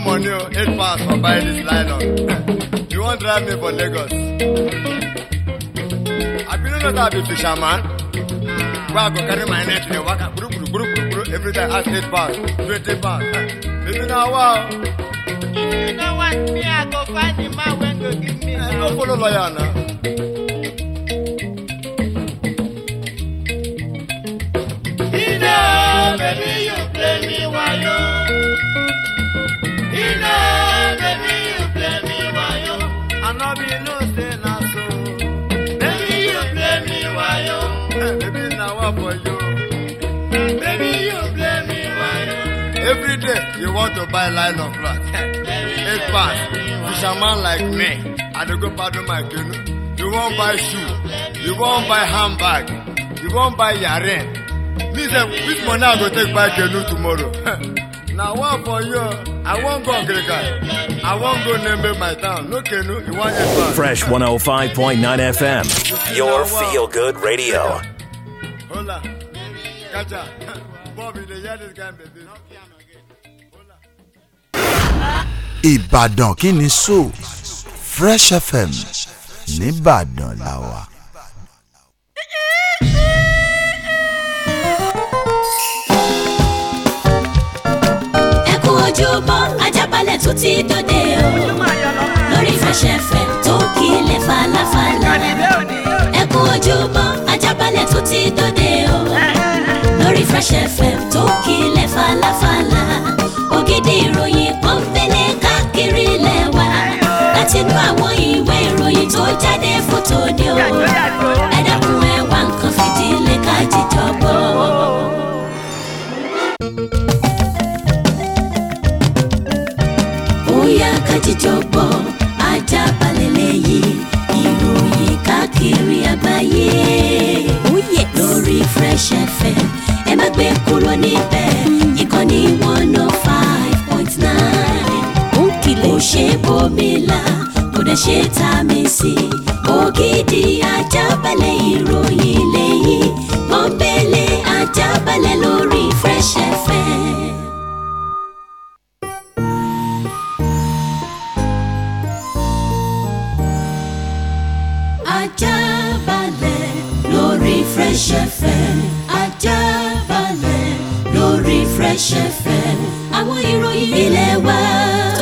money, oh. eight pounds for buy this nylon. you won't drive me for Lagos. I been know that I be fisherman. Where I go carry my net, they walk up, bro, bro, bro, bro, bro, every time I eight pounds, twenty pass. Baby, now wow. you don't want me, I go find the man when go give me. I eh, go follow lawyer now. Baby, you play me while you Every day you want to buy line of flask. Eight pass. Fisherman like me. I don't go paddle my canoe. You won't buy shoe. You won't buy handbag. You won't buy yarn. Me say, which money I go take buy canoe tomorrow? now one for you. I won't go Gregal. I won't go name my town. No canoe. You want eight pass. Fresh 105.9 FM. Your uh, feel good radio. Hola. Gotcha. Bobby, they hear this guy, baby. Ìbàdàn kí ni so Fresh FM nìbàdàn la wà. ẹ kú ojúbọ Ajábalẹ̀ tó ti dòde o lórí Fresh FM tó kílẹ̀ falafala ẹ kú ojúbọ Ajábalẹ̀ tó ti dòde o lórí Fresh FM tó kílẹ̀ falafala ògidì ìròyìn kan Kiri ilẹ̀ wa láti inú àwọn ìwé ìròyìn tó jáde fótó ni o ẹ dákun ẹ wá nǹkan fìdílé ká jíjọ gbọ́. bóyá ká jíjọ gbọ́ ajá balẹ̀ lẹ́yìn ìròyìn káàkiri àgbáyé oh lórí Fresh FM ẹ má gbé kúrò níbẹ̀ ṣe bòmílà kò dẹ̀ ṣe tá a mi sí. ògidì ajábalẹ̀ ìròyìn lẹ́yìn pọ́npẹ́lẹ́ ajábalẹ̀ lórí Fresh FM. ajábalẹ̀ lórí Fresh FM ajábalẹ̀ lórí Fresh FM àwọn ìròyìn ilé wa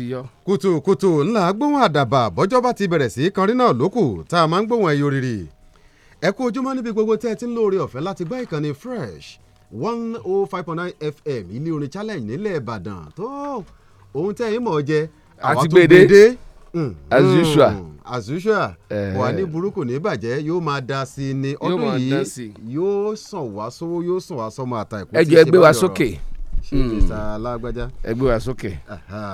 ti yọ. kùtùkùtù ńlá gbóhùn àdàbà bọ́jọ́ bá ti bẹ̀rẹ̀ sí kanrin náà lókù tá a máa ń gbóhùn ẹyọ rírì. ẹ kú ojúmọ́ níbi gbogbo tẹ́ ẹ ti ń lóore ọ̀fẹ́ láti gbọ́ ìkànnì fresh one oh five point nine fm ilé orin challenge nílẹ̀ ìbàdàn tó ohun tẹ́ ẹ mọ̀ jẹ àwa tó gbèdé as hmm, hmm, usual as usual wà ní burúkú ní ìbàjẹ́ yóò máa da sí i ní ọdún yìí yóò sàn wá sówó yóò sàn wá sọmọ àtàkùn tí ì ṣé mr hmm. alágbájá. ẹ gbé wa sókè. Ah,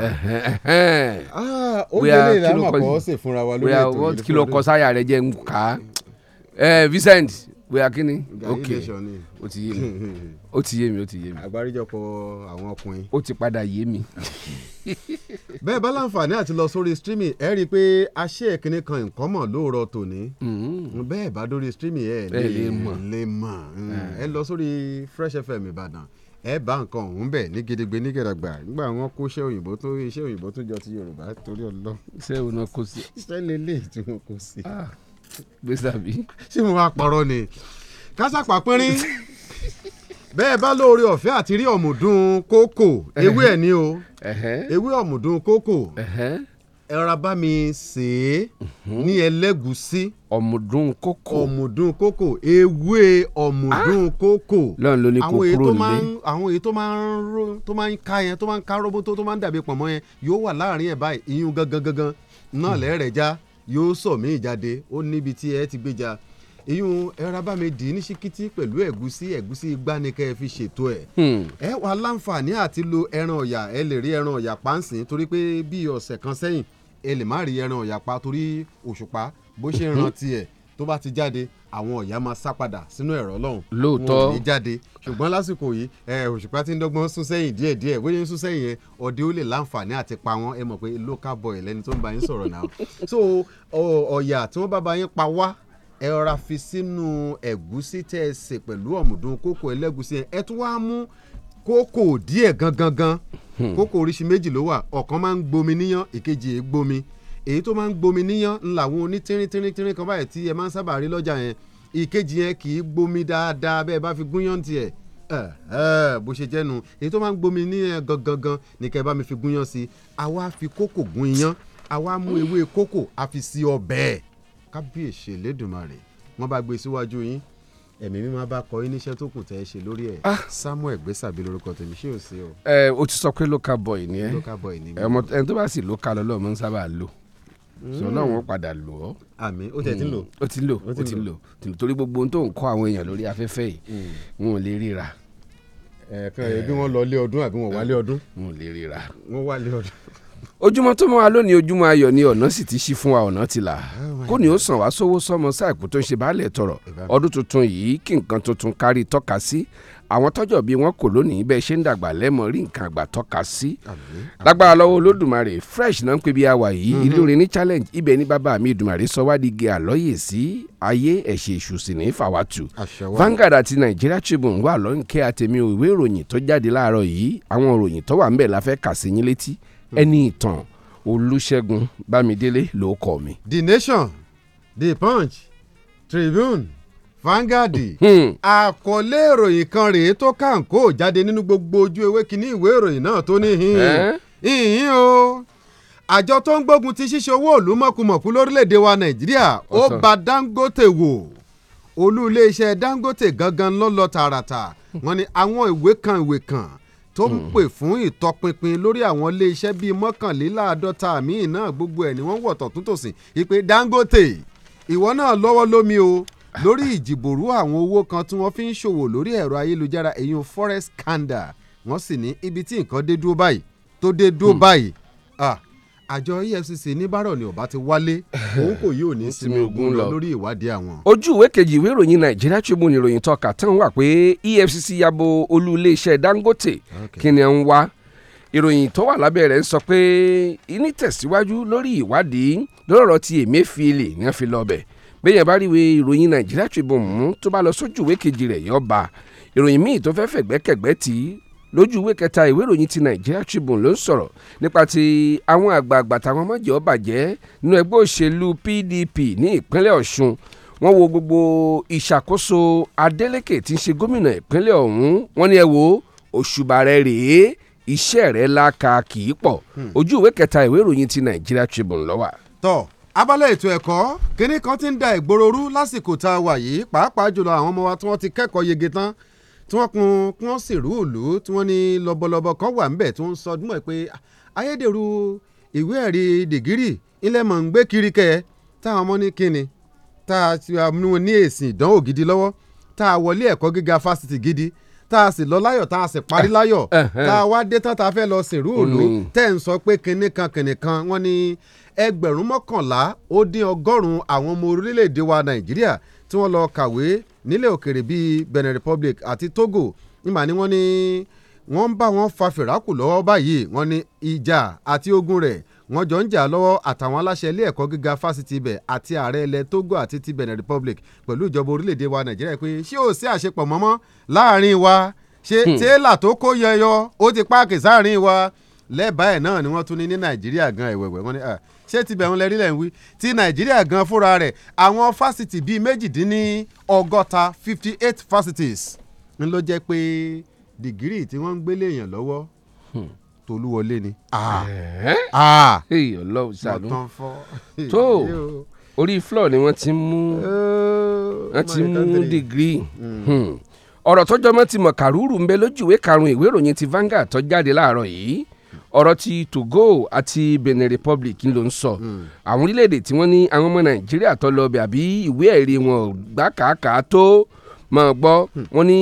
ó gbélé ìlànà àkọ́kọ́ ṣe fúnra wa lórí ètò ìlú. kí ló kọ sáyà rẹ jẹ́ ń Vincent bóyá kí ni ok ó ti yé mi ó ti yé mi ó ti yé mi. àgbáríjọpọ̀ àwọn ọkùnrin. ó ti padà yé mi. bẹ́ẹ̀ bá láǹfààní àti lọ sórí streaming ẹ rí i pé a ṣe ìkíni kan nǹkan mọ̀ lóòrọ̀ tòní hmm. bẹ́ẹ̀ bá dórí streaming ẹ lè mọ̀ hmm. eh. ẹ lọ sórí Fresh FM Ìbàdàn ẹ bá nǹkan ọ̀hún bẹ̀ ní gidigbe ní gẹ̀dàgbà nígbà wọn kó iṣẹ́ òyìnbó tó iṣẹ́ òyìnbó tó jọ ti yorùbá torí ọlọ́run. iṣẹ́ òun náà kò sí. iṣẹ́ lélẹ̀ tí wọ́n kò sí. Ah, gbèsè àbí. ṣé mo wá pọ̀rọ̀ ni kásápà pínrín bẹ́ẹ̀ bá lóore ọ̀fẹ́ àti rí ọ̀mùdún kókò ewé ẹ̀ ní o ewé ọ̀mùdún kókò ẹran bá mi sè é mhm. ní ẹlẹ́gùsí. ọ̀mùdún kókò. ọ̀mùdún kókò ewé ọ̀mùdún ah! kókò. lọ́run ló ní kó kúrò nílé. àwọn èyí tó máa ń ro tó máa ń ka yẹn tó máa ń ka roboto tó máa ń dàbí pọ̀nmọ́ yẹn yóò wà láàrin ẹ̀ báyìí iyún gangan gangan náà hmm. lẹ́rẹ̀ẹ́ já yóò sọ mí ìjáde ó níbi tí ẹ ti gbé ja iyún ẹran bá mi dì í ní ṣíkítí pẹ̀lú ẹ̀gúsí ẹ̀gúsí ìgbánikẹ́ fi ṣètò ẹ̀. Hmm. ẹ wà láǹfààní àti lo ẹran ọ̀yà ẹ lè rí ẹran ọ̀yà páǹsì torí pé bíi ọ̀sẹ̀ kan sẹ́yìn ẹ lè má rí ẹran ọ̀yàpá torí òṣùpá bó ṣe ń mhm. tiẹ̀ tó bá ti jáde àwọn ọ̀yà máa sá padà sínú ẹ̀rọ lọ́hùn. lóòótọ́ wọn ò ní jáde ṣùgbọ́n lásìkò yìí òṣùpá ti ń dọ́gbọ́n sún sẹ́yìn díẹ̀ díẹ̀ bóyá ń sún sẹ́yìn yẹn ọ̀dẹ́ ó lè láǹfààní àti pa wọ́n ẹ mọ̀ pé local boy lẹ́ni tó ń bá yín sọ̀rọ̀ náà. so ọ̀yà tí wọ́n bá bá yín pa wá ẹ rọra fi sínú ẹ̀gúsí tẹ́ ẹ sè pẹ̀lú ọ̀mùdún kókò ẹlẹ́gúsí yẹn ẹ tún wá mú kókò díẹ̀ gangan gan hmm. kókò oríṣi méjì ló wà ọ̀kan máa ń gbomi níyàn ìkejì èé gbomi èyí tó máa ń gbomi níyàn ńlá àwọn onítìrìntìrìntìrìn kan báyìí tí ẹ máa ń sábà rí lọ́jà yẹn ìkejì yẹn kì í gbomi dáadáa bẹ́ẹ̀ bá fi gúnyán tiẹ̀ bó ṣe jẹ́nu èyí tó máa ń gbomi níyàn gangan gan ni kẹ́ ẹ bá mi fi gúnyán sí àwa fi kókò gún iyán àwa mú ewé kókò àfi sí ọbẹ̀ kábíyèsí Elédùmarè wọ́n bá gbé síwájú yín ẹ̀mí mímọ́ bá kọ yín níṣẹ́ tó kù tẹ́ ẹ ṣe lórí ẹ̀ ah. Samuel gbèsàbí lórúkọ tèmi ṣé o ṣe o. ẹ o ti sọ pé local boy ni ẹ local boy ni mi ọmọ ẹni tó bá sì local ọlọ́mọ ń sábà lò sọ náà wọn padà lò ó. àmì ó tẹ ti hmm. lò. ó ti lò ó ti lò torí gbogbo ohun tó ń kọ́ àwọn èèyàn lórí afẹ́fẹ́ yìí hmm. wọn ò lè ríra. ẹ̀ẹ̀kan ẹ̀ẹ́dí wọn lọ lé ọdún àbí wọn wá lé ọdún. wọn ò lè ríra. wọn wá lé ọdún ojúmọ́ tó mọ́ wa lónìí ojúmọ́ ayọ̀ ni ọ̀nà sì ti ṣí fún wa ọ̀nà ti là kó ni ó sàn wá sówó sọmọ sáàpù tó ń ṣe baálẹ̀ tọrọ ọdún tuntun yìí kí nǹkan tuntun kárí tọ́ka sí àwọn tọ́jọ́ bí wọ́n kò lónìí bẹ́ẹ̀ ṣe ń dàgbà lẹ́mọ̀ rí nǹkan àgbà tọ́ka sí. lágbára lọ́wọ́ olódùmarè fresh náà ń pè bí àwa yìí ilé mhm. orin ní challenge ibẹ̀ ní bàbá mi ìdùmarè sọ wádìí ge àlọ́yè sí ayé ẹ̀ṣẹ̀ èṣù sì ní fàwátù. Vanguard àti Nigeria Tribune wà lọ́nkẹ́ àtẹ̀mí ìwé ìròyìn tó jáde láàárọ̀ yìí àwọn ìròyìn tó wà ńbẹ̀ la fẹ́ kà sí yín létí Hmm. ẹni ìtàn olùṣègùn bámidélé ló kọ mi. the nation the punch tribune Vanguard hmm. àkọlé ìròyìn kan rèé tó kàǹkó jáde nínú gbogbo ojú ewé kínní ìwé ìròyìn náà tó ní hìn hìn o àjọ tó ń gbógun ti ṣíṣe owó òlú mọ̀kùmọ̀kù lórílẹ̀‐èdè wa nàìjíríà ó ba dangote wò olú iléeṣẹ́ dangote gangan ló tààràtà hmm. wọ́n ní àwọn ìwé kan ìwé kan tó ń hmm. pè fún ìtọpinpin lórí àwọn iléeṣẹ́ bíi mọ́kànléláàádọ́ta míì náà gbogbo ẹ̀ ni wọ́n wọ̀ tọ̀tún tòsì ìpè Dangote ìwọ náà lọ́wọ́ lómi o lórí ìjìbòrú àwọn owó kan tí wọ́n fi ń ṣòwò lórí ẹ̀rọ ayélujára èyí forex scandal wọ́n sì ní ibi tí nǹkan dé dúró báyìí tó dé dúró hmm. báyìí ah àjọ EFCC ní bárọ̀ ni ọba ti wálé òun kò yí òní sinmi ogun lọ lórí ìwádìí àwọn. ojú ìwé kejì ìwé ìròyìn Nigeria Tribune ìròyìn tọ́ka tán wà pé EFCC yabo olú iléeṣẹ́ Dangote kí ni ẹ ń wá ìròyìn tó wà lábẹ́ rẹ̀ ń sọ pé ní tẹ̀síwájú lórí ìwádìí lọ́rọ̀ ti Emefiele ní wọ́n fi lọ bẹ̀ bẹ́ẹ̀ yẹn bá rí ìwé ìròyìn Nigeria Tribune mú tó bá lọ sójú ìwé kejì rẹ̀ yọ ba ìròyìn míì tó fẹ́ fẹ̀gbẹ́kẹ̀gbẹ́ tí lójú ìwé kẹta ìwé ìròyìn ti Nigeria Tribune ló ń sọ̀rọ̀ nípa ti àwọn àgbààgbà táwọn mọ̀jẹ̀ ọba jẹ́ nínú ẹgbẹ́ òṣèlú PDP ní ìpínlẹ̀ Ọ̀ṣun wọ́n wo gbogbo ìṣàkóso Adeleke tí ń ṣe gómìnà ìpínlẹ̀ ọ̀hún wọ́n ní ẹ wo òṣùbà rẹ̀ rèé iṣẹ́ rẹ̀ la ka kì í pọ̀ hmm. ojú ìwé kẹta ìwé ìròyìn ti Nigeria Tribune ló wà. tọ́ abala ètò ẹ̀kọ́ kínní kan ti ń da ìgboro rú lásìkò tá a wà yìí pàápàá jùlọ àwọn ọmọ wa tí wọ́n ti kẹ́kọ̀ọ́ yege tán tí wọ́n kun kí wọ́n sì rú òlù tí wọ́n ní lọ́bọ̀lọ́bọ̀ kan wà ńbẹ̀ tí wọ́n ń sọ ọdún mọ̀ pé ah, ayédèrú ìwé ẹ̀rí dègírì ilẹ̀ mọ̀ ń gbé kiri kẹ́ táwọn ọmọ ní kíni tá a ti mú ní èsì ìdánwò gidi lọ́wọ́ tá a wọlé ẹ̀kọ́ gíga fásitì gidi tá a sì lọ láyọ̀ tá a sì parí eh, láyọ̀ tá a wá dé tán tá a fẹ́ lọ sìnrú òlu tẹ́ ń sọ pé kinní kan kinní kan wọ́n ní ẹgbẹ̀rún mọ́kànlá ó dín ọgọ́rùn-ún àwọn ọmọ orílẹ̀-èdè wa Nàìjíríà tí wọ́n lọ kàwé nílẹ̀ òkèrè bíi Benin Republic àti Togo nígbà ni wọ́n ní wọ́n ń bá wọn fa fìràkù lọ́wọ́ báyìí wọ́n ní ìjà àti ogun rẹ̀ wọ́n jọ ń jà lọ́wọ́ àtàwọn aláṣẹ ilé ẹ̀kọ́ gíga fásitì ibẹ̀ àti ààrẹ ilẹ̀ Togo àti ti Benin Republic pẹ̀lú ìjọba orílẹ̀-èdè wa Nàìjíríà pé ṣé ò sí àṣepọ̀ mọ́mọ́ láàrin wa ṣe hmm. tẹ́lá tó kó yẹyọ ó ti páàkì sáàrin wa lẹ́bàá ẹ̀ náà ni wọ́n tún ní ní nàìjíríà gan ẹ̀wẹ̀wẹ̀ wọ́n Ah, ṣé ti bẹ̀rù lẹ́rí lẹ́ ń wí ti nàìjíríà gan fúnra rẹ̀ àwọn fásitì bíi méjìdínní fifty eight facilities ń ló jẹ́ pé dìgírì tí wọ́n ń gbélé èèyàn lọ́wọ́ hmm. tolúwọlé ni. ọlọ́run ṣàánú tó oh. orí floor ni wọ́n ti mú oh, wọ́n ti mú dìgírì hmm. Hmm. ọ̀rọ̀ tọ́jọ́ mọ́ ti mọ̀ kàrúurú ń bẹ lójúwèé karùn-ún ìwé ìròyìn ti Vanguard tó jáde láàárọ̀ yìí ọ̀rọ̀ ti Togo àti Benin Republic ló ń sọ hmm. àwọn orílẹ̀-èdè tí wọ́n ní àwọn ọmọ Nàìjíríà tó lọ bẹ̀ àbí ìwé ẹ̀rí wọn ò gbàkàkà tó máa gbọ́ hmm. wọn ní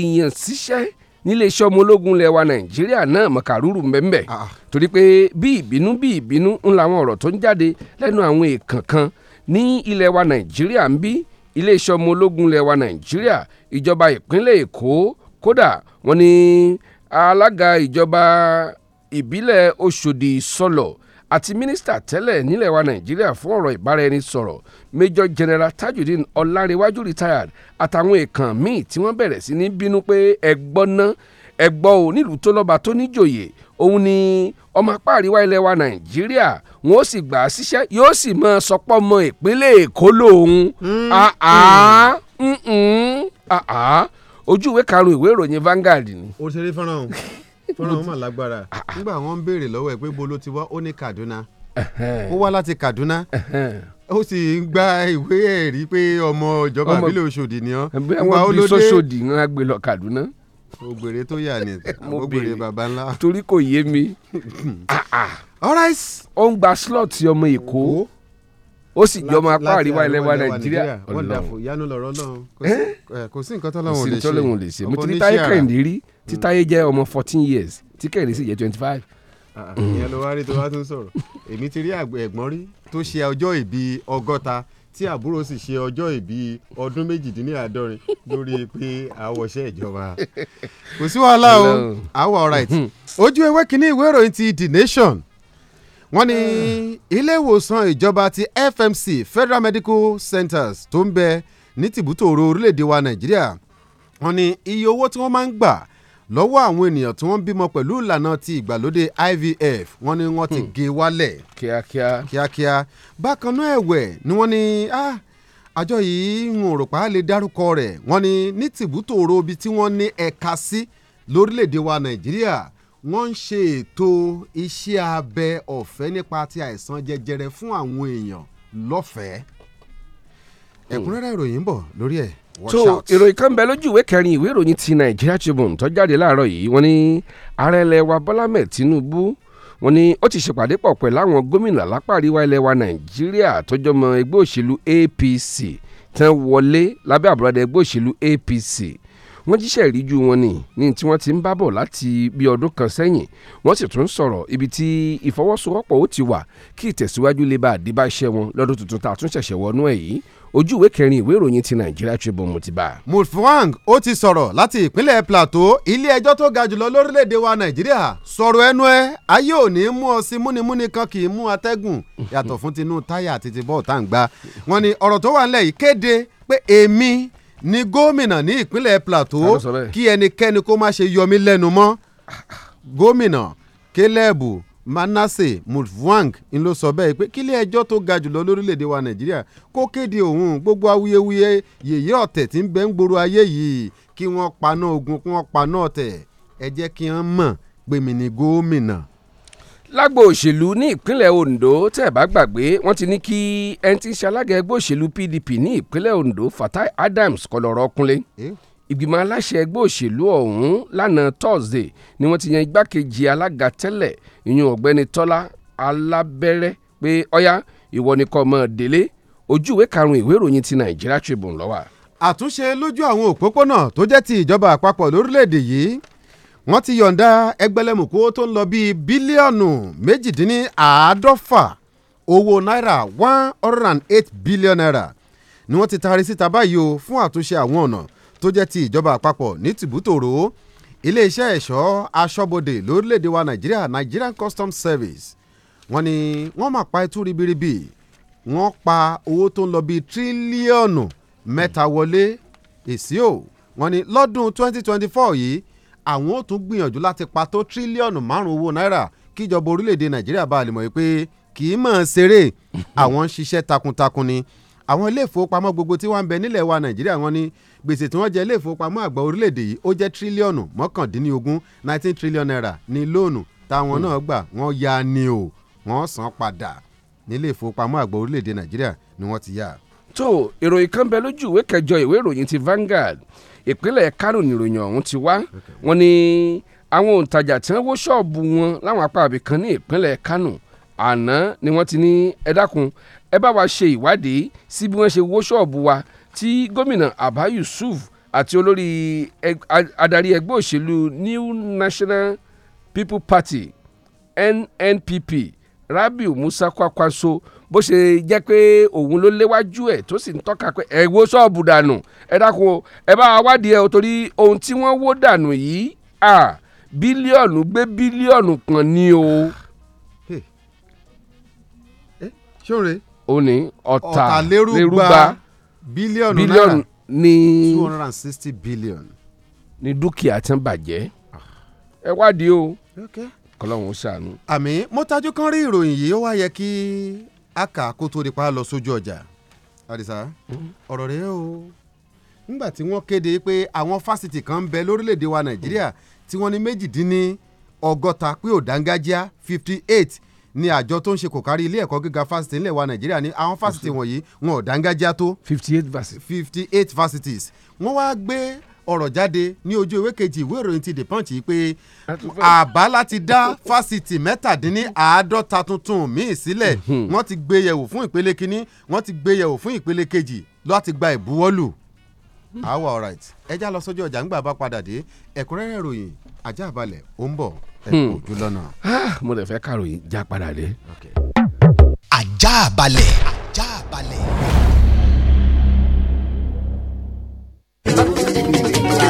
ìyàn síṣẹ́ níléeṣẹ́ ọmọ ológun ilẹ̀ wa nàìjíríà náà mọ̀kàrúrù mbẹ́mbẹ́ ah, ah. torí pé bí ìbínú bí ìbínú ń làwọn ọ̀rọ̀ tó ń jáde lẹ́nu àwọn èèkàn kan ní ilẹ̀ wa nàìjíríà ń bí iléeṣẹ́ ọmọ ológun ilẹ̀ nàìjíríà ìjọba ìpínlẹ̀ èkó kódà wọ́n ní alága ìjọba ìbílẹ̀ Ọ̀ṣọ́dì sọlọ̀ àti mínísítà tẹ́lẹ̀ nílẹ̀ wa nàìjíríà fún ọ̀rọ̀ ìbáraẹnisọ̀rọ̀ major general tajudeen ọlárẹ̀wájú retired àtàwọn èèkàn míì tí wọ́n bẹ̀rẹ̀ sí ní bínú pé ẹ̀gbọ́n ná ẹ̀gbọ́n ò nílùú tó lọ́ba tó níjòyè òun ni ọmọ apá àríwá ilẹ̀ wa nàìjíríà wọn ó sì gbà á síṣẹ́ yóò sì máa sọpọ́ ọmọ ìpínlẹ̀ èkó lòun mm-hmm. Ah, ah, mm-hmm. Ah, ojú ìwé karùn-ún ìwé ìròyìn Vanguard ni. ó ṣeré fọ́nrán o. fọ́nrán wọn mà lágbára ah, ah. nígbà wọn ń béèrè lọ́wọ́ ẹ̀ pé bolo ti wá ó ní Kaduna ó wá láti Kaduna ó sì ń gba ìwé ẹ̀rí pé ọmọ ìjọba àbílẹ̀ Òṣòdì ni ọ́ nígbà ó ló ń gbé lọ Kaduna. ògbèrè tó yà ni ògbèrè baba ńlá. torí kò yé mi. Ah, all right. ó ń gba slot ọmọ Èkó ó sì jọmọ apá àríwá ilẹ̀ wa nàìjíríà wonderful ìyanu lọ̀rọ̀ náà kò sí nǹkan tọ́lọ́hún lè ṣe tọ́lọ́hún lè ṣe mo ti ní táyé kẹ́hìndé rí tí mm. táyé jẹ́ ọmọ fourteen years tí kẹ́hìndé sì jẹ́ twenty five. Ah, ah, ìyẹn ló wá rí tó wá tún sọ̀rọ̀ èmi ti rí ẹ̀gbọ́n rí tó ṣe ọjọ́ ìbí ọgọ́ta tí àbúrò sì ṣe ọjọ́ ìbí ọdún méjìdínláàádọ́rin lórí pé àwọ̀ṣẹ́ ìjọba kò sí wàhálà o àwọ̀ alright ojú ewé kínní ìwé ìròyìn ti The Nation wọ́n ní ah. ilé ìwòsàn ìjọba ti FMC Federal Medical Centers tó ń bẹ ní tìbútòrò orílẹ̀-èdè wa Nàìjíríà wọ́n ní iye owó tí wọ́n máa ń gbà lọ́wọ́ àwọn ènìyàn tí wọ́n bímọ pẹ̀lú ìlànà ti ìgbàlódé IVF wọ́n ní wọ́n ti hmm. gé e wálẹ̀ kíákíá kíákíá bákan náà ẹ̀wẹ̀ ni wọ́n ní ah, àjọ yìí ń rò pa á lè dárúkọ rẹ̀ wọ́n ní ní tìbútòrò ibi tí wọ́n ní ẹ̀ka sí lórílẹ̀‐èdè wa Nàìjíríà wọ́n ń ṣe ètò iṣẹ́ abẹ ọ̀fẹ́ nípa ti àìsàn jẹjẹrẹ fún àwọn èèyàn lọ́fẹ̀ẹ́ ẹ̀kúnrẹ́rẹ́ ìròyìn ń bọ̀ lórí ẹ̀ watch out. tó ìròyìn kan bẹ lójú ìwé kẹrin ìwé ìròyìn ti Nigeria Tribune tó jáde láàárọ̀ yìí wọ́n ní ààrẹ ilẹ̀ wa Bọ́lá mẹ́ Tinubu wọ́n ní ó ti ṣèpàdé pọ̀ pẹ̀lú àwọn gómìnà lápá àríwá ilẹ̀ wa Nàìjíríà tó jọmọ́ ẹgbẹ́ òṣèlú APC tán wọlé lábẹ́ àbúradà ẹgbẹ́ òṣèlú APC wọ́n jíṣẹ́ ìríjú wọn ni ní tí wọ́n ti ń bá bọ̀ láti bí ọdún kan sẹ́yìn wọ́n sì tún sọ̀rọ̀ ibi tí ìfọwọ́sowọ́pọ̀ ó ti wà kí ìtẹ̀síwájú lè bá àdébá iṣẹ́ wọn lọ́dún tuntun tá a tún ṣẹ̀ṣẹ̀ wọnú ẹ̀ yìí ojú ìwé kẹrin ìwé ìròyìn ti Nigeria Tribune mo ti bá. Mutfwang ó ti sọ̀rọ̀ láti ìpínlẹ̀ Plateau ilé ẹjọ́ tó ga jùlọ lórílẹ̀‐èdè wa Nàìjíríà sọ̀rọ̀ ẹnu ẹ ayé ò ní mú ọ sí múnimúni kan kì í mú atẹ́gùn yàtọ̀ fún tinú táyà àti ti bọ́ọ̀ tá à ń gbá wọn ni ọ̀rọ̀ tó wà nílẹ̀ yìí kéde pé èmi ni gómìnà ní ìpínlẹ̀ plateau kí ẹnikẹ́ni kó má ṣe yọmí lẹ́nu mọ́ gómìnà caleb manasseh mutvwang ń ló sọ bẹ́ẹ̀ pé kílé ẹjọ́ tó ga jùlọ lórílẹ̀‐èdè wa nàìjíríà kó kéde òun gbogbo awuyewuye yèyé ọ̀tẹ̀ tí ń bẹ ń gbòòrò ayé yìí kí wọ́n paná ogun kí wọ́n paná ọ̀tẹ̀ ẹ jẹ́ kí wọ́n mọ̀ pé ni gómìnà lágbo òṣèlú ní ìpínlẹ̀ Ondo tẹ́ ẹ̀ bá gbàgbé wọ́n ti ní kí ẹni tí ń ṣalága ẹgbẹ́ òṣèlú PDP ní ìpínlẹ̀ Ondo Fatai Adams kó lọ rọ́ọ̀kúnlé ìgbìmọ̀ aláṣẹ ẹgbẹ́ òṣèlú ọ̀hún lánàá Thursday ni wọ́n ti yan igbákejì alága tẹ́lẹ̀ ìyún ọ̀gbẹ́ni Tọ́lá Alábẹ́rẹ́ pé ọ̀yá ìwọ ni kó máa délé ojú ìwé karùn-ún ìwé ìròyìn ti Nigeria Tribune ló wà. àtúnṣe lójú àwọn òpópónà tó jẹ́ ti ìjọba àpapọ̀ lórílẹ̀ yìí wọ́n ti yọ̀ǹda ẹgbẹ̀lẹ́mùkú tó ń lọ bíi bílíọ̀nù méjìdínláàádọ́fà owó náírà one hundred and eight billion naira ni wọ́n ti taari síta báyìí o fún àtúnṣe àwọn ọ̀nà tó jẹ́ ti ìjọba àpapọ̀ ní tìbútòrò iléeṣẹ́ ẹ̀ṣọ́ aṣọ́bodè lórílẹ̀‐èdè wa nàìjíríà Nigerian Customs Service wọ́n ní wọ́n máa pa ẹtú ribiribi wọ́n pa owó tó ń lọ bíi tírílíọ̀nù mẹ́ta wọlé èsì o wọ́n ní lọ́dún twenty twenty four yìí àwọn ò tún gbìyànjú láti pa tó tírílíọ̀nù márùn-ún owó náírà kíjọba orílẹ̀-èdè nàìjíríà bá lè mọ̀ pé kì í mọ̀ ṣeré àwọn ń ṣiṣẹ́ takuntakun ni àwọn ilé ìfowópamọ́ gbogbo tí wọ́n ń bẹ nílẹ̀ wa nàìjíríà wọn ni gbèsè tí wọ́n jẹ ilé ìfowópamọ́ àgbà orílẹ̀-èdè yìí ó jẹ́ tírílíọ̀nù mọ́kàndínlógún nineteen trillion naira ní lóònù táwọn náà gbà wọ́n ya ni o wọ́n san padà nílé ìfowópamọ́ àgbà orílẹ̀-èdè nàìjíríà ni wọ́n ti yá. tó ìròyìn kan bẹ lójú ìwé kẹjọ ìwé ìròyìn ti Vanguard ìpínlẹ̀ Kano nìròyìn ọ̀hún ti wá wọ́n ní àwọn òǹtajà tí wọ́n wó ṣọ́ọ̀bù wọn láwọn apá kan ní ìpínlẹ̀ Kano àná ni wọ́n ti ní ẹ dákun ẹ bá wa ṣe ìwádìí sí bí wọ́n ṣe wó ṣọ́ọ̀bù wa tí gómìnà Abba Yusuf àti olórí adarí ẹgbẹ́ òṣèlú New National People Party NNPP Rabiu Musa Kwakwanso bó ṣe jẹ́ pé òun ló léwájú ẹ̀ tó sì ń tọ́ka pé ẹ wo ṣọ́ọ̀bù dànù ẹ dákun o ẹ bá wádìí ẹ o torí ohun tí wọ́n wó dànù yìí à bílíọ̀nù gbé bílíọ̀nù kan ní o. Eh, ṣóore ó ní ọ̀tàlérúgba bílíọ̀nù náírà ní two hundred and sixty billion ní dúkìá tí ń bàjẹ́ ah. ẹ wádìí o kọlọ́run ó ṣàánú. àmì mo tajú kan rí ìròyìn yìí ó wá yẹ kí a kà á kó tó di pa á lọ sójú ọjà àdìsá ọ̀rọ̀ rẹ o nígbà tí wọ́n kéde pé àwọn fásitì kan ń bẹ lórílẹ̀‐èdè wa nàìjíríà tí wọ́n ní méjìdínní ọgọ́ta pé ò dáńgájíá fifty eight ni àjọ tó ń ṣe kò kárí ilé ẹ̀kọ́ gíga fásitì ńlẹ̀ wa nàìjíríà ní àwọn fásitì wọ̀nyí wọn ò dángájá tó. fifty eight fifty eight fásitìs wọ́n wá gbé ọ̀rọ̀ jáde ní ojú ewé kejì ìwé ìròyìn ti The Punch pé àbá láti dá fásitì mẹ́tàdínní àádọ́ta tuntun míì sílẹ̀ mhm. wọ́n ti gbé yẹ̀wò fún ìpele kínní wọ́n ti gbé yẹ̀wò fún ìpele kejì láti gba ìbuwọ́lù. àwa alright ẹja lọ sójú ọjà ńgbà bá padà dé ẹ̀kúnrẹ́rẹ́ ìròyìn ajá àbálẹ̀ ó ń bọ̀ ẹ kò hmm. ojú lọ́nà. Ah, mo lè fẹ́ kàròyìn já padà dé. ajá àbálẹ̀ ajá àbálẹ̀.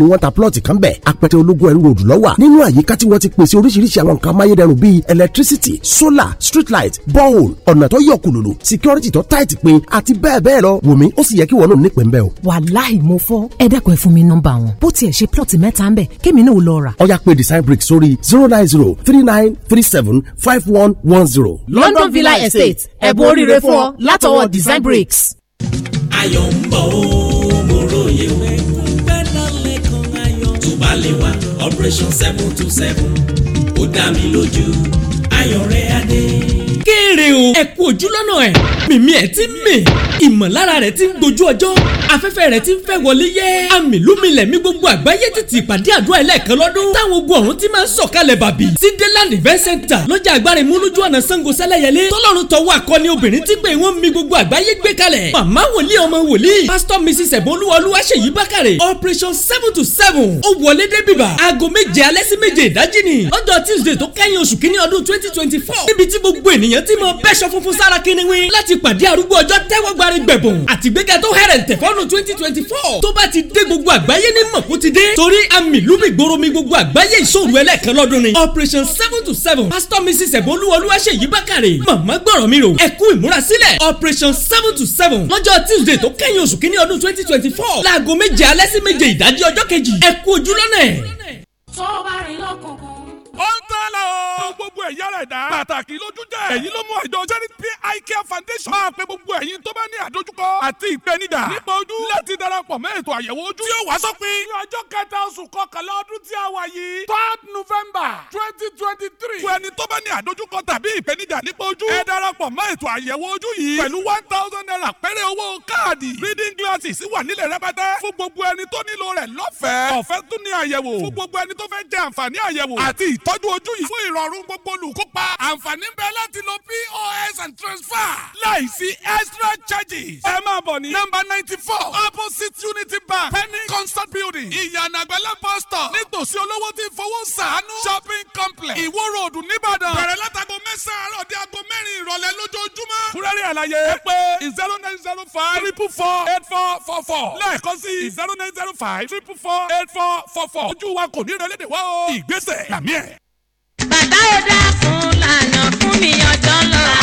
ni wọ́n ta plọ́ọ̀tì kan bẹ̀ apẹtẹ ológun ẹ̀rú ròdù lọ́wà nínú àyíká tí wọ́n ti pèsè oríṣiríṣi àwọn nǹkan amáyédẹrùn bíi electricity solar street light borehole ọ̀nà tó yọ kùlùlù security tó tight pé àti bẹ́ẹ̀ bẹ́ẹ̀ lọ wùmí ó sì yẹ kí wọ́n náà nípìn bẹ́ẹ̀ o. wàláì mo fọ ẹ dẹ́kun ẹ fún mi nọ́mbà wọn bó tiẹ̀ ṣe plọ́ọ̀tì mẹ́ta ń bẹ̀ kémi náà lọ rà. ó design brick sórí zero nine zero three nine three seven five one one zero. London Villa Estate ẹ̀bùn oríire fún ọ látọwọ́ design bricks. ayọ̀ ń bọ̀ ó mo róye wẹ́ẹ́ balẹ̀ wá operation seven two seven ó dá mi lójú ayọ̀rẹ́ rere o ẹ kú ojú lọ́nà ẹ̀ mímí ẹ̀ ti ń mì ìmọ̀lára rẹ̀ ti ń gbojú ọjọ́ afẹ́fẹ́ rẹ̀ ti ń fẹ́ wọlé yẹ́ àmìlúmilẹ̀ mi gbogbo àgbáyé títí ìpàdé àdúrà ẹlẹ́ẹ̀kan lọ́dún táwọn ogun ọ̀run ti máa ń sọ̀kalẹ̀ bàbí sí deland event center lọ́jà agbára ìmúlójú ọ̀nà Ṣàngó Sẹ́lẹ̀yẹlé tọ́lọ́run tọwọ́ akọni obìnrin tí pé wọ́n mi gbogbo àgbáyé gbé kalẹ̀ màmá wòlíì ọmọ wòlíì pásítọ̀ mrs ẹ̀bọ́lúwọlúwà ṣèyí operation seven to seven ó wọlé dé bíbà aago méje alẹ́ sí méje ìdájí ni ọjọ́ tuesday tó kẹ́yìn twenty twenty four níbi tí gbogbo ènìyàn ti máa bẹ́ṣọ funfun sára kiniwin láti pàdé arúgbó ọjọ́ tẹ́wọ́ gbari gbẹ̀bùn àtìgbéga tó hẹ̀rẹ̀ǹtẹ̀ fọ́nù twenty twenty four tó bá ti dé gbogbo àgbáyé ní mọ̀kú ti dé torí àmì lúbì gbòòrò mi gbogbo àgbáyé ìṣòro ẹlẹ́ẹ̀kan lọ́dún ni operation seven to seven pastor mrs ẹ̀bọ́lúwọlúwà ṣèyí bákàrẹ̀ màmá gbọ́rọ̀ mi rò ẹ̀kú ìmúrasílẹ̀ operation seven to seven lọ́jọ́ tuesday tó kẹ́yìn oṣù twenty twenty four láago méje alẹ́ sí méje ìdájí ọjọ́ kejì ẹ̀dá pàtàkì lójú jẹ́ èyí ló mú àjọ charity pay eye care foundation máa pe gbogbo ẹ̀yin tó bá ní àdójúkọ àti ìpènijà nípa ojú láti darapọ̀ mẹ́ ètò àyẹ̀wò ojú tí ó wá sópin. ní ọjọ́ kẹta oṣù kọkànlá ọdún tí a wà yìí third november twenty twenty three. fún ẹni tó bá ní àdójúkọ tàbí ìpènijà nípa ojú ẹ darapọ̀ mẹ́ ètò àyẹ̀wò ojú yìí pẹ̀lú one thousand naira péré owó káàdì reading glasses wà nílẹ̀ rẹpẹtẹ fún gbogbo ẹni tó nílò rẹ̀ lọ́fẹ̀ẹ́ ọ̀fẹ́ tún ní àyẹ̀wò fún gbogbo ẹni tó fẹ́ jẹ àǹfààní àyẹ̀wò àti ìtọ́jú ojú yìí fún ìrọ̀rùn gbogbo olùkópa wa. àǹfààní ń bẹ láti lo pos and transfer. láìsí extra charges. ẹ máa bọ̀ ní. nọ́mbà ninety four opposite unity bank penny concert building ìyànàgbẹ́lẹ̀ bus stop nítòsí olówó tí fowó sàánú shopping complex ìwó ròdù nìbàdàn. bẹ̀rẹ̀ látago mẹ́sàn-án àárọ̀ dé aago mẹ́rin ìrọ̀lẹ́ lójoojúmọ́. kúrẹ́rì àlàyé ẹ pé zero nine zero five triple four eight four four four lẹ́ẹ̀kan sí zero nine zero five triple four eight four four four ojú wa kò ní ìrẹ́lẹ́dẹ̀ wá o. ìgbésẹ̀ làmí ẹ̀ bàbá ò dákun lànà fún mi ọjọ́ lọ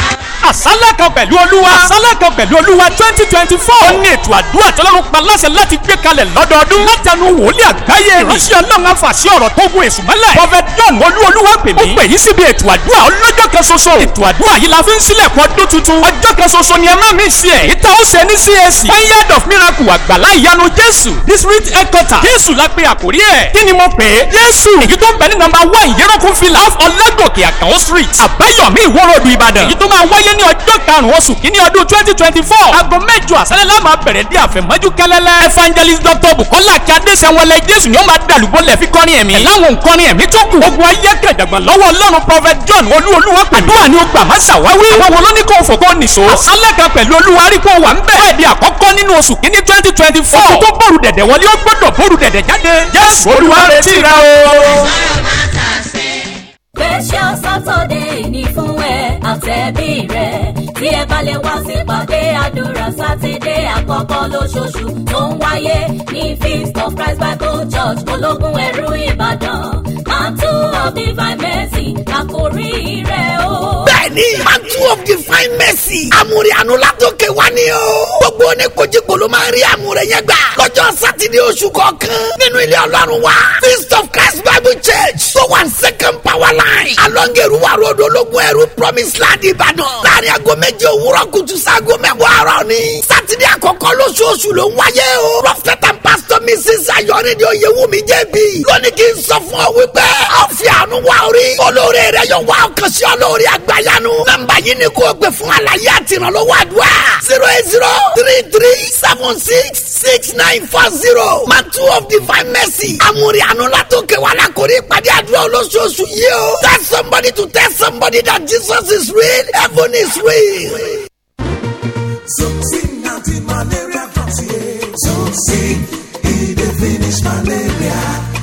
àsálà kan pẹ̀lú olúwa àsálà kan pẹ̀lú olúwa twenty twenty four ó ní ètò àdúrà tọ́lọ́run pa láṣẹ láti gbé kalẹ̀ lọ́dọọdún látẹnu wòlíì àgbáyé ìránṣẹ́ ọlọ́run àfàṣẹ ọ̀rọ̀ tó gun èṣù mọ́lẹ̀ prophet john olúolúwa pè mí ó pè yí síbi ètò àdúrà ọlọ́jọ́ kan ṣoṣo ètò àdúrà yìí la fi ń sílẹ̀kùn ọdún tuntun ọjọ́ kan ṣoṣo ni ẹ má mi ṣe ẹ̀ ìta ó ṣe ní csc vineyard of miracle àgbàlá ìyanu jésù district headquarter jésù la pe àkórí ẹ̀ kí ni mo pè é jésù èyí tó ń bẹ ní nọ́mbà one yẹ́rọ̀kún fìlà ọlọ́gòkè àkànwó street àbáyọ̀mí ìwọ́rọ̀dù ìbàdàn èyí tó máa wáyé ní ọjọ́ karùn-ún oṣù kínní ọdún twenty twenty four aago mẹ́jọ àṣálẹ́ la máa bẹ̀rẹ̀ dé àfẹ̀mọ́jú kẹ́lẹ́lẹ́ evangelist dr bukola kí adéṣẹ́wọlé jésù ni ó máa dàlúgbò lẹ̀ fi kọrin ẹ̀mí láwọn nkọrin ẹ̀mí tó kù ogun ayé kẹ̀dàgbà lọ́wọ́ ọlọ́run prophet john olúolúwa àdúrà ni ó gbà má ṣàwáwí àwọn wo ló ní kó o fòkó nìṣó àṣálẹ́ kan pẹ̀lú olúwa rí kó o wà ń bẹ̀ ẹ̀dì àkọ́kọ́ nínú oṣù kínní twenty twenty four òkú tó bòrú dẹ̀dẹ̀ wọlé ó gbọ́dọ̀ bòrú dẹ̀dẹ̀ jáde jésù olúwa retí Precious Saturday ni fún ẹ àtẹ̀bí rẹ̀ bí ẹ bá lè wá sípàdé àdúrà sátidé àkọ́kọ́ lóṣooṣù tó ń wáyé ní feast of christ bible church ológun ẹ̀rú ìbàdàn mantle of divine mercy àkòrí rẹ̀ o ní. pàtó of divine mercy. àmúre àánú látòkè wá ní o. gbogbo ní kojúkò ló máa rí àmúre yẹn gbà. lọ́jọ́ sátidé oṣù kọ̀ọ̀kan nínú ilé ọlọ́run wa. feast of christ bible church so one second power line. alongeru wa road ológun ẹrú promise land ìbàdàn. láàrin aago méje òwúrọ̀ kùtù sago mẹ́wàá ọ̀rọ̀ ni. sátidé àkọ́kọ́ lóṣooṣù ló ń wáyé o. prophet and pastor mrs ayọ̀rẹ́dì oyewumi jẹ́bi. lónìí kì í sọ fún ọ wípé ọ̀fi àánú wa orí. olóore rẹ̀ yóò wá ọkàn lẹ́nu. nọ́mbà yìí ni kò gbé fún àlàyé àti ìrànlọ́wọ́ àdúrà. zero eight zero three three seven six six nine four zero. man two of divine mercy. amúri ànúlátó kẹwàá lakòrí ìpàdé àdúrà olóṣooṣù yìí o. tell somebody to tell somebody that Jesus is real heaven is real. Something anti-malaria comes here. Something, it finish malaria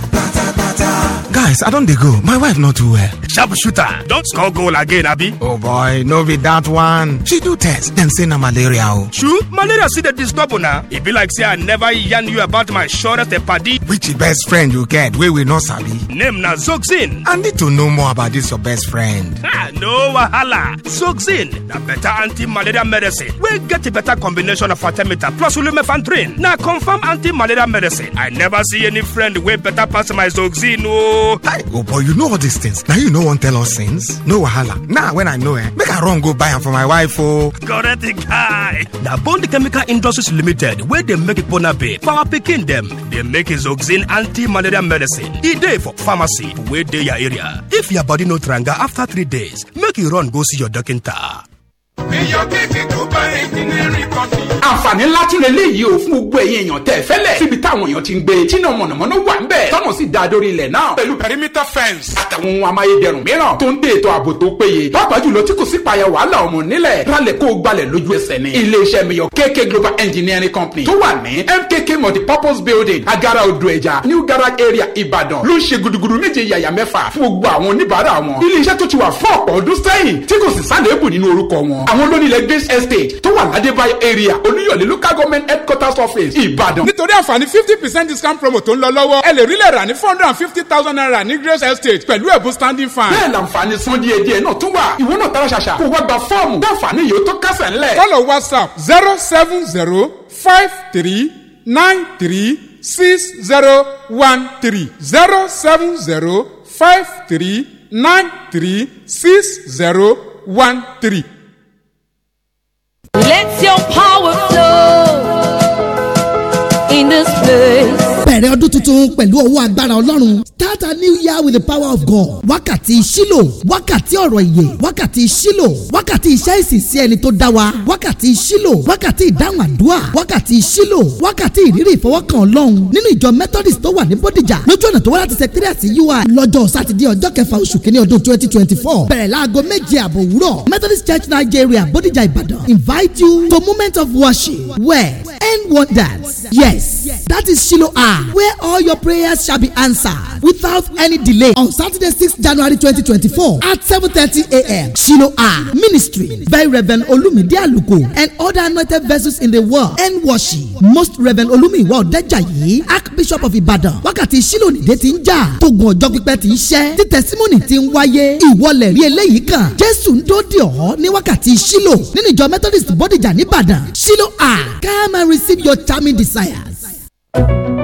guys, I don't dey go. My wife not too well. Sharp shooter, don't score goal again, Abby. Oh boy, no be that one. She do test, then say na malaria o. Oh. True, malaria see the disturb una. E be like say I never yarn you about my surest padi. Which best friend you get wey we no sabi? Name na Zoxin. I need to know more about this your best friend. Ha, no wahala. Zoxin The better anti-malaria medicine We get a better combination of Artemita plus lumefantrine. Now confirm anti-malaria medicine. I never see any friend way better pass my Zoxin Oh. Oh boy you know all these things Now you know one tell us things. no wahala now when i know it, eh, make i run go buy am for my wife o. Oh. correct guy Now bond chemical industries limited where they make it bay for picking them, they make make isoxin anti-malaria medicine e day for pharmacy Where dey your area if your body no tranga after three days make you run go see your doctor. àǹfààní ńlá tí relé yìí ò fún gbogbo ẹ̀yin èèyàn tẹ̀ fẹ́lẹ̀ síbi táwọn èèyàn ti ń gbé e, tí náà mọ̀nàmọ́ná wà ń bẹ̀ tọ́nà sì da dórí ilẹ̀ náà pẹ̀lú pẹ̀rímítà fẹ́ǹsì àtàwọn ohun amáyédẹrùn mìíràn tó ń dé ètò ààbò tó péye pàápàá jùlọ tí kò sí payà wàhálà ọmọ nílẹ̀ rálẹ̀ kó o gbalẹ̀ lójú ẹsẹ̀ ni iléeṣẹ́ miyọ̀ KK Global Engineering Company tó wà ní MKK Multipurpose Building agara odò New Garage Area Ìbàdàn ló ń ṣe gudugudu méje yàyà mẹ́fà fún gbogbo àwọn oníbàárà wọn iléeṣẹ́ tó ti wà fún ọ̀pọ̀ ọdún sẹ́yìn tí kò sì sálẹ̀ èbù nínú orúkọ wọn àwọn lónìí ilẹ̀ grace estate tó wà ládébáyé area olúyọ̀lé local government headquarters office ìbàdàn. nítorí àǹfààní fifty percent discount promo tó ń lọ lọ́wọ́ ẹ lè rí lẹ̀ rà ní four hundred and fifty thousand naira ní grace estate pẹ̀lú ẹ̀bùn standing fan. bẹ́ẹ̀ làǹfààní san díẹ̀ díẹ̀ náà tún wà ìwọ náà tara ṣàṣà kó wá gba fọ́ọ̀mù dáǹfààní yóò tó kásẹ̀ ńlẹ̀. kọ́lọ̀ whatsapp zero seven zero five three nine three six zero one three zero seven zero five three nine three six zero one three. Let your power flow in this place. bẹ̀rẹ̀ ọdún tuntun pẹ̀lú ọwọ́ agbára ọlọ́run start a new year with the power of God wákàtí sílò wákàtí ọ̀rọ̀ ìyè wákàtí sílò wákàtí iṣẹ́ ìsìnsí ẹni tó dá wa wákàtí sílò wákàtí ìdáhùn àdúrà wákàtí sílò wákàtí ìrírí ìfọwọ́kàn ọlọ́run nínú ìjọ Methodist tó wà ní Bódìjà lójú ọ̀nà tó wá láti secretariat UI lọ́jọ́ sátidé ọjọ́ kẹfà oṣù kínní ọdún twenty twenty four bẹ̀rẹ̀ láago méje àbọ̀ òwúrọ̀ Methodist Church Nigeria Bódìjà Ìbàdàn invite you to moment of worship where end wonders. Yes, yes, that is Shiloh Shiloah, where all your prayers shall be answered without any delay on Saturday, 6th January 2024 at 7:30 a.m. Shiloh Shiloah Ministry by Reverend Olumide Aluko and other anointed vessels in the world and worship. Most Reverend Olumiwa Ọ̀dẹ́jàyí, Archbishop of Ibadan, Wakati Shiloh ni ti ń jà, tógun ọjọ́ pípẹ́ ti testimony, ṣẹ́, tí tẹ̀símọ́nì ti ń wáyé, ìwọlẹ̀ rí eléyìí ni Wakati ń dóde ọ̀ ní wákàtí Shiloh nínú ìjọ Methodist Bódìjà ní Ìbàdàn. Shiloah, come and receive your charming desire. Liars.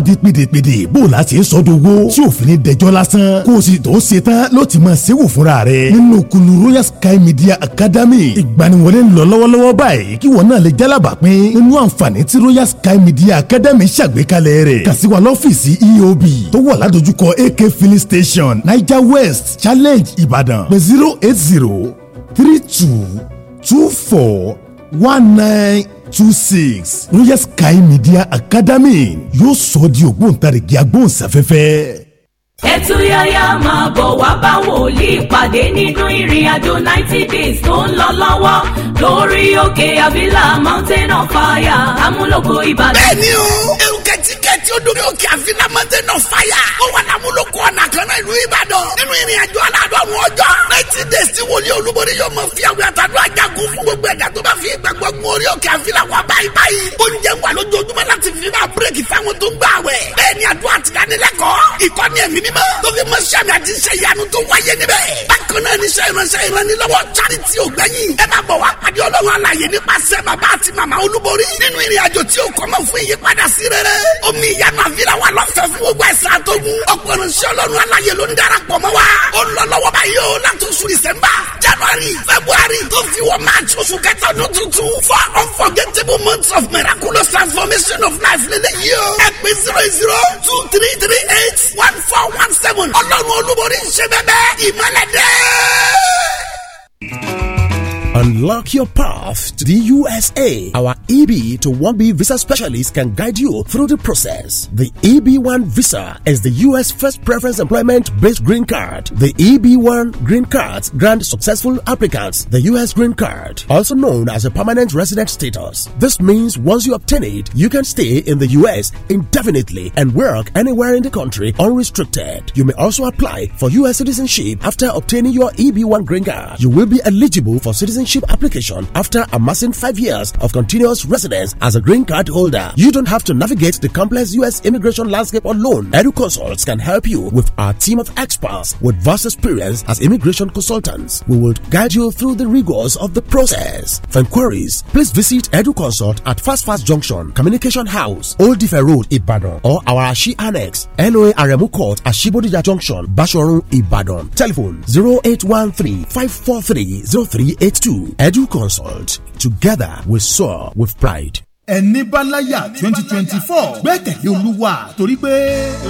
di pèdèpèdè bó la ṣe sọ dogo tí òfin ni dẹjọ́ lásán kó o sì tó ṣe tán ló ti máa ṣe wò fúnra rẹ̀ nínú kulu royal sky media academy ìgbaniwọlé ń lọ lọ́wọ́lọ́wọ́ báyìí kí wọn náà lè jálàbà pín nínú àǹfààní tí royal sky media academy ṣàgbékalẹ̀ rẹ̀ kà sí lọ́fíìsì eob tó wà ládojúkọ ak filling station niger west challenge ìbàdàn pé zero eight zero three two two four one nine two six royal sky media academy yóò sọ di ògbóǹtarìgì agbóhùnsáfẹ́fẹ́. ẹtú yáyá máa bọ̀ wá bá wòlíì pàdé nínú ìrìn àjò ninety days tó ń lọ lọ́wọ́ lórí òkè àbílà mountain of fire amúlòkọ ìbàdàn. bẹ́ẹ̀ ni o tí ó dórí òkè àfínà mountain of fire. ó wà lámúlòkọ ọ̀nà kan náà ìlú ìbàdàn. nínú ìrìn àjò aládọ́run ọjọ́. ninety days tí wòlíì olúborí yóò mọ̀ fi àwọn àtàdúrà jagun fún gbogbo ẹ̀dá tó bá fi ìgbàgbọ́ gun orí òkè àfínà wà báyìí báyìí. oúnjẹ wà lójoojúmọ́ láti fi máa bírèkì fáwọn tó ń gbà wẹ̀. bẹ́ẹ̀ ni àdúrà ti ìkọ́ni ẹ̀mí mímọ́ tó fi mọ́ àti ìyanu àfihàn wa lọ́fẹ̀ẹ́ fún gbogbo ẹ̀sìn àtọ́gùn. ọ̀pọ̀lọpọ̀ sí ọlọ́run ló ń darapọ̀ mọ́ wa. ó lọ lọ́wọ́ báyìí o láti oṣù december january february tó fi wọ march oṣù kẹta ọdún tuntun. four unforgettable months of miraculous transformation of life lélẹ́yìí o. ẹ pè zero zero two three three eight one four one seven. ọlọ́run olúborí ń ṣe bẹ́ẹ̀ bẹ́ẹ̀ ìmọ̀lẹ́dẹ́. Unlock your path to the USA. Our EB to 1B visa specialist can guide you through the process. The EB1 visa is the US first preference employment based green card. The EB1 green cards grant successful applicants the US green card, also known as a permanent resident status. This means once you obtain it, you can stay in the US indefinitely and work anywhere in the country unrestricted. You may also apply for US citizenship after obtaining your EB1 green card. You will be eligible for citizenship citizenship application after amassing five years of continuous residence as a green card holder. You don't have to navigate the complex U.S. immigration landscape alone. Consults can help you with our team of experts with vast experience as immigration consultants. We will guide you through the rigors of the process. For inquiries, please visit Consult at Fast Fast Junction, Communication House, Old Differ Road, Ibadan, or our Ashi Annex, NOA Aremu Court, Ashibodija Junction, Bashorun, Ibadan. Telephone 0813 543 0382. two Edu Consult. Together we soar with pride. ẹni bá láyà twenty twenty four gbẹ́kẹ̀lé olúwa torí pé.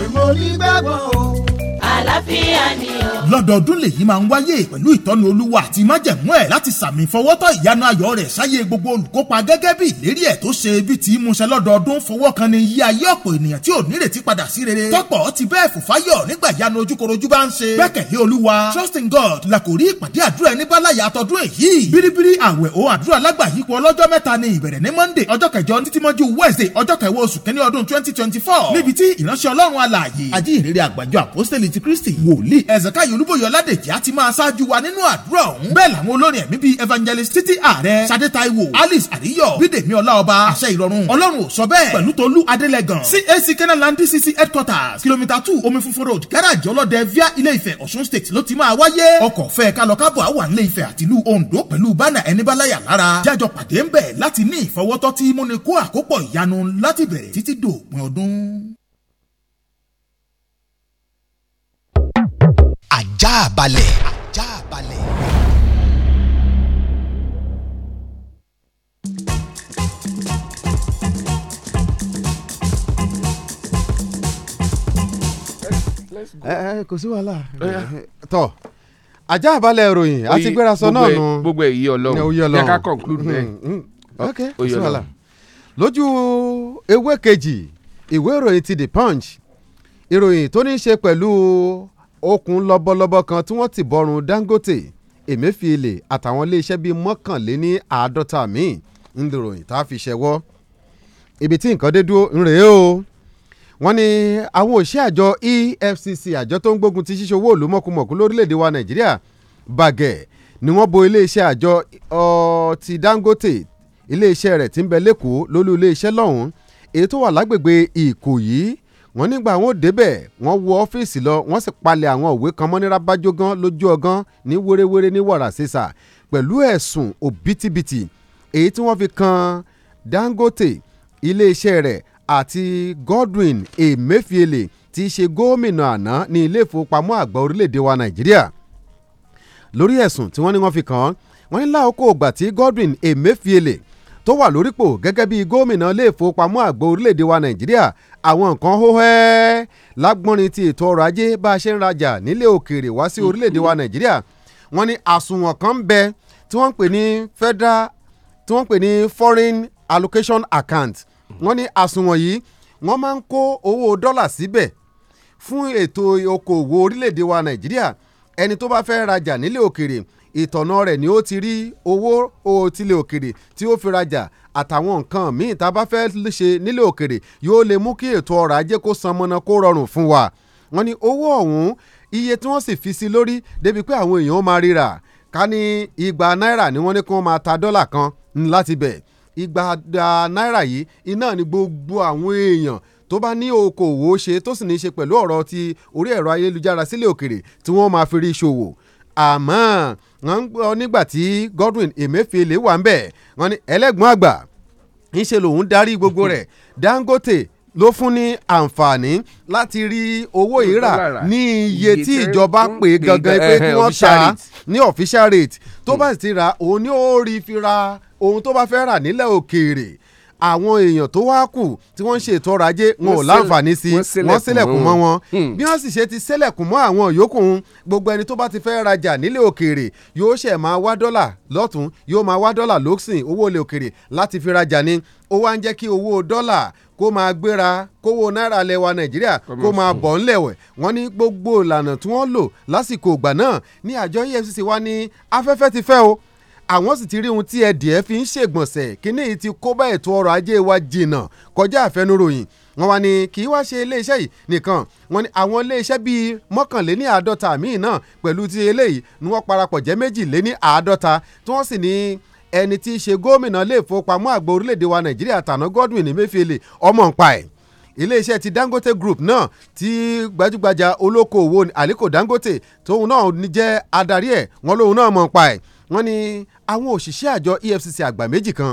èmo ní gbàgbọ́ o àlàáfíà ni o. lọ́dọọdún lèyí máa ń wáyé pẹ̀lú ìtọ́nu olúwa àti májẹ̀mú ẹ̀ láti sàmì fọwọ́tọ̀ ìyanu ayọ̀ rẹ̀ sáyé gbogbo olùkópa gẹ́gẹ́ bí ìlérí ẹ̀ tó ṣe bí ti ìmúṣẹ lọ́dọọdún fọwọ́ kan ni yí ayé ọ̀pọ̀ ènìyàn tí ò nírètí padà sí rere tọ́pọ̀ ti bẹ́ẹ̀ fòfáyọ̀ nígbà ìyanu ojúkorojú bá ń ṣe gbẹ́kẹ̀lé olúwa trust in God la kò rí ìpàdé àdúrà ẹni báláyà àtọ́dún èyí bíríbírí àwẹ̀ o àdúrà lágbàyípo ọlọ́jọ́ mẹ́ta ni ìbẹ̀rẹ̀ ní Monday ọjọ́ kẹjọ títí mọ́jú Wednesday ọjọ́ kẹwọ́ oṣù kẹ́ni ọdún twenty twenty four níbi tí ìránṣẹ́ ọlọ́run alààyè àjíhìnrere àgbàjọ àpọ́sítẹ́lì ti kristi wòlíì ẹ̀sẹ̀káyọ̀ olúbòyọ̀ ládèjì á ti máa ṣáájú wa nínú àdúrà ọ̀hún bẹ́ẹ̀ làwọn olórin ẹ̀mí bíi evangelist títí ààrẹ sadé taiwo alice àríyọ̀ bídèmí ọláọba àṣẹ ìrọ̀rùn ọlọ́run ò sọ bẹ́ẹ̀ pẹ̀lú tolú adélẹ́gàn cac kenaland dcc headquarters kilomita two omi funfun road garage ọlọ́dẹ via ilé ìfẹ́ ọ̀ṣun state ló ti máa wáyé ọkọ̀ fẹ́ kálọ kábọ̀ àwọn ilé ìfẹ́ àtìlú ondo pẹ̀lú bánà ẹni bálayà lára jájọ pàdé ń bẹ̀ láti ní ìfọwọ́tọ́ tí múni kó àkópọ̀ ìyanu láti bẹ̀rẹ̀ títí dòpin ọdún. ajá balẹ̀. ajá balẹ̀. ẹ eh, eh, kò sí wàhálà eh, tọ ajá balẹ̀ ìròyìn àti gbéra sọ náà nù gbogbo èyí ọlọ́run yẹ ká conclude bẹ́ẹ̀. Mm, mm, mm. ok kò sí wàhálà lójú ewé kejì ìwé ìròyìn ti the punch ìròyìn tó ní í ṣe pẹ̀lú okùn lọ́bọ̀lọ́bọ̀ kan tí wọ́n ti bọ́rùn Dangote Emefiele àtàwọn iléeṣẹ́ bíi mọ́kànléní àádọ́ta míì ń dìròyìn tá a fi ṣẹwọ́ ibi tí nǹkan dé dúró ńrèé o wọ́n ní àwọn òṣìṣẹ́ àjọ EFCC àjọ tó ń gbógun ti ṣíṣe owó ìlú mọ̀kùmọ̀kù lórílẹ̀‐èdè wa Nàìjíríà bàgẹ́ ni wọ́n bo iléeṣẹ́ àjọ ti Dangote iléeṣẹ́ rẹ̀ ti ń bẹ lẹ́kọ̀ọ́ lólú iléeṣẹ́ lọ́hùn-ún èyí tó wà lágbègbè Ìkòyí wọ́n nígbà wọn ò débẹ̀ wọ́n wọ ọ́fíìsì lọ wọ́n sì palẹ̀ àwọn òwe kan mọ́nira bájógán lójú ọgán ní wérewére ní wàrà sísà pẹ̀lú ẹ̀sùn òbítíbitì èyí tí wọ́n fi kan Dangote iléeṣẹ́ rẹ̀ àti Godwin Emefiele tí í ṣe gómìnà àná ní ilé ìfowópamọ́ àgbà orílẹ̀-èdè wa Nàìjíríà lórí ẹ̀sùn tí wọ́n ní wọ́n fi kàn án wọ́n ní láòkó ògbà tí Godwin Emefiele tó wà lórípò gẹ́gẹ́ bí gómìnà ilé ìfowópamọ́ àgbà orílẹ̀-èdè wa nàìjíríà àwọn nǹkan hóhẹ́ lágbọ́nrin ti ètò ọrọ̀ ajé bá a ṣe ń rajà nílé òkèèrè wá sí orílẹ̀-èdè wa nàìjíríà wọ́n ní àsùnwọ̀n kan ń bẹ tí wọ́n pè ní federal tí wọ́n pè ní foreign allocation account wọ́n ní àsùnwọ̀n yìí wọ́n máa ń kó owó dọ́là síbẹ̀ fún ètò okòwò orílẹ̀-èdè wa nàìjíríà ẹni tó bá fẹ́ rajà nílé òkèèrè ìtọ̀nà rẹ̀ ni ó ti rí owó òtílé òkèrè tí ó fi rajà àtàwọn nǹkan míì tá a bá fẹ́ ṣe nílé òkèrè yóò lè mú kí ètò ọrọ̀ ajé kó san mọ́nà kó rọrùn fún wa wọ́n ní owó ọ̀hún iye tí wọ́n sì fi sí lórí débi pé àwọn èèyàn máa ríra ká ní igba náírà ni wọ́n ní kí wọ́n máa ta dọ́là kan láti bẹ̀ igba náírà yìí iná ni gbogbo àwọn èèyàn tó bá ní okòwò ṣe tó sì ní í ṣe pẹ̀lú ọ̀rọ̀ ti orí ẹ̀rọ ayélujára sílẹ̀ òkèrè tí wọ́n máa fi rí ṣòwò àmọ́ wọ́n ń gbọ́ nígbà tí Godwin Emefiele wà ń bẹ̀ wọ́n ní ẹlẹ́gbọ́n àgbà ńṣe lòun darí gbogbo rẹ̀ Dangote ló fún ní àǹfààní láti rí owó ìrà ní iye tí ìjọba pè gangan pé kí wọ́n ta ní official rate tó bá hmm. sì ti ra òun ni ó rí fi ra ohun tó bá fẹ́ rà nílẹ̀ òkèèrè àwọn èèyàn tó wá kù tí wọ́n ń ṣe ètò ọrọ̀ ajé wọn ò láǹfààní sí wọ́n sílẹ̀kùn mọ́ wọn hmm. bí wọ́n sì ṣe ti sílẹ̀kùn mọ́ àwọn yòókù gbogbo ẹni tó bá ti fẹ́ rajà nílé òkèèrè yóò ṣẹ̀ máa wá dọ́là lọ́tún yóò máa wá dọ́là lókùsìn owó ilé òkèèrè láti fi rajà ni ó wá ń jẹ́ kí owó dọ́là kó máa gbéra kówó náírà lẹwa nàìjíríà kó máa bọ̀ ńlẹ̀wẹ̀ wọ́n ní gbogbo ìlànà tí wọ́n lò lásìkò ìgbà náà ní àjọ EFCC wá ní afẹ́fẹ́ ti fẹ́ o àwọn sì ti rí ohun tí ẹdìẹ fi ń ṣègbọ̀nsẹ̀ kíní yìí ti kó bá ètò ọrọ̀ ajé wa jìnnà kọjá àfẹnuròyìn wọ́n wá ní kì í wá ṣe iléeṣẹ́ yìí nìkan wọ́n ní àwọn iléeṣẹ́ bíi mọ́kànléní àádọ́ta míì náà pẹ̀lú ti eléyìí ni wọ́n parapọ̀ jẹ́ méjìléní àádọ́ta tí wọ́n sì ní ẹni tí í ṣe gómìnà ilé ìfowópamọ́ àgbà orílẹ̀ wa nàìjíríà tàná Godwin Emefiele ọmọ ń pa ẹ̀ ti Dangote Group náà tí gbajúgbajà olókoòwò Aliko Dangote tóun náà jẹ́ adarí ẹ̀ wọ́n lóun náà mọ̀ ń pa ẹ̀ ní àwọn òṣìṣẹ́ àjọ EFCC àgbà méjì kan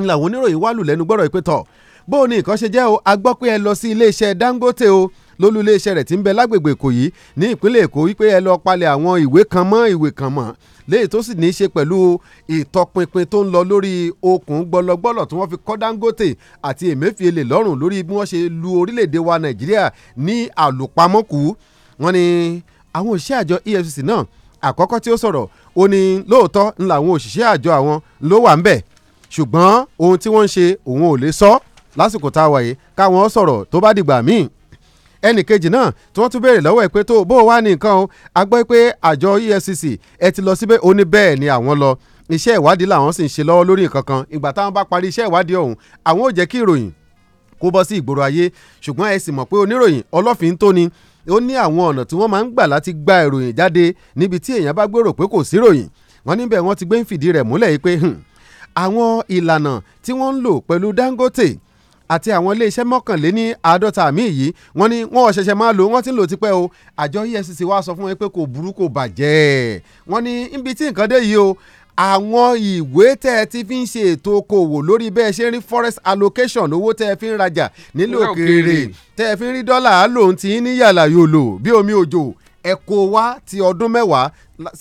ńlá àwọn oníròyìn wá lù lẹ́nu gbọ́rọ̀ ìpè tọ̀ bó o ní nǹkan ṣe jẹ́ o a gbọ́ pé ẹ lọ sí iléeṣẹ́ Dangote o lólú iléeṣẹ́ rẹ̀ ti ń bẹ lágbègbè Ìkòyí ní ìpínlẹ̀ Èkó wípé ẹ lọ palẹ̀ àwọn ìwé kan mọ́ ìwé kan mọ́ léyìí tó sì ní í ṣe pẹ̀lú ìtọpinpin tó ń lọ lórí okùn gbọlọgbọlọ tí wọ́n fi kọ́ Dangote àti Emefiele lọ́rùn lórí bí wọ́n ṣe lu orílẹ̀-èdè wa Nàìjíríà ní àlùpàmọ́kù wọ́n ní àwọn òṣìṣẹ́ àjọ EFCC náà àkọ́kọ́ tí ó sọ̀rọ̀ ó ní lóòótọ́ ń làwọn òṣìṣẹ́ àjọ àwọn ló wà ń bẹ̀ ṣùgbọ́n ohun tí wọ́n ń ṣe òun ò lè sọ lásìkò tá a wà yìí káwọn sọ̀rọ̀ tó bá dìgbà míì ẹnì kejì náà tí wọ́n tún béèrè lọ́wọ́ ẹ̀ pé tó bó wà ní nǹkan o a gbọ́ pé àjọ EFCC ẹ ti lọ síbẹ̀ ó ní bẹ́ẹ̀ ni àwọn lọ iṣẹ́ ìwádìí làwọn sì ń ṣe lọ́wọ́ lórí nǹkan kan ìgbà táwọn bá parí iṣẹ́ ìwádìí ọ̀hún àwọn ò jẹ́ kí ìròyìn kó bọ́ sí ìgboro ayé ṣùgbọ́n ẹ sì mọ̀ pé oníròyìn ọlọ́fin tó ó ní àwọn ọ̀nà tí wọ́n máa ń gbà láti gba ìròyìn jáde níbi tí èèyàn bá gbèrò pé kò sí ìròyìn wọ́n níbẹ̀ wọ́n ti gbé ń fìdí rẹ̀ múlẹ̀ yìí pé hmm, àwọn ìlànà tí wọ́n ń lò pẹ̀lú Dangote àti àwọn iléeṣẹ́ mọ́kànléní àádọ́ta míì yìí wọ́n ní wọ́n ṣẹ̀ṣẹ̀ máa lò wọ́n ti ń lò tipẹ́ o àjọ EFCC wá sọ fún wọn pé kò burú kò bàjẹ́ wọ́n ní ibi tí nǹkan dé yìí o àwọn ìwé tẹ́ ẹ ti fi ń ṣe ètò okòwò lórí bẹ́ẹ̀ ṣe ń rí forest allocation owó tẹ́ ẹ fi ń rajà nílẹ̀ òkèèrè tẹ́ ẹ fi ń rí dọ́là lòun ti ní yàrá yòlò bí omi òjò ẹ kó wá ti ọdún mẹ́wàá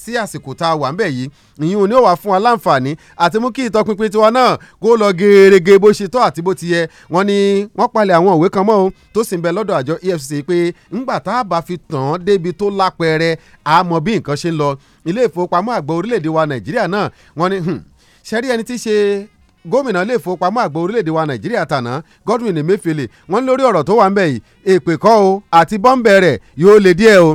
sí àsìkò tá a wà ń bẹ̀ yìí ìyẹn ò ní wàá fún wa láǹfààní àti mú kí ìtọpinpin tiwa náà kó lọ gèrègè bó ṣe tọ́ àti bó ti yẹ wọ́n ní wọ́n palẹ̀ àwọn òwe kan mọ́ o tó sì ń bẹ lọ́dọ̀ àjọ EFCC pé ńgbà tá a bá fi tàn án débi tó lápẹẹrẹ àmọ́ bí nǹkan ṣe ń lọ ilé ìfowópamọ́ àgbà orílẹ̀-èdè wa nàìjíríà náà wọ́n ní hmm, ṣẹ́rí ẹni tí í ṣe gómìnà ilé ìfowópamọ́ àgbà orílẹ̀-èdè wa nàìjíríà tàná Godwin Emefiele wọ́n ní lórí ọ̀rọ̀ tó wà ń bẹ̀ yìí èpè kọ́ o àti bọ́m̀bẹ̀ rẹ̀ yóò le díẹ̀ o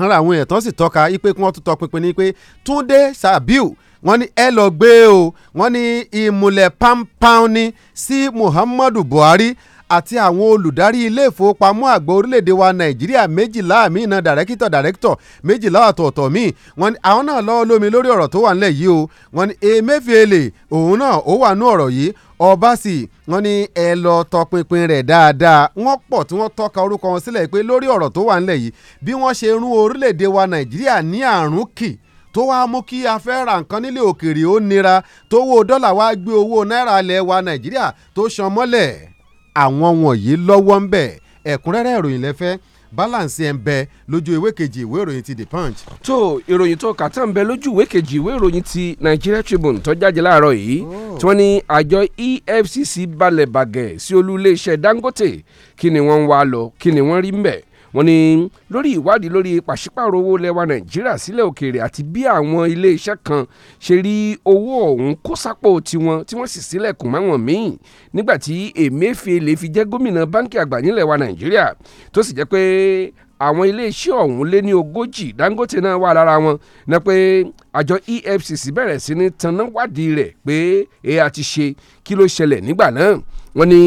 lára àwọn èèyàn tó sì tọ́ka ipe kí wọ́n tún tọpinpin ni pé Túndé Sabiu wọ́n ní ẹ lọ gbé e o wọ́n ní ìmùlẹ̀ pampam ni sí Muhammadu Buhari àti àwọn olùdarí ilé ìfowópamọ́ àgbà orílẹ̀-èdè wa nàìjíríà méjìlá míì náà dàrẹ́kítọ̀ dàrẹ́kítọ̀ méjìlá ọ̀tọ̀ọ̀tọ̀ míì wọ́n ní àwọn náà lọ́wọ́ lómi lórí ọ̀rọ̀ tó wà ńlẹ̀ yìí o wọ́n ní emefiele òun náà ó wà nú ọ̀rọ̀ yìí ọbaṣì wọ́n ní ẹ lọ tọpinpin rẹ̀ dáadáa wọ́n pọ̀ tí wọ́n tọ́ka orúkọ wọn sílẹ̀ pé lórí ọ̀rọ̀ tó wà ńlẹ̀ yìí bí wọ́n ṣe rún orílẹ̀-èdè wa nàìjíríà ní àrùn kì tó wá mú kí a fẹ́ ra nǹkan nílé òkèèrè ó nira tó wo dọ́là wá gbé owó náírà ilẹ̀ wa nàìjíríà tó ṣan mọ́lẹ̀ àwọn wọ̀nyí lọ́wọ́ ń bẹ̀ ẹ̀kúnrẹ́rẹ́ ìròyìn lẹ́fẹ́ balance ẹ̀ ń bẹ lójú ìwé kejì ìwé ìròyìn ti the punch. tó ìròyìn tó kà tán ń bẹ lójú ìwé kejì ìwé ìròyìn ti nigeria tribune tó jáde láàárọ̀ yìí oh. tí wọ́n ní àjọ efcc balẹ̀ bàgẹ́ sí olú iléeṣẹ́ dangote kí ni wọ́n ń wá lọ kí ni wọ́n rí ń wọ́n ní lórí ìwádìí lórí pàṣípàrọ̀ owó lẹwa nàìjíríà sílẹ̀ òkèèrè àti bí àwọn iléeṣẹ́ kan ṣe rí owó ọ̀hún kó sápò tiwọn tí wọ́n sì sílẹ̀ kù máwọn míì nígbà tí emefiele fi jẹ́ gómìnà báńkì àgbà nílẹ̀ wa nàìjíríà tó sì jẹ́ pé àwọn iléeṣẹ́ ọ̀hún lé ní ogójì dangote náà wà lára wọn ní pé àjọ efcc bẹ̀rẹ̀ sí ní tanná wádìí rẹ̀ pé èyí àti ṣe kí ló ṣẹlẹ̀ nígbà náà wọ́n ní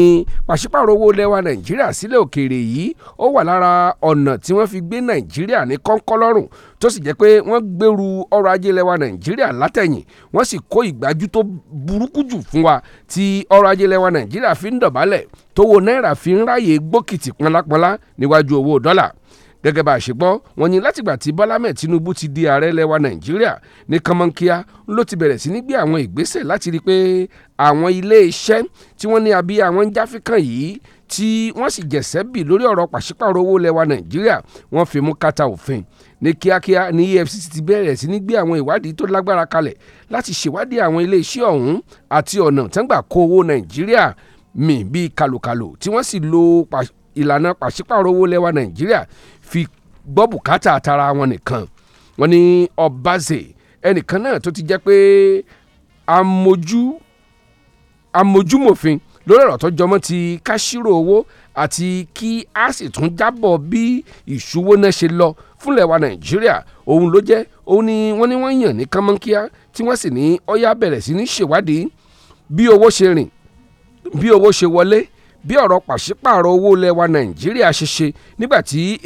pàṣípàrọ̀ owó lẹ́wà nàìjíríà sílẹ̀ òkèèrè yìí ó wà lára ọ̀nà tí wọ́n fi gbé nàìjíríà ní kọ́ńkọ́lọ́rùn tó sì jẹ́ pé wọ́n gbèrú ọrọ̀ ajé lẹ́wà nàìjíríà látẹ̀yìn wọ́n sì kó ìgbájú tó burúkú jù fún wa tí ọrọ̀ ajé lẹ́wà nàìjíríà fi ń dọ̀bálẹ̀ tówó náírà fi ń ráyè gbókìtì pọnlápọnlá níwájú owó dọ́là gẹ́gẹ́ bá a ṣe gbọ́ wọ́n ní látìgbà tí Bọ́lá Ahmed Tinubu ti di ààrẹ lẹ́wà Nàìjíríà ní kànmọ́nkíá ló ti bẹ̀rẹ̀ sí ní gbé àwọn ìgbésẹ̀ láti rí i pé àwọn ilé iṣẹ́ tí wọ́n ní abí àwọn ń jáfikàn yìí tí wọ́n sì jẹ̀sẹ́ bì lórí ọ̀rọ̀ pàṣípàrọ̀ owó lẹ́wà Nàìjíríà wọ́n fi mú kàtà òfin ní kíákíá ní EFCC ti bẹ̀rẹ̀ sí ní gbé àwọn ìwádìí tó lágbára kalẹ̀ láti ṣèwádìí àwọn ilé ọ̀hún àti ọ̀nà tán kó owó Nàìjíríà mì bíi kàlòkàlò tí wọ́n sì lo ìlànà pàṣípàrọ̀ owó lẹ́wà Nàìjíríà fi gbọ́ bùkátà àtàrà wọn nìkan wọn ní ọbaṣe ẹnìkan náà tó ti jẹ́ pé amojú amojúmòfin lórí ọ̀rọ̀ tó jọmọ́ ti káṣírò owó àti kí a sì tún jábọ̀ bí ìṣúwó náà ṣe lọ fúnlẹ̀ wa nàìjíríà òun ló jẹ́ òun ni wọ́n ní wọ́n yàn ní kánmọ́nkíá tí wọ́n sì ní ọ̀yá bẹ̀rẹ̀ sí ní ṣèwádìí bí owó ṣe rìn bí owó ṣe wọlé bí ọ̀rọ̀ pàṣípààrọ̀ owó lẹwa nàìjíríà ṣe ṣe nígbà tí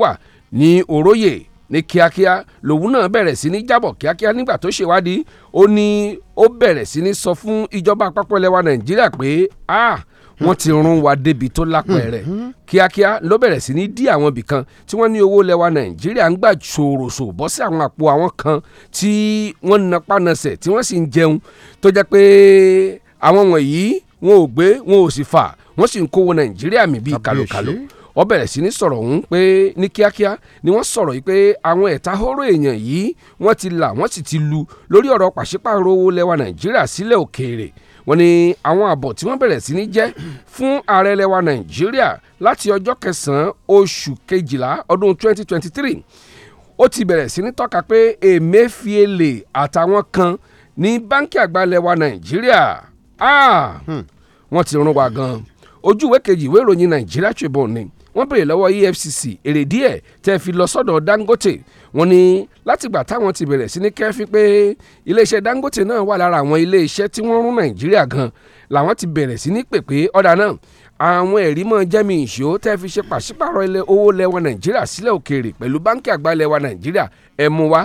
wà ní oróyè ní kíákíá lòun náà bẹ̀rẹ̀ sí ní jábọ̀ kíákíá nígbà tó ṣèwádìí ó ní ó bẹ̀rẹ̀ sí ní sọ fún ìjọba àpapọ̀ lẹwa nàìjíríà pé ah wọ́n ti run wa débi tó lápẹ̀rẹ̀ kíákíá ló bẹ̀rẹ̀ sí ní dí àwọn ibì kan tí wọ́n ní owó lẹwa nàìjíríà ń gbà ṣòroṣò bọ́ sí àwọn àpò àwọn kan tí wọ́n napánasẹ̀ tí wọ́n sì ń jẹun tó jẹ́ pé àwọn wọ̀nyí wọn ò gbé wọn ò sì fà wọ́n sì ń kówó nàìjíríà mi bíi kàlòkàlò ó bẹ̀rẹ̀ sí ní sọ̀rọ̀ ọ̀hún pé ní kíákíá ni wọ́n sọ̀rọ̀ yìí pé àwọn ẹ̀ta hóró èèyàn yìí wọ́n ti là wọ́n sì ti lu lórí ọ̀rọ̀ pàṣípààrọ̀ owó lẹwa nàìjíríà sílẹ̀ òkèèrè wọ́n ní àwọn àbọ̀ tí wọ́n bẹ̀rẹ̀ sí ní jẹ́ fún ààrẹ lẹwa nàìjíríà láti ọjọ́ kẹsàn-án oṣù kejìlá ọdún 2023 ó ti bẹ̀rẹ̀ sí ní tọ́ka pé Emefiele àtàwọn kan ní báńkì àgbà lẹwa nàìjíríà ah, hmm wọ́n ti rún wa gan-an ojú ìwé kejì ìwé ìròyìn Nigeria Tribune ni wọ́n béèrè lọ́wọ́ EFCC èrè díẹ̀ tẹ́ fi lọ sọ́dọ̀ Dangote wọ́n ní látìgbà táwọn ti bẹ̀rẹ̀ sí ní kẹ́fín pé iléeṣẹ́ Dangote náà wà lára àwọn iléeṣẹ́ tí wọ́n rún Nàìjíríà gan làwọn ti bẹ̀rẹ̀ sí ní pèpè ọ̀dà náà àwọn ẹ̀rí mọ́ jẹ́mi ìṣó tẹ́ fi ṣe pàṣípàrọ̀ ilẹ̀ owó lẹ́wọ̀ Nàìjíríà sílẹ̀ òkèèrè pẹ̀lú báńkì àgbà lẹ́wọ̀ Nàìjíríà ẹ̀ mú wa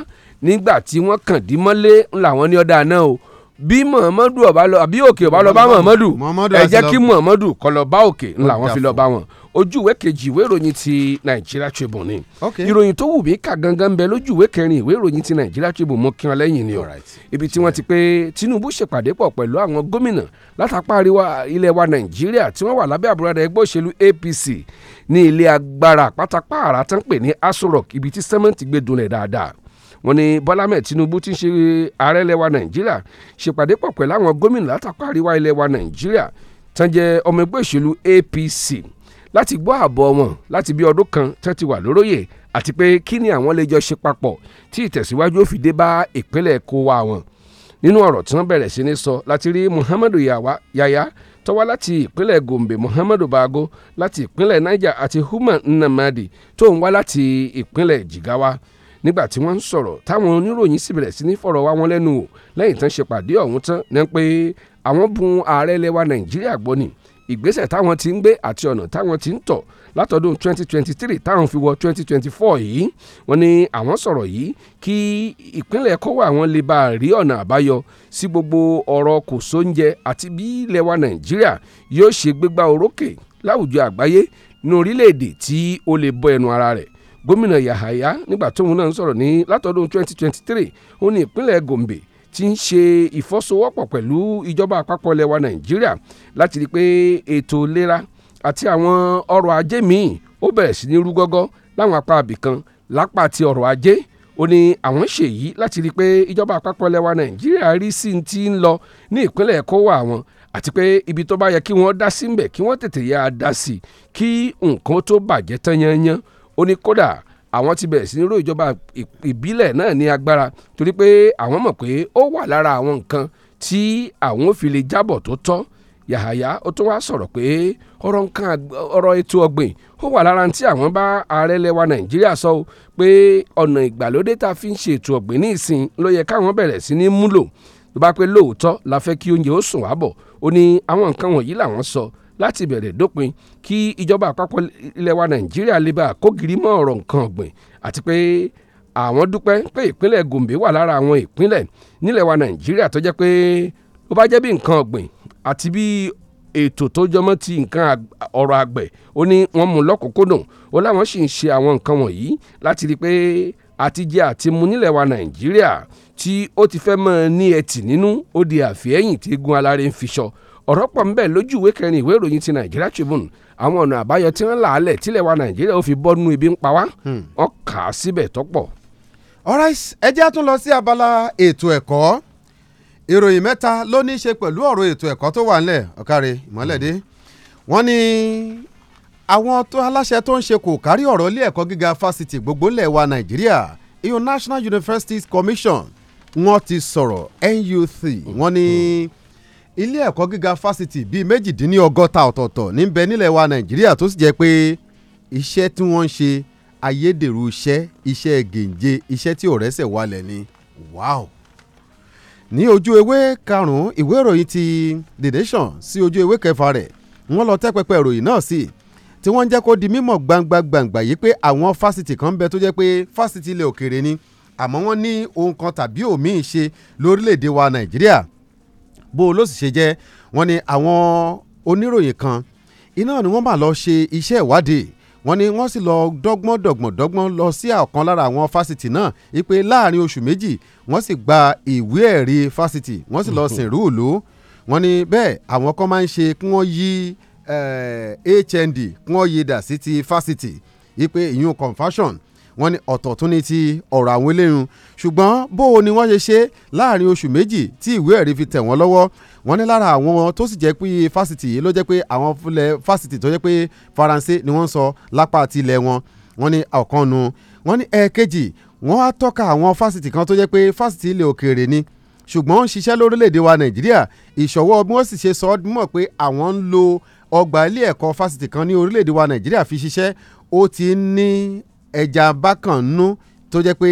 nígbà tí wọ́n kàn dí mọ́lé làwọn ní ọ̀dà náà o bí muhammadu ọba lọ àbí òkè ọba lọ bá muhammadu ẹ jẹ́ kí muhammadu kó lọ bá òkè ńlá wọn fi lọ bá wọn ojú ìwé kejì ìwé ìròyìn ti Nigeria Tribune ni ìròyìn tó wù mí kà gangan ń bẹ lójú ìwé kẹrin ìwé ìròyìn ti Nigeria Tribune mọ kí wọn lẹ́yìn ni o ibi tí wọ́n ti pé Tinubu ṣèpàdé pọ̀ pẹ̀lú àwọn gómìnà látàpá àríwá ilẹ̀ wa Nàìjíríà tí wọ́n wà lábẹ́ àbúradà ẹgbẹ́ òṣèlú APC ní ilé agbára pátápá àrà tán pè ní Aso Rock ibi tí sẹ́mẹ́ǹtì gbé dunlẹ̀ dáadáa wọ́n ní bọ́lá mẹ́ẹ̀ tinubu ti ń ṣe ààrẹ lẹ́wà nàìjíríà ṣèpàdé pọ̀ pẹ̀lú àwọn gómìnà látàkọ́ àríwá ilẹ̀ wa nàìjíríà tán jẹ́ ọmọ ẹgbẹ́ òṣèlú apc láti gbọ́ àbọ̀ wọn láti bí ọdún kan tán ti wà lóróyè àti pé kí ni àwọn lè jọ ṣe papọ̀ tí ìtẹ̀síwájú ó fi dé bá ìpínlẹ̀ kó wa wọn nínú ọ̀rọ̀ tí wọ́n bẹ̀rẹ̀ sí ní sọ láti rí muhammadu yaya tó wá láti ìpínlẹ̀ gombe muhammadu bago láti ìpínlẹ̀ niger àti human nnamdi tó ń wá láti ìpínlẹ̀ jigawa nígbà tí wọ́n ń sọ̀rọ̀ táwọn oníròyìn sì bẹ̀rẹ̀ sí ní fọ̀rọ̀ wá wọn lẹ́nu wò lẹ́yìn tán ṣe pàdé ọ̀hún tán ní pé àwọn bun ààrẹ lẹwa nàìjíríà gbọ́ ni ìgbésẹ̀ táwọn ti ń gbé àti ọ̀nà táwọn ti ń tọ̀ látọdún 2023 táwọn fi wọ 2024 yìí wọ́n ní àwọn sọ̀rọ̀ yìí kí ìpínlẹ̀ kọ́wọ́ àwọn lè bá rí ọ̀nà àbáyọ sí gbogbo ọ̀rọ̀ kò sóúnjẹ àti bí lẹwa nàìjíríà yóò ṣe gbégbá orókè láwùjọ àgbáyé ní orílẹ̀-èdè tí ó lè bọ́ ẹnu ara rẹ̀ gómìnà Yahaya nígbà tóun náà ń sọ̀rọ̀ ní látọdún 2023 ó ní ìpínlẹ̀ Gombe ti ń ṣe ìfọ́sowọ́pọ̀ pẹ̀lú ìjọba àpapọ̀ lẹwa Nàìjíríà láti rí i pé ètò ìlera àti àwọn ọrọ̀ ajé míì ó bẹ̀rẹ̀ sí ní rú gọ́gọ́ láwọn apá abìkan lápá ti ọrọ̀ ajé ó ní àwọn ṣèyí láti rí i pé ìjọba àpapọ̀ lẹwa Nàìjíríà rí sí ti ń lọ ní ìpínlẹ̀ kówà wọn àti pé ibi tó bá yẹ kí wọ́n dá sí ń kí wọ́n tètè yá a dá sí kí nǹkan tó bàjẹ́ tán yányán ó ní kódà àwọn ti bẹ̀rẹ̀ sí ní ró ìjọba ìbílẹ̀ náà ní agbára torí pé àwọn mọ̀ pé ó wà lára àwọn nǹkan tí àwọn ò fi lè jábọ̀ tó tọ́ Yàhàyà ó tún wá sọ̀rọ̀ pé ọ̀rọ̀ nǹkan ọ̀rọ̀ ètò ọ̀gbìn ó wà lára tí àwọn bá ààrẹ lẹwa Nàìjíríà sọ pé ọ̀nà ìgbàlódé tá a fi ń ṣe ètò ọ̀gbìn ní ìsìn ló yẹ káwọn bẹ̀rẹ̀ sí ní múlò tó bá pé lóòótọ́ la fẹ́ kí oúnjẹ ó sùn wá bọ̀ ó ní àwọn nǹkan wọ̀nyí làwọn sọ láti bẹ̀rẹ̀ dópin kí ìjọba àpapọ̀ ilẹ̀ wa nàìjíríà lè bá kógiri mọ́ ọ̀rọ̀ nǹkan ọ̀gbìn àti pé àwọn dúpẹ́ pé ìpínlẹ̀ gombe wà lára àwọn ìpínlẹ̀ nílẹ̀ wa nàìjíríà tó jẹ́ pé ó bá jẹ́ bí nǹkan ọ̀gbìn àti bí ètò tó jọmọ́ ti nǹkan ọ̀rọ̀ àgbẹ̀ ó ní wọ́n mú lọ́kùnkúndùn ó láwọn sì ń ṣe àwọn nǹkan wọ̀nyí láti rí i pé àtijẹ àtimu nílẹ̀ wa nàìjíríà tí ó ti fẹ́ mọ́ ní ẹtì nínú ó di àfihẹ́yìn tí egun alárẹ̀ fi ṣọ ọ̀rọ̀ pọ̀ ńbẹ̀ lójú ìwé kẹrin ìwé ìròyìn ti Nigeria Tribune àwọn ọ̀nà àbáyọ tí wọ́n là á lẹ̀ tílẹ̀ wa Nàìjíríà ó fi bọ́nú ibi ń pa wá hmm. wọ́n kà á síbẹ̀ tọ́pọ̀. alright ẹ jẹ́ lọ sí abala ètò ẹ̀kọ́ ìròyìn mẹ́ta ló ní í ṣe pẹ̀lú ọ̀rọ̀ ètò ẹ̀kọ́ tó wà ńlẹ̀ ọ̀kàrẹ̀ ìmọ̀lẹ́dẹ́ wọ́n ní àwọn tó aláṣẹ tó ń ṣe kò kárí ọ̀rọ̀ ilé ẹ̀kọ́ gíga fásitì gbogbo ńlẹ̀ wa Nàìjíríà iyo National Universities Commission wọ́n ti sọ̀rọ̀ NUC wọ́n ní. Mm ilé ẹ̀kọ́ gíga fásitì bíi méjìdínlọ́gọ́ta ọ̀tọ̀ọ̀tọ̀ níbẹ̀ nílẹ̀ wa nàìjíríà tó sì jẹ́ pé iṣẹ́ tí wọ́n ń ṣe ayédèrú iṣẹ́ iṣẹ́ gèǹje iṣẹ́ tí òrẹ́sẹ̀ walẹ̀ ni wow ní ojú ewé karùn-ún ìwé ìròyìn ti the nation sí ojú ewé kẹfà rẹ̀ wọ́n lọ tẹ́ pẹpẹ ìròyìn náà sí tí wọ́n ń jẹ́ kó di mímọ̀ gbangba gbangba yìí pé àwọn fásitì kan ń bẹ tó jẹ́ pé fásitì ilẹ̀ òkèèrè ni àmọ́ wọ́n ní ohun kan tàbí òmíì ṣe lórílẹ̀‐èdè wa nàìjíríà bó o ló sì ṣe jẹ́ wọ́n ní àwọn oníròyìn kan iná ni wọ́n bá lọ ṣe iṣẹ́ ìwádìí wọ́n ní wọ́n sì lọ dọ́gbọ́n dọ́gbọ́n dọ́gbọ́n lọ sí ọ̀kan lára àwọn fásitì náà ipe láàrin oṣù méjì wọ́n sì gba ìwé ẹ̀rí fásitì wọ́n sì lọ mhm. sìnrú ìlú wọ́n ní bẹ́ẹ̀ àwọn kan máa ń ṣe kí wọ́n yí HND eh, kí wọ́n yí dà sí ti fásitì ipe ìyún conversion wọ́n ní ọ̀tọ̀ tún ní ti ọ̀rọ̀ àwọn eléyìí ṣùgbọ́n bóo ni wọ́n ṣe ṣe láàrin oṣù méjì tí ìwé ẹ̀rí fi tẹ̀ wọ́n lọ́wọ́ wọ́n ní lára àwọn tó sì jẹ́ pé fásitì yìí ló jẹ́ pé àwọn fásitì tó jẹ́ pé faransé ni wọ́n ń sọ lápá tilẹ̀ wọn wọ́n ní ọ̀kan nu wọ́n ní ẹ̀ẹ̀kejì wọ́n á tọ́ka àwọn fásitì kan tó jẹ́ pé fásitì ilẹ̀ òkèèrè ni ṣùgbọ́n ṣiṣẹ́ lórílẹ̀‐èdè wa nàìjíríà ìṣọwọ́ bí wọ́n sì ṣe sọ ọ́ mọ̀ pé àwọn ń lo ọgbà ilé ẹ̀kọ́ fásitì kan ní orílẹ̀‐èdè wa nàìjíríà fi ṣiṣẹ́ ó ti ń ní ẹja bákànnú tó jẹ́ pé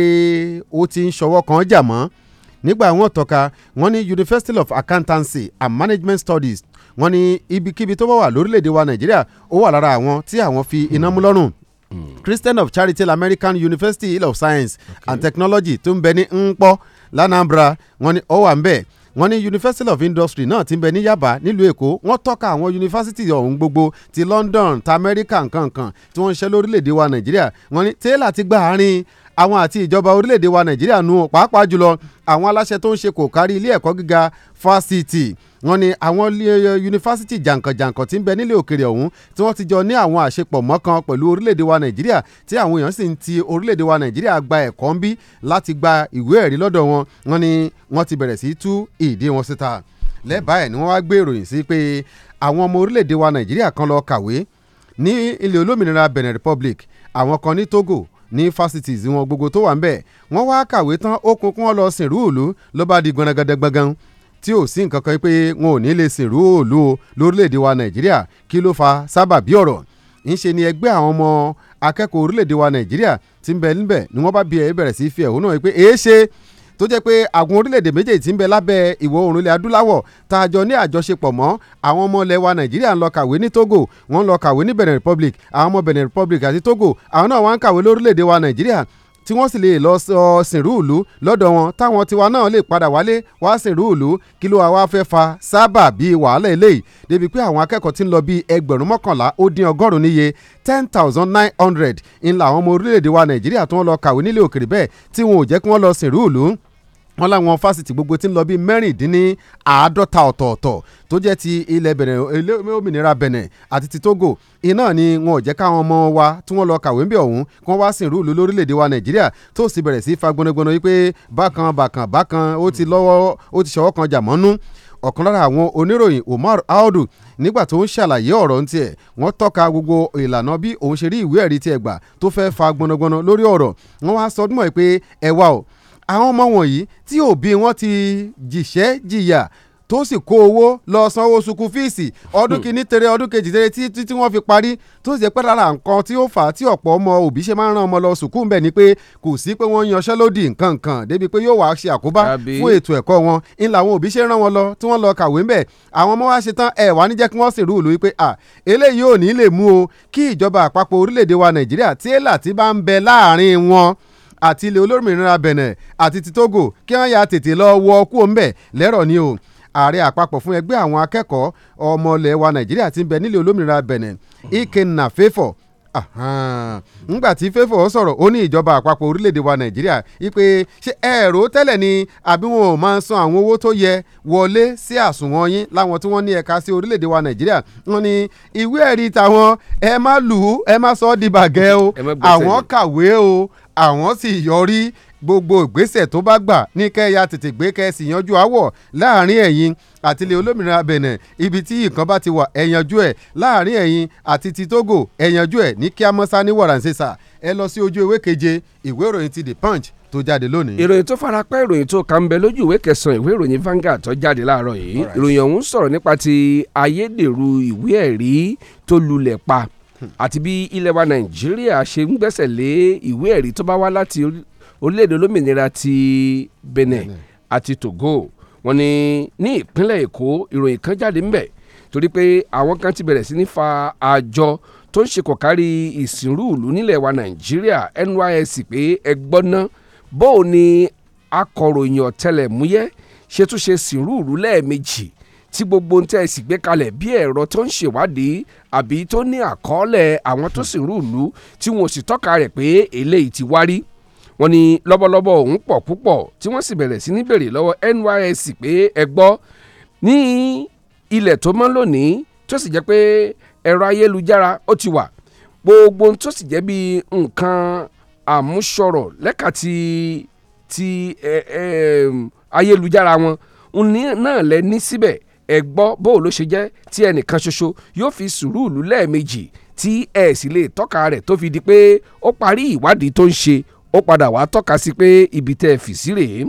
ó ti ń ṣọwọ́ kan jà mọ́ nígbà wọn tọ́ka wọn ní University of Accountancy and Management Studies wọn ní ibikíbi tó bá wà lórílẹ̀‐èdè wa Nàìjíríà ó wà lára àwọn tí àwọn fi iná mú lọ́rùn Christian of Charity American University of Science okay. and Technology tó ń bẹ ní ńpọ́ l'Anambra wọn ní ó wà ń bẹ́ẹ̀ wọ́n ní University of Industry náà ti ń bẹ ní Yaba nílùú Èkó wọ́n tọ́ka àwọn yunifásitì ọ̀hún gbogbo ti London ta Amẹ́ríkà nkankan tí wọ́n ń ṣe lórílẹ̀‐èdè wa Nàìjíríà wọ́n ní tẹ́lá ti gba àárín àwọn àti ìjọba orílẹ̀-èdè wa nàìjíríà nu pàápàá jùlọ àwọn aláṣẹ tó ń ṣe kò kárí ilé ẹ̀kọ́ gíga fásitì wọn ni àwọn eh, yunifásitì jàǹkànjàǹkàn tí ń bẹ nílé òkèrè ọ̀hún tí wọ́n ti jọ ní àwọn àṣepọ̀ mọ́kan pẹ̀lú orílẹ̀-èdè wa nàìjíríà tí àwọn èèyàn sì ń ti orílẹ̀-èdè wa nàìjíríà gba ẹ̀kọ́ ń bí láti gba ìwé ẹ̀rí lọ́dọ̀ wọn wọn ni wọ́n ti bẹ̀rẹ̀ sí tú ìdí wọn síta lẹ́bàá ẹ̀ ni wọ́n wá gbé ìròyìn sí pé àwọn ọmọ orílẹ̀-èdè wa nàìjíríà kan lọ kàwé ní ilẹ̀ olómìnira Benin Republic àwọn kan ní Togo ní fásitì ìwọ̀n gbogbo tó wà ń bẹ̀ wọ́n wá kàwé tán ó kún kí lọ sìnrú òòlù ló bá di gbọ̀nrẹ̀gẹ̀dẹ̀gbọ̀ngàn tí ò sí nǹkan kan pé wọn ò ní lè sìnrú òòlù o lórílẹ̀‐èdè wa nàìjíríà kí ló fa sábàbí ọ̀rọ̀ ńṣe ni ẹgbẹ́ àwọn ọmọ akẹ́kọ̀ọ́ orílẹ̀‐èdè wa nàìjíríà ti ń bẹ níbẹ̀ ni wọ́n bá bí ẹ bẹ̀rẹ̀ sí fi ẹ̀hónú ẹ pé èé ṣe tó jẹ́ pé àwọn orílẹ̀-èdè méjèèjì tí ń bẹ lábẹ́ ìwọ̀ oòrùn ilẹ̀ adúláwọ̀ tá a jọ ní àjọṣepọ̀ mọ́ àwọn ọmọ ilẹ̀ wa nàìjíríà ń lọ kàwé ní togo wọ́n ń lọ kàwé ní benin republic àwọn ọmọ benin republic àti togo àwọn náà wá ń kàwé lórílẹ̀-èdè wa nàìjíríà tí wọ́n sì lè lọ sìnrú ìlú lọ́dọ̀ wọn táwọn tiwa náà lè padà wálé wá sìnrú ìlú kí ló wá fẹ́ fa sábà bíi wàhálà eléyìí débi pé àwọn akẹ́kọ̀ọ́ ti ń lọ bíi ẹgbẹ̀rún mọ́kànlá ó dín ọgọ́rùn-ún níye ten thousand nine hundred ńlá àwọn ọmọ orílẹ̀-èdè wa nàìjíríà tí wọ́n lọ kàwé nílé òkèrè bẹ́ẹ̀ tí wọn ò jẹ́ kí wọ́n lọ sìnrú ìlú wọ́n láwọn fásitì gbogbo tí ń lọ bíi mẹ́rìndínláàádọ́ta ọ̀tọ̀ọ̀tọ̀ tó jẹ́ ti ilẹ̀ bẹ̀nẹ̀ olómìnira bẹ̀nẹ̀ àti ti Togo iná ni wọn ò jẹ́ káwọn ọmọ wa tí wọ́n lọ kàwé ńbẹ̀ ọ̀hún kí wọ́n wá sí ìlú lórílẹ̀‐èdè wa Nàìjíríà tó sì bẹ̀rẹ̀ sí í fa gbọnagbọna wípé bákan bákan bákan ó ti lọ́wọ́ ó ti ṣọwọ́ kan jà mọ́nú ọ̀kan lára àwọn oníròyìn Omar Audu nígbà tó ń ṣàlàyé ọ̀rọ̀ ń tiẹ̀ wọ́n tọ́ka gbogbo ìlànà bí òun ṣe rí ìwé ẹ̀rí tiẹ̀ gbà tó fẹ́ fa gbọnagbọna lórí ọ̀rọ̀ wọ́n wá sọdúnmọ́ ẹ pé ẹ wá o àwọn ọmọ wọ̀nyí tí òbí wọn ti jìṣẹ́ jìyà tó sì kó owó lọ san owó sukù fíìsì ọdún hmm. kìíní tere ọdún kejì tere títí tí wọ́n fi parí tó sì jẹ́ pé lára nǹkan tí ó fà á tí ọ̀pọ̀ ọmọ òbí ṣe máa ń rán ọmọ lọ sùkúù ńbẹ̀ ni pé kò sí pé wọ́n yanṣẹ́ lódì nǹkan kan débi pé yóò wá ṣe àkóbá fún ètò ẹ̀kọ́ wọn ń làwọn òbí ṣe rán wọn lọ tí wọ́n lọ kàwé ńbẹ̀ àwọn ọmọ wa ṣe tán ẹ̀ wá ní kí wọ́n sì rúùlù wípé à eléyìí ò ní ti bá ń bẹ láàrin àti ilẹ̀ olómìnira Benin àti ti Togo kí wọ́n ya tètè lọ wọ kúò ńbẹ̀ lẹ́rọ̀ ni o ààrẹ àpapọ̀ fún ẹgbẹ́ àwọn akẹ́kọ̀ọ́ ọmọ ilẹ̀ wa Nàìjíríà ti ń bẹ nílẹ̀ olómìnira Benin Ikenna Favour ngbà tí Favour sọ̀rọ̀ ó ní ìjọba àpapọ̀ orílẹ̀-èdè wa Nàìjíríà wípé ṣé ẹ̀rọ tẹ́lẹ̀ ni àbí wọn ò máa ń san àwọn owó tó yẹ wọlé sí àsùnwọ̀n yín láwọn tí wọ́n ní ẹ̀ka sí orílẹ̀-èdè wa Nàìjíríà wọn ni ìwé ẹ̀rí tàwọn ẹ má lù ú ẹ má sọ ọ́ di o àwọn kàwé o àwọn sì yọrí gbogbo ìgbésẹ̀ tó bá gbà ní kẹ́yà tètè gbé kẹ́sì yanjú àwọ̀ láàrin ẹ̀yin àti ilẹ̀ olómìnira Benin ibi tí nǹkan bá ti wà ẹ̀yanjú ẹ̀ láàrin ẹ̀yin àti ti Togo ẹ̀yanjú ẹ̀ ní kíámọ́sá ní wàràǹsẹ̀sà ẹ lọ sí ojú ewé keje ìwé ìròyìn ti The Punch tó jáde lónìí. ìròyìn tó fara pẹ́ ìròyìn tó kà ń bẹ lójú ìwé kẹsàn-án ìwé ìròyìn Vanguard tó jáde láàárọ̀ yìí ìròyìn ọ̀hún sọ̀rọ̀ nípa ti ayédèrú ìwé ẹ̀rí tó lulẹ̀ pa àti bí ilẹ̀ wa nàìjíríà ṣe ń gbẹ́sẹ̀ lé ìwé ẹ̀rí tó bá wá láti orílẹ̀-èdè olómìnira ti benin àti togo wọ́n ni ní ìpínlẹ̀ èkó ìròyìn kan jáde ńbẹ̀ torí pé àwọn kan ti bẹ̀rẹ̀ sí ní fa àjọ tó ń ṣekọ̀ kárí ìsìnrú ìlú nílẹ̀ wa nàìjíríà NYSC pé ẹ gbọ́ bóò ni akọ̀ròyìn ọ̀tẹlẹ̀múyẹ́ ṣe tún sìnrú ìlú lẹ́ẹ̀mejì tí gbogbo ohun tí ẹ sì gbé kalẹ̀ bí ẹ̀rọ tó ń ṣèwádìí àbí tó ní àkọọ́lẹ̀ àwọn tó sì rú ìlú tí wọn ò sì tọ́ka rẹ̀ pé eléyìí ti wárí wọ́n ní lọ́bọ̀lọ́bọ̀ òun pọ̀ púpọ̀ tí wọ́n sì bẹ̀rẹ̀ sí ní béèrè lọ́wọ́ NYSC pé ẹ gbọ́ ní ilẹ̀ tó mọ́ lónìí tó sì jẹ́ pé ẹ̀rọ ayélujára ó ti wà gbogbo tó sì jẹ́ bí nǹkan àmúṣọrọ̀ lẹ́ka ti ti ayélujára wọn òun náà lẹ ní síbẹ̀ ẹ gbọ́ bó ló ṣe jẹ́ tí ẹnìkan ṣoṣo yóò fi sùúrù lù lẹ́ẹ̀mejì tí ẹ sì lè tọ́ka rẹ̀ tó fi di pé ó parí ìwádìí tó ń ṣe ó padà wá tọ́ka sí pé ibi tẹ́ ẹ fì sí rèé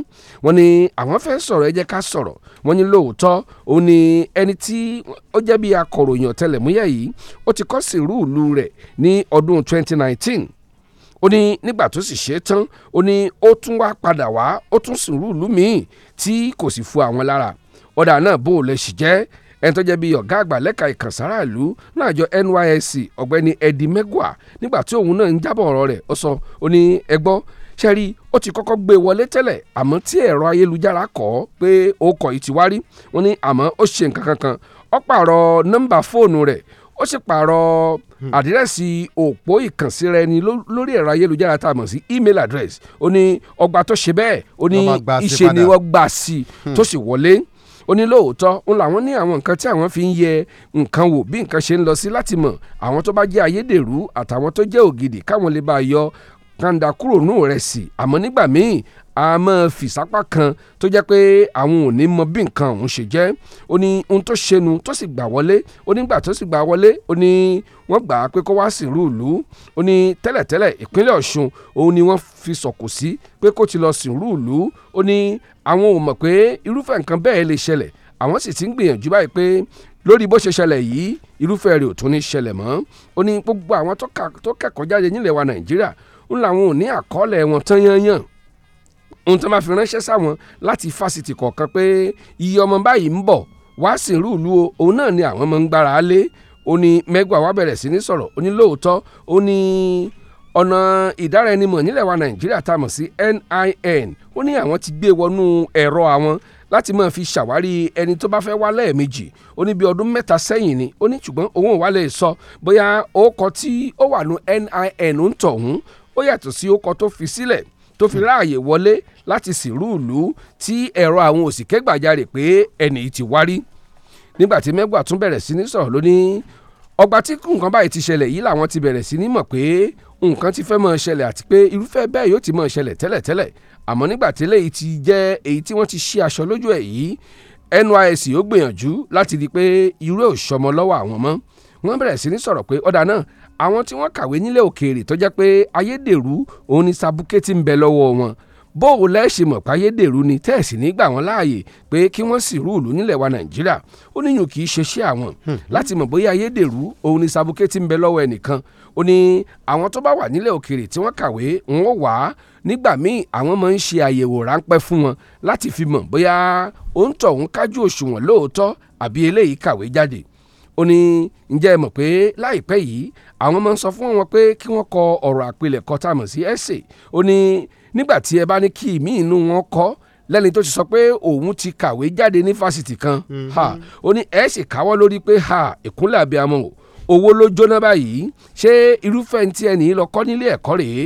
wọ́n ní àwọn fẹ́ sọ̀rọ̀ ẹ jẹ́ ká sọ̀rọ̀ wọ́n ní lóòótọ́ ó ní ẹni tí ó jẹ́ bí akọ̀ròyìn ọ̀tẹlẹ̀múyẹ́ yìí ó ti kọ́ sùúrù rẹ̀ ní ọdún 2019 ó ní nígbà tó sì ṣe é tán ó ní ó tún wá padà wá ó tún sùúrù míì tí kò sì fu àwọn lára ọ̀dà náà bó o lè ṣì jẹ́ ẹni tó jẹ́ bíi ọ̀gá àgbà lẹ́ka ìkànsára ìlú láàjọ NYSC ọ̀gbẹ́ni Eddie Megwa nígbà tí òun náà ń jábọ̀ ọ̀rọ̀ rẹ̀ ó sọ ó ní ẹgbọ́ ṣẹ́rí ó ti kọ́kọ́ gbé e wọlé tẹ́lẹ̀ àmọ́ tí ẹ̀rọ ayélujára kọ́ pé ó kọ̀ yìí ti wárí àmọ́ ó ṣe kankan ó pààrọ̀ nọ́mbà fóònù rẹ̀ ó sì pààrọ̀ hmm. àdírẹ́sì òpó ìkànsíra ẹni lórí ẹ̀rọ ayélujára tá a mọ̀ sí email address ó ní ọgbà tó ṣe bẹ́ẹ̀ ó ní ìṣe ni wọ́n gbà sí hmm. tó sì wọlé. ó ní lóòótọ́ ń làwọn ní àwọn nǹkan tí àwọn fi ń yẹ nǹkan wò bí nǹkan ṣe ń lọ sí láti mọ̀ àwọn tó bá jẹ́ ayédèrú àtàwọn tó jẹ́ ògidì káwọn lè bá yọ kanda kúrò nù rẹ̀ sí àmọ́ nígbà míì a máa fi sápá kan tó jẹ́ pé àwọn ò ní mọ bí nǹkan òun ṣe jẹ́ ó ní ohun tó ṣẹnu tó sì gbà wọlé ó nígbà tó sì gbà wọlé ó ní wọ́n gbà á pé kó wá sí ìlú ìlú ó ní tẹ́lẹ̀tẹ́lẹ̀ ìpínlẹ̀ Ọ̀ṣun òun ni wọ́n fi sọ̀kò sí pé kó ti lọ sí ìlú ìlú ó ní àwọn ò mọ̀ pé irúfẹ́ nǹkan bẹ́ẹ̀ lè ṣẹlẹ̀ àwọn sì ti ń gbìyànjú báyìí pé lórí bó ṣe ṣẹlẹ̀ yìí irúfẹ́ rẹ̀ ò tún ní ṣẹlẹ̀ mọ́ ó ní gbogbo àwọn tó kẹ́kọ̀ọ́ jáde nílẹ̀ wa Nàìjíríà ń làwọn ò ní àkọọ́lẹ̀ wọn tán yányàn ohun tó máa fi ránṣẹ́ sáwọn láti fásitì kọ̀ọ̀kan pé iye ọmọ báyìí ń bọ̀ wá sí ìlú ìlú o òun náà ni àwọn ọmọ ń gbára lé ó ní mẹ́gbà wá bẹ̀rẹ̀ sí ní sọ̀rọ̀ ó ní lóòótọ́ ó ní ọ̀nà ìdáraẹnimọ̀ nílẹ̀ wa nàìjíríà tá a mọ̀ sí NIN ó ní àwọn ti gbé wọnú ẹ̀rọ àwọn láti máa fi ṣàwárí ẹni tó bá fẹ́ wá lẹ́ẹ̀mejì ó ní bí ọdún mẹ́ta sẹ́yìn ni ó ní ṣùgbọ́n òun ò wá lè sọ bóyá ó kọ tí ó wà ní NIN ń tọ̀hún ó yàtọ̀ sí ọkọ̀ tó fi sílẹ̀ tó fi ráàyè wọlé láti sìrú ìlú tí ẹ̀rọ àwọn òsìkẹ́ gbàjarè pé ẹnì ti wárí nígbà tí mẹ́gbà tún bẹ̀rẹ̀ sí ní sọ̀rọ̀ lónìí ọgbà tí nǹkan báyìí ti ṣẹlẹ̀ yìí làwọn ti bẹ̀rẹ̀ sí ní mọ̀ pé nǹkan ti fẹ́ máa ṣẹlẹ̀ àti pé irúfẹ́ bẹ́ẹ̀ yóò ti máa ṣẹlẹ̀ tẹ́lẹ̀tẹ́lẹ̀ àmọ́ nígbà tí eléyìí ti jẹ́ èyí tí wọ́n ti ṣí aṣọ lójú ẹ̀ yìí NYSC ó gbìyànjú láti di pé irú ẹ̀ ò ṣọmọ lọ́wọ́ àwọn mọ́ wọ́n bẹ̀rẹ̀ sí ní sọ̀rọ̀ pé ọ̀dà náà àwọn tí wọ́n kàwé nílẹ̀ òkèèrè tó jẹ́ pé ayédèrú òun ni sabuké ti ń bẹ lọ́wọ́ wọn bóò lẹ́ẹ̀ṣẹ̀ mọ̀ pé ayédèrú ni tẹ́ẹ̀sì ní gbà wọ́n láàyè pé kí wọ́n sì rú ìlú nílẹ̀ wa nàìjíríà ó níyùn kì í ṣe ṣé àwọn hmm. láti mọ̀ bóyá ayédèrú òun ni sabuké ti ń bẹ lọ́wọ́ ẹnìkan ó ní àwọn tó bá wà nílẹ̀ òkèèrè tí wọ́n kàwé wọn wà á nígbà míì àwọn máa ń ṣe àyẹ̀wò ráńpẹ́ fún wọn láti fi mọ̀ bóyá ó ń tọ̀hún kájú òṣùwọ̀n lóòótọ́ àbí eléyìí kàwé jáde ó ní ǹjẹ́ ẹ mọ̀ pé láìpẹ́ yìí àwọn máa ń sọ fún wọn pé kí wọ́n kọ ọ̀rọ̀ àpilẹ̀kọ tá a mọ̀ sí ẹ̀sẹ̀ ó ní nígbà tí ẹ bá ní kí ìmí inú wọn kọ́ lẹ́ni tó ti sọ pé òun ti kàwé jáde ní fásitì kan mhm. ó ní ẹ̀sẹ̀ káwọ́ lórí pé ìkúnlẹ̀ abiyamọ owó ló jóná báyìí ṣé irúfẹ́ ní tí ẹnì lọ kọ́ nílé ẹ̀kọ́ rèé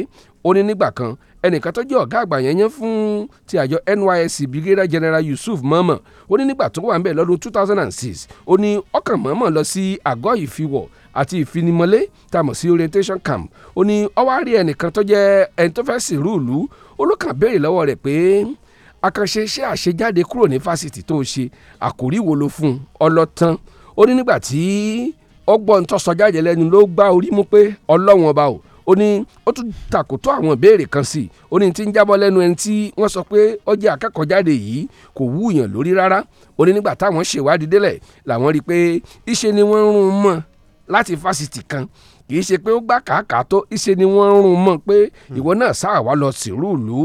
ó ní nígbà kan ẹnìkan tó jẹ́ ọ̀gá àgbà yẹn yẹn fún ti àjọ NYSC brigadier general Yusuf mọ́mọ́ ó ní nígbà tó wà ńbẹ̀ lọ́dún 2006 ó ní ọkàn mọ́mọ́ lọ sí àgọ́ ìfiwọ̀ àti ìfinimọ́lé tá a mọ̀ sí orientation camp ó ní ọwárí ẹnìkan tó jẹ́ ẹni tó fẹ́ sìnrú ìlú olókàn béèrè lọ́wọ́ rẹ̀ pé àkànṣe iṣẹ́ àṣejáde kúrò ní fásitì tó ṣe àkòrí wo ló fún ọlọ́tán ó ní nígbà tí ọgbọ́n tó sọ jáde lẹ́nu ló gbá orí mú pé ọlọ́wọ́n ọba o ó ní ó tún tàkótó àwọn ìbéèrè kan sí i ó ní tí ń jábọ́ lẹ́nu ẹni tí wọ́n sọ pé ó jẹ́ akẹ́kọ̀ọ́jáde yìí kò wúyàn lórí rárá ó ní nígbà táwọn ṣèwádìí délẹ̀ làwọn rí i pé iṣẹ́ ni wọ́n ń rún mọ́ láti fásitì kan kì í ṣe pé ó gbà kàákàá tó iṣẹ́ ni wọ́n ń rún mọ́ pé ìwọ náà sáà wá lọ sírú ìlú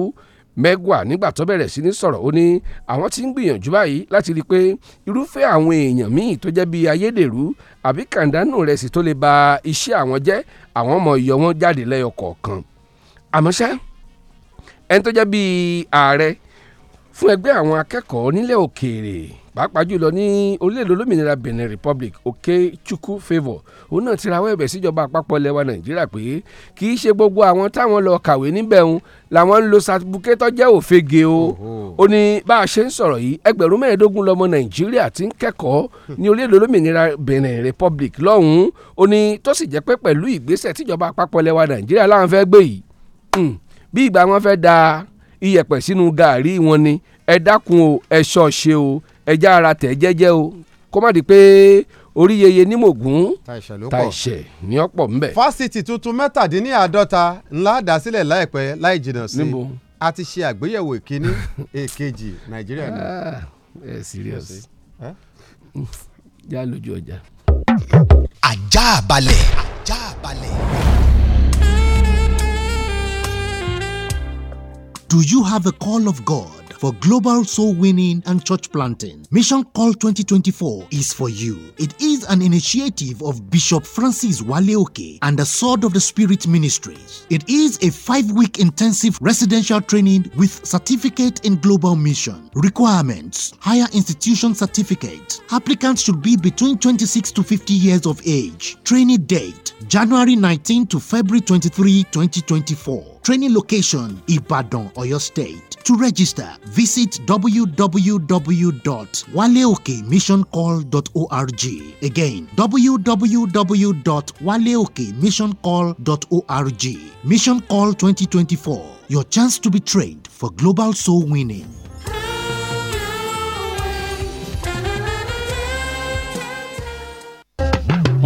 mẹ́gwà nígbà tó bẹ̀rẹ̀ sí ní sọ̀rọ̀ ó ní àwọn tí ń gbìyànjú báyìí láti rí i pé irúfẹ́ àwọn èèyàn míì tó jẹ́ bíi ayédèrú àbí kàńdánù rẹ̀ sì tó lè ba iṣẹ́ àwọn jẹ́ àwọn ọmọ ìyọ wọn jáde lẹ́yọ kọ̀ọ̀kan àmọ́ ṣá ẹni tó jẹ́ bíi ààrẹ fún ẹgbẹ́ àwọn akẹ́kọ̀ọ́ nílẹ̀ òkèèrè pàápàá jùlọ ní orílẹ̀-èdè olómìnira Benin Republic Okechukwu Favour òun náà ti rawọ́ ẹ̀bẹ̀ síjọba àpapọ̀ lẹ́wà Nàìjíríà pé kì í ṣe gbogbo àwọn táwọn lọ kàwé níbẹ̀ ń làwọn ń lo sàbùkẹ́ tó jẹ́ òfegè o ó ní bá a ṣe ń sọ̀rọ̀ yìí ẹgbẹ̀rún mẹ́ẹ̀ẹ́dógún lọ́mọ Nàìjíríà ti ń kẹ́kọ̀ọ́ ní orílẹ̀-èdè olómìnira Benin Republic lọ́hùn-ún ó ní tó sì jẹ́ pé pẹ̀lú ìgbésẹ̀ tíjọba àpapọ̀ lẹ́wà Nàìjíríà láwọn fẹ́ gbé yìí hmm, bí ìgbà wọn fẹ́ dáa iyẹ̀pẹ̀ sínú gàárì wọn ni ẹ dákun o ẹ ṣọ̀ṣe o ẹ já ara tẹ̀ jẹ́jẹ́ o kó má di pé orí yeye ní mògún ta ìṣẹ̀ ní ọ̀pọ̀ ńbẹ. fásitì tuntun mẹ́tàdínníàádọ́ta ńlá dá sílẹ̀ láìpẹ́ láì jìnnà sí a ti ṣe àgbéyẹ̀wò ìkíní èkejì nàìjíríà ni. Ah, ẹ serious já lójú ọjà. ajá balẹ̀. ajá balẹ̀. Do you have a call of God for global soul winning and church planting? Mission Call 2024 is for you. It is an initiative of Bishop Francis Waleoke and the Sword of the Spirit Ministries. It is a five week intensive residential training with certificate in global mission. Requirements Higher institution certificate. Applicants should be between 26 to 50 years of age. Training date January 19 to February 23, 2024. Training location Ibadan, Oyo State. To register, visit www.waleokemissioncall.org. Again, www.waleokemissioncall.org. Mission Call 2024, your chance to be trained for global soul winning.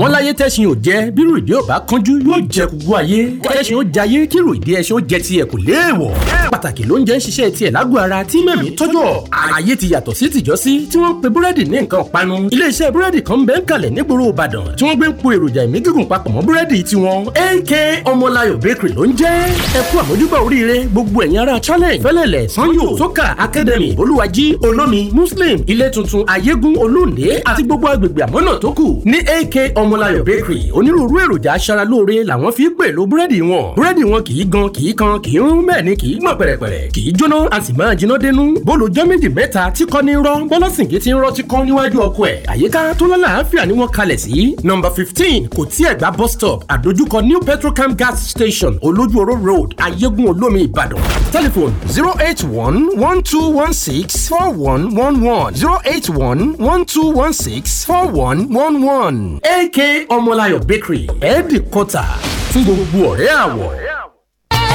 wọ́n láyé tẹ́sìn ò jẹ́ bírò ìdí ò bá kánjú yóò jẹ kúkú ayé tẹ́sìn ò jayé kíro ìdí ẹṣin ò jẹ tiẹ̀ kò léèwọ̀ pàtàkì ló ń jẹ́ ń ṣiṣẹ́ tiẹ̀ lágbo ara tí mẹ́mí tọ́jọ́ ayé ti yàtọ̀ sí tìjọ́sí tí wọ́n ń pe búrẹ́dì ní nǹkan panu iléeṣẹ́ búrẹ́dì kan bẹ́ẹ̀ ń kalẹ̀ nígboro Ìbàdàn tí wọ́n gbé ń po èròjà ìmí gígùn papọ̀ mọ́ búrẹ́dì tiwọn AK Ọmọláyọ̀ bakery ló ń jẹ́ ẹ kú àmójúbà oríire gbogbo ẹ̀yin ará challenge fẹ́lẹ̀lẹ̀ sanyo soka academy olúwají olómi muslim ilé tuntun ayégún olóòlé àti gbogbo agbègbè àmọ́nà tó kù ní AK ọmọ ọmọláyọ̀ bakery onírúurú èròjà aṣaralóore làwọn fi pèlò búrẹ́dì wọn búrẹ́dì wọn kì í gan kì í kan kì í rún bẹ́ẹ̀ ni kì í gbọ̀n pẹ̀rẹ̀pẹ̀rẹ̀ kì í jóná a sì máa jiná dénú bólú jọ́ méjì mẹ́ta tí kọ́ ní rọ́ bọ́lọ́sìnkì ti ń rọ́ ti kọ́ níwájú ọkọ ẹ̀ àyíká tó lọ́la àáfíà ni wọ́n kalẹ̀ sí. nọ́mbà fifteen kò tí ẹ̀ gba bus stop àdójúkọ new petrocam gas station olójúoró road ayégun olómi ìbàdàn telephone zero eight one one two one six four one one one zero eight one one two one six four one one one. AK Ọmọláyọ̀ Bakery ẹ̀ẹ́dìkọ́tà fún gbogbo ọ̀rẹ́ àwọ̀.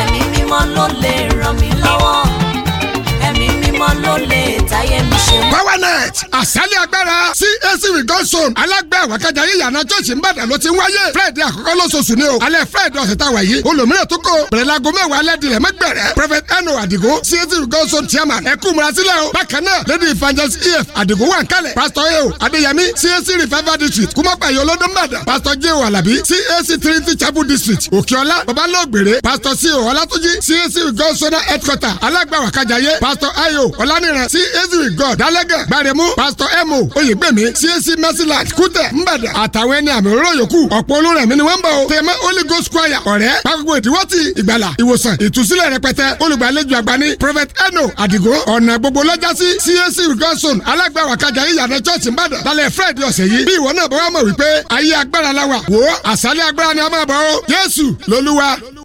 ẹ̀mí mímọ́ ló lè ràn mí lọ́wọ́ nìkan ló lè àṣálẹ̀ agbára cac regal zone alágbẹ́ àwàkájà yíyànà church ìbàdàn ló ti wáyé friday àkọ́kọ́ lóṣooṣù ni o alẹ́ friday ọ̀sẹ̀ tá a wà yìí olùmíràn tó kọ bẹ̀rẹ̀ laago mẹ́wàá alẹ́ dilẹ̀ mẹ́gbẹ̀rẹ̀ prophet eno adigo cac regal zone chairman ẹ̀kú múrasílẹ̀ o bákan náà lady evangelist ef adigo wà ń kalẹ̀ pastor eo adéyẹmí cac revival district yolo kúmọ́pàyọ olódùmbàdàn pastor jeo alabi cac trinity chapel district òkèọlá babalóògbèrè pastor co ọlátúnjì cac regal zone headquarter alágbàwàkájà yé pastor ayo ọ̀lànìràn sí ezri god dálẹ́gẹ̀ gbàrẹ̀mú pásítọ̀ emo oyègbèmí csc mercilat kútẹ̀ nbàdàn àtàwọn ẹni àmì òróró yòókù ọ̀pọ̀ olórẹ̀mí ni wọ́n ń bọ̀ o tẹ̀mẹ́ holy ghost choir ọ̀rẹ́ pápákọ̀ ìdíwọ́ ti ìgbàlà ìwòsàn ìtúsílẹ̀ rẹpẹtẹ olùgbàlejò àgbà ní prophet eno adigo ọ̀nà gbogbo lọ́jà sí csc rigonson alágbàwà kájà ìyànà church nbàdàn lálẹ́ friday ọ̀sẹ̀ yìí bí ìwọ náà bọ́ wá mọ̀ wípé ayé agbára la wà wò àṣálẹ́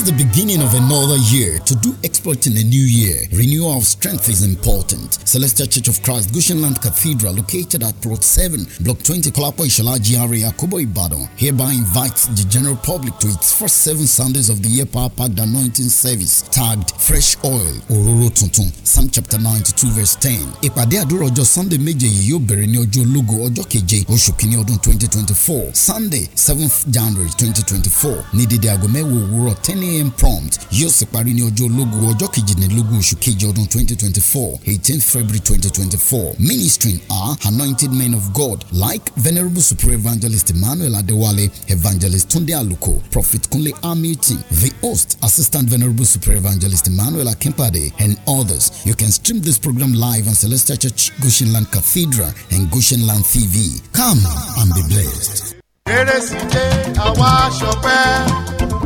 is the beginning of another year. To do exploit in a new year, renewal of strength is important. Celestial Church of Christ, Gushenland Cathedral, located at Plot 7, Block 20, Kolapo Ishalaji area, Kobo Ibadan, hereby invites the general public to its first seven Sundays of the year Power Packed Anointing Service, tagged Fresh Oil, Ororo Tuntun, Psalm chapter 92, verse 10. Ìpàdé àdúrà ọjọ́ Sunday méje yìí yóò bẹ̀rẹ̀ ọjọ́ ọjọ́ keje Osho kìíní ọdún 2024, Sunday 7th January 2024, ní dédé aago 10 a.m a.m. prompt yóò sì parí ní ọjọ́ ológun ọjọ́ kejìdínlógún oṣù kejì ọdún twenty twenty four eighteen february twenty twenty four ministering are anointed men of God like venerable super evangelist Emmanuel Adewale evangelist Tunde Aluko prophet Kunle Hamilton the host assistant venerable super evangelist Emmanuel Akempade and others you can stream this program live on Celestial Church Goshenland Cathedral and Goshenland TV come and be blessed.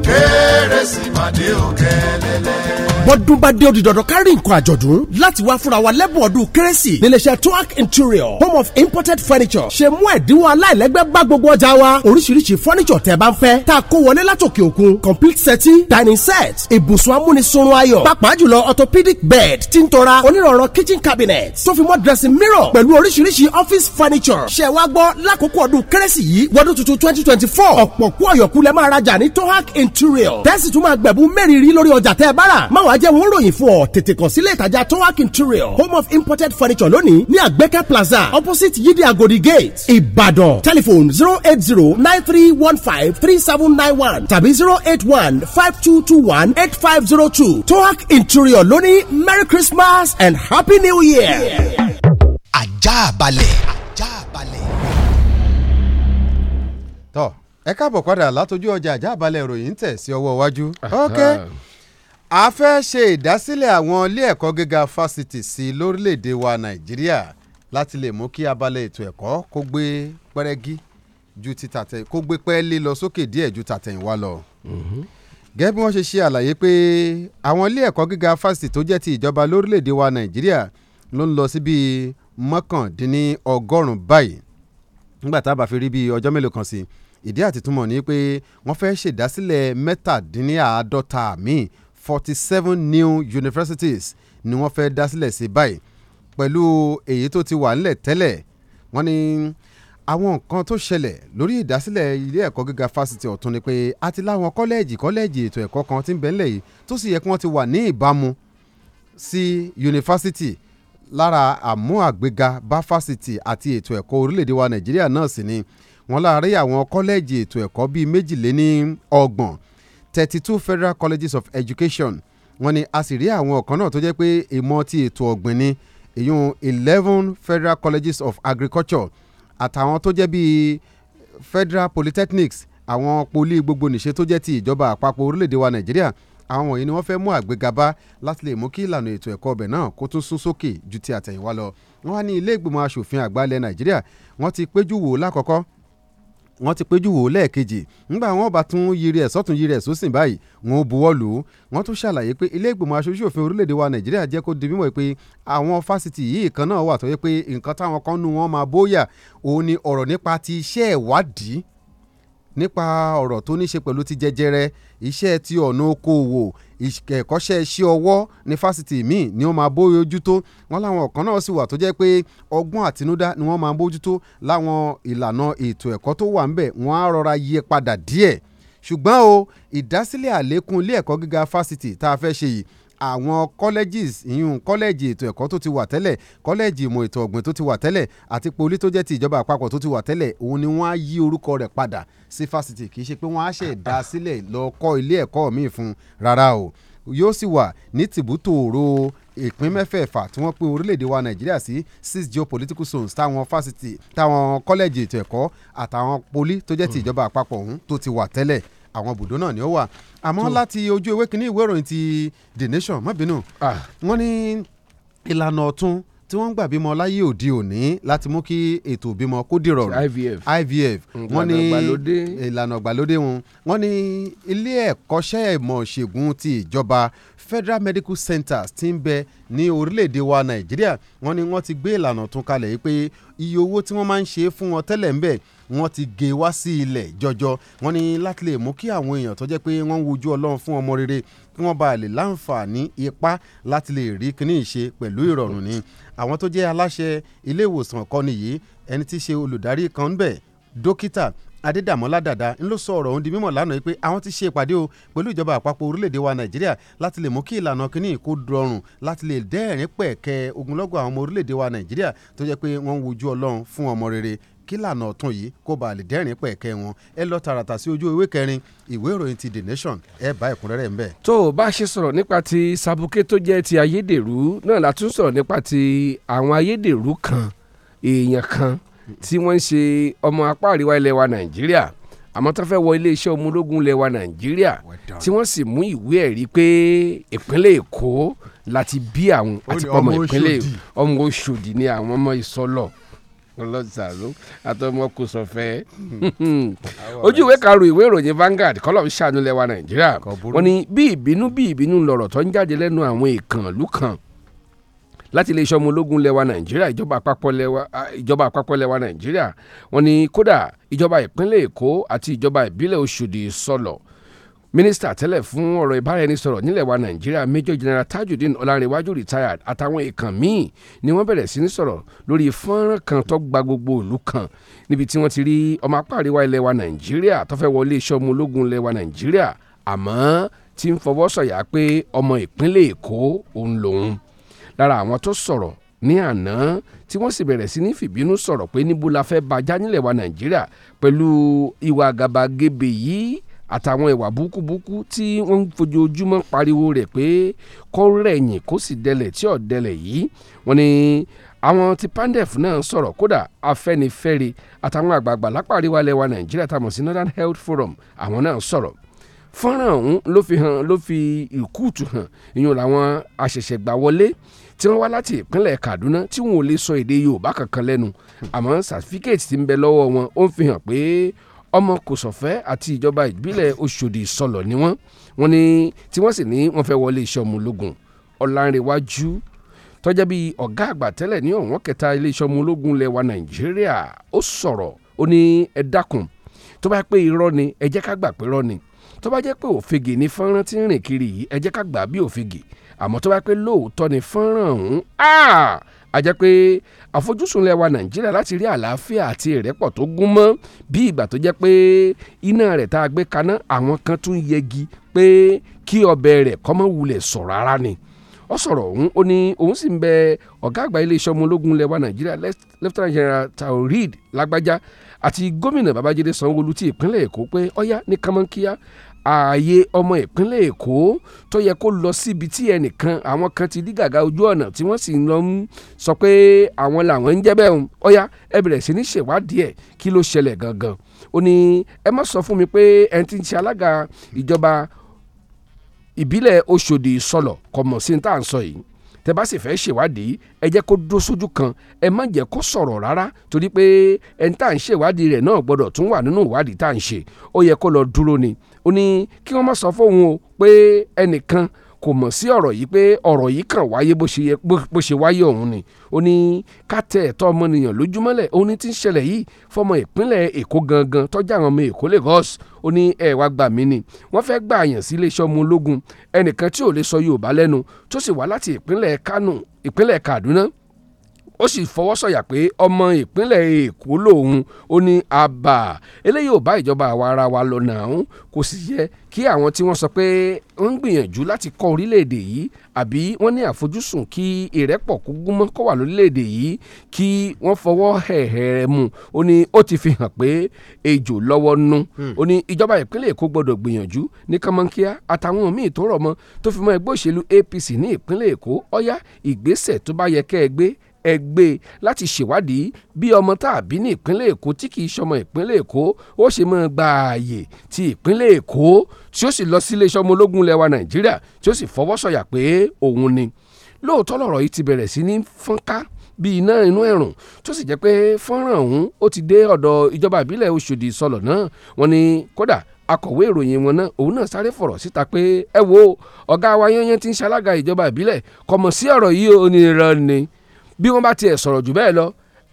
kérésìmàdé ò kẹ́lẹ́lẹ́ bọ́dún bá dé odi dandan kárí nǹkan àjọ̀dún láti wá fúnra wa lẹ́bùn ọdún kérésì níléeṣẹ́ tohac interior home of imported furniture ṣe mú ẹ̀dínwó aláìlẹ́gbẹ́ bá gbogbo ọjà wa oríṣiríṣi furniture tẹ́ bá ń fẹ́ tá a kó wọlé látòkè òkun complete seti dining set ibùsùn amúnisunrun ayọ̀ pàápàá jùlọ orthopedic bed tí ń tọ́ra onírọ̀rọ̀ kitchen cabinet tó fi mọ́ dressing mirror pẹ̀lú oríṣiríṣi office furniture ṣe wá gbọ́ lákòókò ọdún kérésì yìí wọ́dún tuntun twenty twenty four ọ̀pọ̀ kú ọ̀yọ̀kú lẹ́ máa rajà ní tohac interior Trail tẹ́sí tún máa gbẹ̀bú mẹ́rìírí lórí ọjà tẹ́ ẹ bá rà má wàá jẹ́ wọ́n ròyìn fún ọ tètè kàn sílé ìtajà Towakin Trail home of imported furniture lónìí ní Àgbẹ̀kẹ́ Plaza opposite Yídí Agodi gate Ìbàdàn telephone zero eight zero nine three one five three seven nine one tàbí zero eight one five two two one eight five zero two Towakin Interior lónìí Merry Christmas and Happy New Year. Àjààbalẹ̀. Àjààbalẹ̀. tọ́ ẹ káàbọ̀ padà látọjú ọjà àjábalẹ̀ ìròyìn tẹ̀ sí ọwọ́ iwájú. ok a fẹ́ ṣe ìdásílẹ̀ àwọn ilé ẹ̀kọ́ gíga fásitì sí lórílẹ̀‐èdè wa nàìjíríà láti lè mú kí abalẹ̀ ètò ẹ̀kọ́ kó gbé pẹ́rẹ́gí ju ti tàtẹ̀ kó gbé pẹ́ẹ́lí lọ sókè díẹ̀ ju tàtẹ̀yìnwá lọ. Mhm. gẹ́gẹ́ bí wọ́n ṣe ṣe àlàyé pé àwọn ilé ẹ̀kọ́ gíga fásitì tó jẹ́ ti ìjọba lórílẹ̀‐èdè wa nàìjíríà ló ń lọ sí bíi mọ́kàndínní ọgọ́rùn-ún báyìí nígbà tá a bá fi rí bíi ọjọ́ mélòó kan sí i ìdí àtìtúmọ̀ ni pé wọ́n fẹ́ ṣèdásílẹ̀ mẹ́tàdínláàádọ́ta míì forty seven new universities ni wọ́n fẹ́ dásílẹ̀ sí báyìí pẹ̀lú èyí tó ti wà ńlẹ̀ tẹ́lẹ̀ wọ́n ní àwọn nǹkan tó ṣẹlẹ̀ lórí ìdásílẹ̀ ilé ẹ̀kọ́ gíga fásitì ọ̀tún ni pé a ti láwọn kọ́lẹ́ẹ̀jì kọ́lẹ́ẹ̀jì ètò ẹ̀kọ́ kan tí ń bẹ ńlẹ̀ yìí tó sì yẹ kí wọ́n ti wà ní ìbámu sí yunifásitì lára àmú àgbéga bá fásitì àti ètò ẹ̀kọ́ orílẹ̀-èdè wa nàìjíríà náà sì ni wọ́n láàárẹ̀ àwọn kọ́lẹ́ẹ̀jì ètò ẹ̀kọ́ bíi méjìléní ọgbọ̀n thirty two federal colleges of education wọ́n ní a sì rí àwọn ọ̀kan náà tó jẹ́ pé ìmọ̀ ti ètò ọ̀gbìn ni ìyún eleven federal colleges of agriculture àtàwọn tó jẹ́ bíi federal polytechnics àwọn poli gbogbo nìṣe tó jẹ́ ti ìjọba àpapọ̀ orílẹ̀-èdè wa nàìjíríà àwọn wọ̀nyí ni wọ́n fẹ́ mú àgbéga bá láti lè mú kí ìlànà ètò ẹ̀kọ́ ọbẹ̀ náà kó tún sún sókè ju ti àtẹ̀yìnwá lọ wọ́n wá ní ilé ìgbìmọ̀ asòfin àgbà ilẹ̀ nàìjíríà wọ́n ti péjú wò lákọ̀ọ́kọ́ wọ́n ti péjú wò lẹ́ẹ̀kejì ńgbà wọn bá tún yiri ẹ̀ sọ́tún yiri ẹ̀ sósìn báyìí wọn ò buwọ́ lù ú wọ́n tún ṣàlàyé pé ilé ìgbìmọ̀ aṣojú òfin orílẹ̀-èdè wa nàìjíríà jẹ́ kó di mímọ̀ pé àwọn fásitì yìí kan náà wà tó yẹ pé nǹkan táwọn kan nu wọn máa bóyá òun ni ọ̀rọ̀ nípa ti iṣẹ́ ìwádìí nípa ọ̀rọ̀ tó ní ṣe pẹ̀lú ti jẹjẹrẹ iṣẹ́ ti ọ̀nà okòwò ìkẹ́kọ́ṣẹ́ iṣẹ́ ọwọ́ ní fásitì míì ni wọ́n máa bóyá ojú tó wọ́n láwọn kan náà sì wà tó jẹ́ pé ọgbọ́n àtinúdá ni wọ́n máa bójú tó láwọn ìlànà ètò ẹ̀kọ́ tó wà ńbẹ̀ wọ́n á rọra yí padà díẹ̀ ṣùgbọ́n o ìdásílẹ̀ àlékún ilé ẹ̀kọ́ gíga fásitì tá a fẹ́ ṣe yìí àwọn colleges ìyún kọ́lẹ́jì ètò ẹ̀kọ́ tó ti wà tẹ́lẹ̀ kọ́lẹ́jì ìmọ̀ ètò ọ̀gbìn tó ti wà tẹ́lẹ̀ àti poli tó jẹ́ ti ìjọba àpapọ̀ tó ti wà tẹ́lẹ̀ òun ni wọ́n á yí orúkọ rẹ̀ padà sí fásitì kì í ṣe pé wọ́n á ṣe dá sílẹ̀ lọ kọ́ ilé ẹ̀kọ́ míì fún rárá o yóò sì wà ní tìbútò òro ìpín mẹ́fẹ̀ẹ̀fà tí wọ́n pín orílẹ̀-èdè wa nàìjíríà sí six geopolitical zones táwọn fásitì táwọn kọ́lẹ́jì ètò ẹ̀kọ́ àtàwọn poli tó jẹ́ ti hmm. ìjọba àpapọ̀ ọ̀hún tó ti wà tẹ́lẹ̀ àwọn ibùdó náà ni ó wà àmọ́ láti ojú ewé kínní ìwé ìròyìn ti The Nation má bínú wọ́n ní ìlànà ọ̀tun tí wọ́n ń gbà bímọ láyé òde òní láti mú kí ètò ìbímọ kó dìrọ̀rùn IVF IVF wọ́n ní ìlànà ìgbàlódé wọn wọ́n ní ilé ẹ̀kọ́ṣẹ́ ìmọ̀ ìṣègùn ti ìjọba Federal Medical Centers ti ń bẹ ní orílẹ̀-èdè wa Nàìjíríà wọ́n ní wọ́n ti gbé ìlànà tún kalẹ̀ yìí pé iye owó tí wọ́n máa ń ṣe fún wọn tẹ́lẹ̀ ń bẹ̀ wọ́n ti gé wá sí ilẹ̀ jọjọ wọ́n ní láti lè mú kí àwọn èèyàn tó jẹ́ pé wọ́n ń wojú ọlọ́run fún ọmọ rere kí wọ́n bá lè láǹfààní ipá láti lè rí kíní ìṣe pẹ̀lú ìrọ̀rùn ni àwọn tó jẹ́ aláṣẹ ilé ìwòsàn kọ́ni yìí ẹni tí í ṣe olùdarí kan ń bẹ̀ dókítà adédàmọ́lá dàda ń ló sọ ọ̀rọ̀ ọ̀hún di mímọ̀ lánàá pé àwọn ti ṣe ìpàdé o pẹ̀lú ìjọba àpapọ̀ orílẹ̀-èdè wa nàìjíríà láti lè mú kí ìlànà kínní kó dọrùn láti lè dẹ́rìn pẹ̀kẹ́ ogunlọ́gọ̀ àwọn ọmọ orílẹ̀-èdè wa nàìjíríà tó jẹ́ pé wọ́n ń wojú ọlọ́run fún ọmọ rere kílànà ọ̀tún yìí kó ba lè dẹ́rìn pẹ̀kẹ́ wọn ẹ lọ tààràtà sí ojú ìwé kẹrin ìwé ìròyìn ti the nation ẹ bá ẹ̀kúnrẹ́rẹ́ ńbẹ. tó o bá ṣe sọ̀rọ̀ nípa ti sabuke tó jẹ́ ti ayédèrú náà la tún sọ̀rọ̀ nípa ti àwọn ayédèrú kan èèyàn kan tí wọ́n ń ṣe ọmọ apá àríwá ilẹ̀ wa nàìjíríà àmọ́ tó fẹ́ wọ iléeṣẹ́ ọmọlógún ilẹ̀ wa nàìjíríà tí wọ́n sì mú ìwé ẹ̀rí pé ìpínlẹ̀ èkó láti bí àwọn àti ọmọ ìpínlẹ̀ ọmọ oṣòdì ni àwọn ọmọ ìsọlọ̀ ọlọ́sàánú àtọmọkùsọ̀fẹ́ ojú ìwé karùn-ún ìwé ìròyìn Vanguard kọ́lọ́m ṣàánú lẹ́wà Nàìjíríà wọ́n ní bí ìbínú bí ìbínú lọ̀rọ̀ tó ń jáde lẹ́nu àwọn ìkànnlú kan láti iléeṣẹ́ ọmọ ológun lẹ́wà Nàìjíríà ìjọba àpapọ̀ lẹ́wà ìjọba àpapọ̀ lẹ́wà Nàìjíríà wọ́n ní kódà ìjọba ìpínlẹ̀ Èkó àti ìjọba ìbílẹ̀ Òṣòdì sọlọ̀ mínísítà tẹ́lẹ̀ fún ọ̀rọ̀ ìbáraẹnisọ̀rọ̀ nílẹ̀ wa nàìjíríà major general tajudeen ọlárẹ̀wájú retired àtàwọn èèkàn míì ni wọ́n bẹ̀rẹ̀ sí ní sọ̀rọ̀ lórí fọ́nrán kan tó gba gbogbo ìlú kan níbi tí wọ́n ti rí ọmọ apá àríwá ilẹ̀ wa nàìjíríà tó fẹ́ wọlé iṣẹ́ ọmọ ológun ilẹ̀ wa nàìjíríà àmọ́ tí ń fọwọ́ sọ̀yà pé ọmọ ìpínlẹ̀ èkó òun lòun lára àwọn tó sọ̀rọ̀ ní àná tí wọ́n sì bẹ̀rẹ̀ sí ní fìbínú sọ̀rọ̀ pé níbo la fẹ́ bàjá nílẹ̀ wa nàìjíríà pẹ̀lú ìwà àgàbàgebè yìí àtàwọn ìwà búkúbúkú tí wọ́n ń fojoojúmọ́ pariwo rẹ̀ pé kó rẹ̀yìn kó sì dẹlẹ̀ tí ò dẹlẹ̀ yìí wọ́n ní àwọn ti pandef náà sọ̀rọ̀ kódà afẹ́nifẹ́re àtàwọn àgbààgbà lápá àríwá lẹwa nàìjíríà tá sí northern health forum àwọn náà sọ̀rọ̀ fọ́nrán ọ̀hún ló fi hàn ló fi ìkúùtù hàn ìyún làwọn àṣẹ̀ṣẹ̀gbà wọlé tí wọ́n wá láti ìpínlẹ̀ Kaduna tí wọn ò lè sọ èdè Yorùbá kankan lẹ́nu àmọ́ sàtífíkẹ́ẹ̀tì tí ń bẹ lọ́wọ́ wọn ó ń fi hàn pé ọmọ kòsọ̀fẹ́ àti ìjọba ìbílẹ̀ Ọ̀ṣọ́dì sọlọ̀ ni wọ́n wọ́n ni tí wọ́n sì ní wọ́n fẹ́ wọlé iṣẹ́ ọmọ ológun Ọlánrewájú tọ́jà bíi ọ̀gá àgbà tẹ́lẹ̀ ní ọ̀wọ́n kẹta iléeṣẹ́ ọmọ ológun lẹ́wà Nàìjíríà ó sọ̀rọ̀ ó ní ẹ dákun tó bá pé irọ́ ni ẹ jẹ́ ká gbà pé irọ́ ni tó bá jẹ́ pé òfegè ni fọ́nrán tí rìn kiri yìí ẹ jẹ́ ká gbà bí òfegè àmọ́ tó bá pé lóòótọ́ ni fọ́nrán ọ̀hún a jẹ́ pé àfojúsùn ilẹ̀ wa nàìjíríà láti rí àlàáfíà àti ìrẹ́pọ̀ tó gún mọ́ bí ìgbà tó jẹ́ pé iná rẹ̀ tá a gbé kaná àwọn kan tún yẹgi pé kí ọbẹ̀ rẹ̀ kọ́mọ́ wulẹ̀ sọ̀rọ̀ ara ni ó sọ̀rọ̀ ọ̀hún ó ní òun sì ń bẹ ọ̀gá àgbà iléeṣẹ́ ọmọ ológun ilẹ̀ wa nàìjíríà lieutenant general taoreed lágbájá àti gómìnà babájídé sanwóolu ti ìpínlẹ̀ èkó pé ọ̀yá ní kánmọ́nkíá ààyè ọmọ ìpínlẹ̀ èkó tó yẹ kó lọ síbi tí ẹnìkan àwọn kan ti dí gàgà ojú ọ̀nà tí wọ́n sì ń lọ sọ pé àwọn làwọn ń jẹ́ bẹ́ẹ̀ ń ọ̀yá ẹ bẹ̀rẹ̀ sí ní ṣèwádìí ẹ̀ kí ló ṣẹlẹ̀ gangan ó ní ẹ má sọ fún mi pé ẹni tí ń ṣe alága ìjọba ìbílẹ̀ Ọ̀ṣọ́dì Ìsọlọ̀ kò mọ̀ sí ní tá à ń sọ yìí tẹ bá sì fẹ́ ṣèwádìí ẹ jẹ́ kó dó sójú kan ẹ má jẹ́ kó sọ̀rọ̀ rárá torí pé ẹni tá à ń ṣèwádìí rẹ̀ náà gbọ́dọ̀ tún wà nínú ìwádìí tá à ń ṣe ó yẹ kó lọ dúró ni ó ní kí wọ́n má sọ fóun o pé ẹnìkan kò mọ̀ sí ọ̀rọ̀ yìí pé ọ̀rọ̀ yìí kàn wáyé bó ṣe wáyé ọ̀hún ni ó ní ká tẹ ẹ̀tọ́ ọmọnìyàn lójúmọ́lẹ̀ òun ni ti ń ṣẹlẹ̀ yìí fọmọ ìpínlẹ̀ èkó gangan tọ́jú àwọn ọmọ èkó Lagos ó ní ẹ wá gbà mí ni wọ́n fẹ́ gbà yàn sí iléeṣẹ́ ọmọ ológun ẹnìkan tí ò lè sọ Yorùbá lẹ́nu tó sì wá láti ìpínlẹ̀ Kánò ìpínlẹ̀ Kaduna ó sì fọwọ́ sọ̀yà pé ọmọ ìpínlẹ̀ èkó lòun ó ní àbá eléyìí ò bá ìjọba àwa ara wa lọ nàún kò sì yẹ kí àwọn tí wọ́n sọ pé ń gbìyànjú láti kọ́ orílẹ̀-èdè yìí àbí wọ́n ní àfojúsùn kí ìrẹ́pọ̀ kó gúnmọ́ kó wà lórílẹ̀-èdè yìí kí wọ́n fọwọ́ hẹ̀hẹ̀ rẹ̀ mu ó ní ó ti fi hàn pé ejò lọ́wọ́ nú hmm. ó ní ìjọba ìpínlẹ̀ èkó gbọ́dọ̀ gbìyànjú ní kánmọ́nkíá àtàwọn míì tó rọ̀ mọ́ tó fi mọ́ ẹgbẹ́ òṣèlú APC ní ìpínlẹ̀ èkó ọ̀yá ìgbésẹ̀ tó bá yẹ kẹ́ ẹ gbé ẹgbẹ́ e láti ṣèwádìí bí ọmọ tàbí ní ìpínlẹ̀ èkó tí kìí ṣọmọ ìpínlẹ̀ èkó ó ṣe máa gba ààyè ti ìpínlẹ̀ èkó tí ó sì lọ sí iléeṣẹ́ ọmọ ológun ilẹ̀ wa nàìjíríà tí ó sì fọwọ́ sọ̀yà pé òun ni lóòótọ́ lọ̀rọ̀ yìí ti bẹ̀rẹ̀ sí ní fọ́nká bí iná inú ẹ̀rùn tó sì jẹ́ pé fọ́nrán ọ̀hún ó ti dé ọ̀dọ̀ ìjọba ìbílẹ̀ Ọ̀ṣọ́dì sọlọ̀ náà wọ́n ní kódà akọ̀wé ìròyìn wọn náà òun náà sáré fọ̀rọ̀ síta pé ẹ wo ọ̀gá wa yányán ti ń ṣalága ìjọba ìbílẹ̀ kọ̀mọ̀ sí ọ̀rọ̀ yìí ó ní irọ́ ni bí wọ́n bá tiẹ̀ sọ̀rọ̀ jù bẹ́ẹ̀ lọ